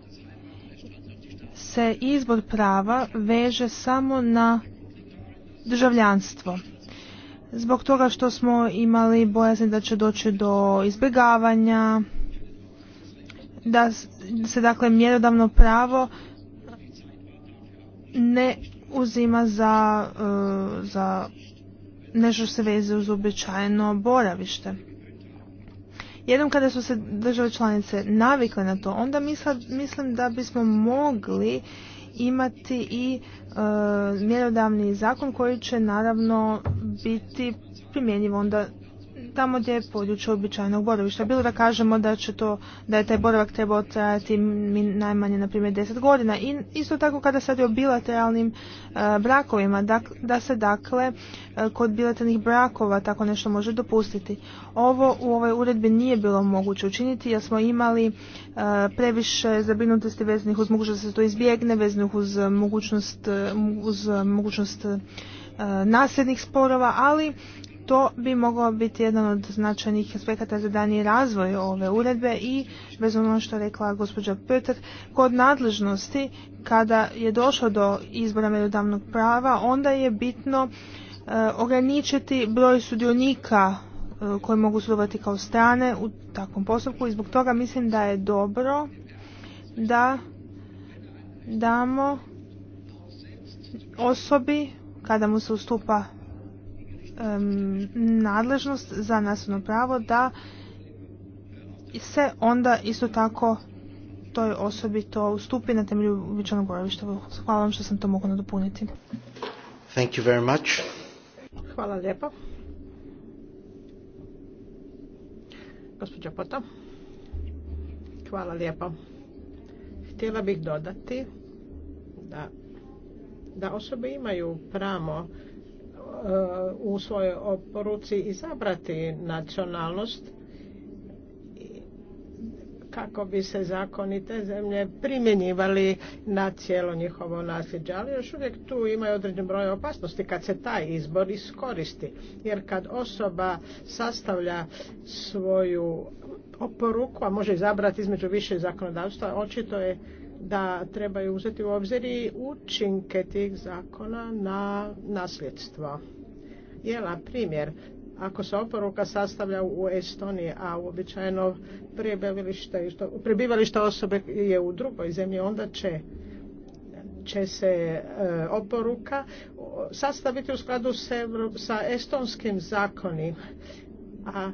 se izbor prava veže samo na državljanstvo. Zbog toga što smo imali bojazni da će doći do izbjegavanja, da se dakle mjerodavno pravo ne uzima za, e, za nešto se veze uz uobičajeno boravište. Jednom kada su se države članice navikle na to, onda mislim da bismo mogli imati i e, mjerodavni zakon koji će naravno biti primjenjiv onda tamo gdje je područje običajnog boravišta. Bilo da kažemo da će to, da je taj boravak trebao trajati najmanje, na primjer, 10 godina. I isto tako kada sad je o bilateralnim e, brakovima, da, da, se dakle e, kod bilateralnih brakova tako nešto može dopustiti. Ovo u ovoj uredbi nije bilo moguće učiniti jer smo imali e, previše zabrinutosti vezanih uz mogućnost da se to izbjegne, vezanih uz mogućnost, e, uz mogućnost nasljednih sporova, ali to bi mogao biti jedan od značajnih aspekata za dani razvoj ove uredbe i bez ono što rekla gospođa Peter, kod nadležnosti kada je došlo do izbora mjerodavnog prava onda je bitno e, ograničiti broj sudionika e, koji mogu sudovati kao strane u takvom postupku i zbog toga mislim da je dobro da damo osobi kada mu se ustupa nadležnost za nasljedno pravo da se onda isto tako toj osobi to ustupi na temelju uobičajenog boravišta. Hvala vam što sam to mogla nadopuniti. Thank you very much. Hvala lijepo. Gospođo Poto. Hvala lijepo. Htjela bih dodati da, da osobe imaju pravo u svojoj oporuci izabrati nacionalnost kako bi se te zemlje primjenjivali na cijelo njihovo nasljeđe. Ali još uvijek tu ima određen broj opasnosti kad se taj izbor iskoristi. Jer kad osoba sastavlja svoju oporuku, a može izabrati između više zakonodavstva, očito je da trebaju uzeti u obzir i učinke tih zakona na nasljedstvo. Jela, primjer, ako se oporuka sastavlja u Estoniji, a uobičajeno prebivalište osobe je u drugoj zemlji, onda će će se e, oporuka sastaviti u skladu sa estonskim zakonima. A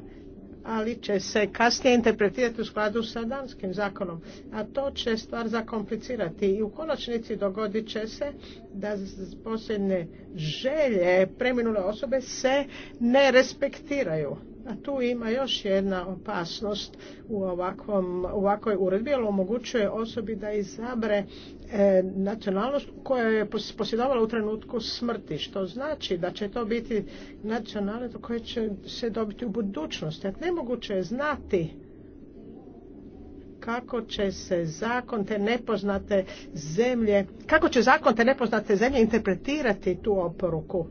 ali će se kasnije interpretirati u skladu sa danskim zakonom, a to će stvar zakomplicirati i u konačnici dogodit će se da posljedne želje preminule osobe se ne respektiraju. A tu ima još jedna opasnost u ovakvoj uredbi, jer omogućuje osobi da izabre... E, nacionalnost koja je posjedovala u trenutku smrti, što znači da će to biti nacionalnost koja će se dobiti u budućnosti. Jer nemoguće je znati kako će se zakon te nepoznate zemlje, kako će zakon te nepoznate zemlje interpretirati tu oporuku.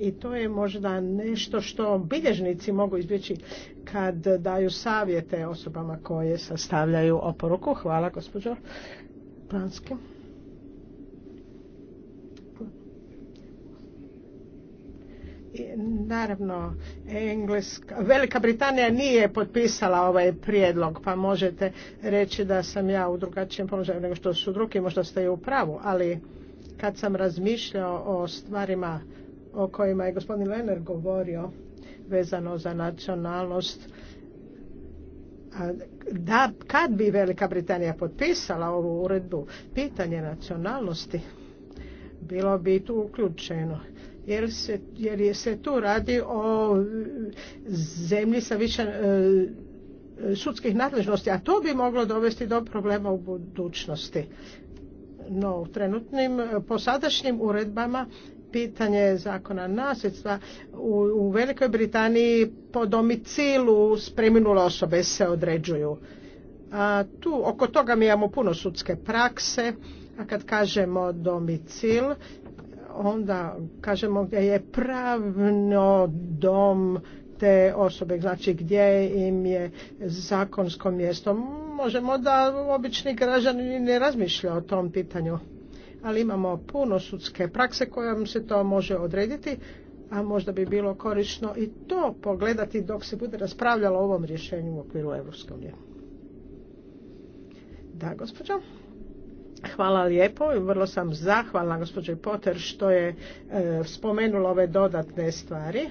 I to je možda nešto što bilježnici mogu izbjeći kad daju savjete osobama koje sastavljaju oporuku. Hvala gospođo naravno, Engleska, Velika Britanija nije potpisala ovaj prijedlog, pa možete reći da sam ja u drugačijem položaju nego što su drugi, možda ste i u pravu, ali kad sam razmišljao o stvarima o kojima je gospodin Lener govorio vezano za nacionalnost, da kad bi Velika Britanija potpisala ovu uredbu pitanje nacionalnosti bilo bi tu uključeno jer se, jer se tu radi o zemlji sa više e, sudskih nadležnosti, a to bi moglo dovesti do problema u budućnosti. No, u trenutnim, po sadašnjim uredbama pitanje zakona nasljedstva u, u Velikoj Britaniji po domicilu preminule osobe se određuju. A tu oko toga mi imamo puno sudske prakse, a kad kažemo domicil, onda kažemo gdje je pravno dom te osobe, znači gdje im je zakonsko mjesto. Možemo da obični građani ne razmišlja o tom pitanju ali imamo puno sudske prakse kojom se to može odrediti, a možda bi bilo korisno i to pogledati dok se bude raspravljalo o ovom rješenju u okviru Evropske unije. Da, gospođo. Hvala lijepo i vrlo sam zahvalna gospođoj Potter što je e, spomenula ove dodatne stvari,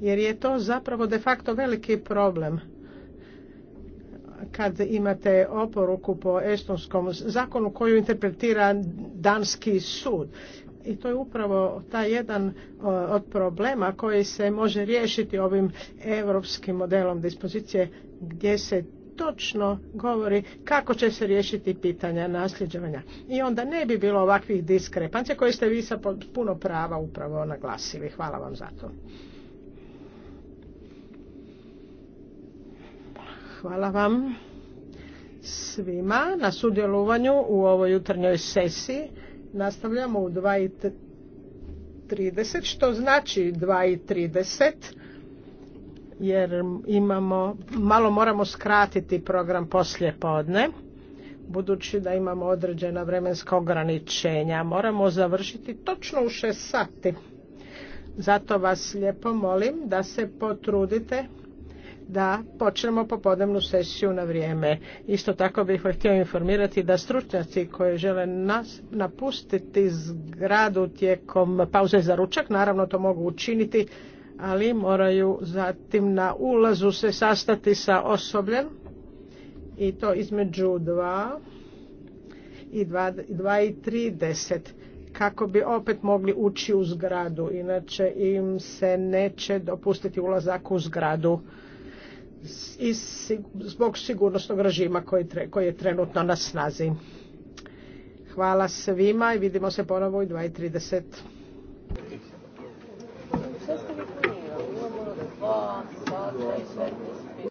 jer je to zapravo de facto veliki problem kad imate oporuku po estonskom zakonu koju interpretira danski sud i to je upravo taj jedan od problema koji se može riješiti ovim europskim modelom dispozicije gdje se točno govori kako će se riješiti pitanja nasljeđivanja. I onda ne bi bilo ovakvih diskrepancija koje ste vi sa puno prava upravo naglasili. Hvala vam za to. Hvala vam svima na sudjelovanju u ovoj jutarnjoj sesiji. Nastavljamo u 2.30, što znači 2.30, jer imamo, malo moramo skratiti program poslje podne, budući da imamo određena vremenska ograničenja. Moramo završiti točno u 6 sati. Zato vas lijepo molim da se potrudite da počnemo popodnevnu sesiju na vrijeme. Isto tako bih vas htio informirati da stručnjaci koji žele nas napustiti zgradu tijekom pauze za ručak, naravno to mogu učiniti, ali moraju zatim na ulazu se sastati sa osobljem i to između dva i 2 i 3 deset kako bi opet mogli ući u zgradu, inače im se neće dopustiti ulazak u zgradu zbog sigurnosnog režima koji, je trenutno na snazi. Hvala svima i vidimo se ponovo u 2.30.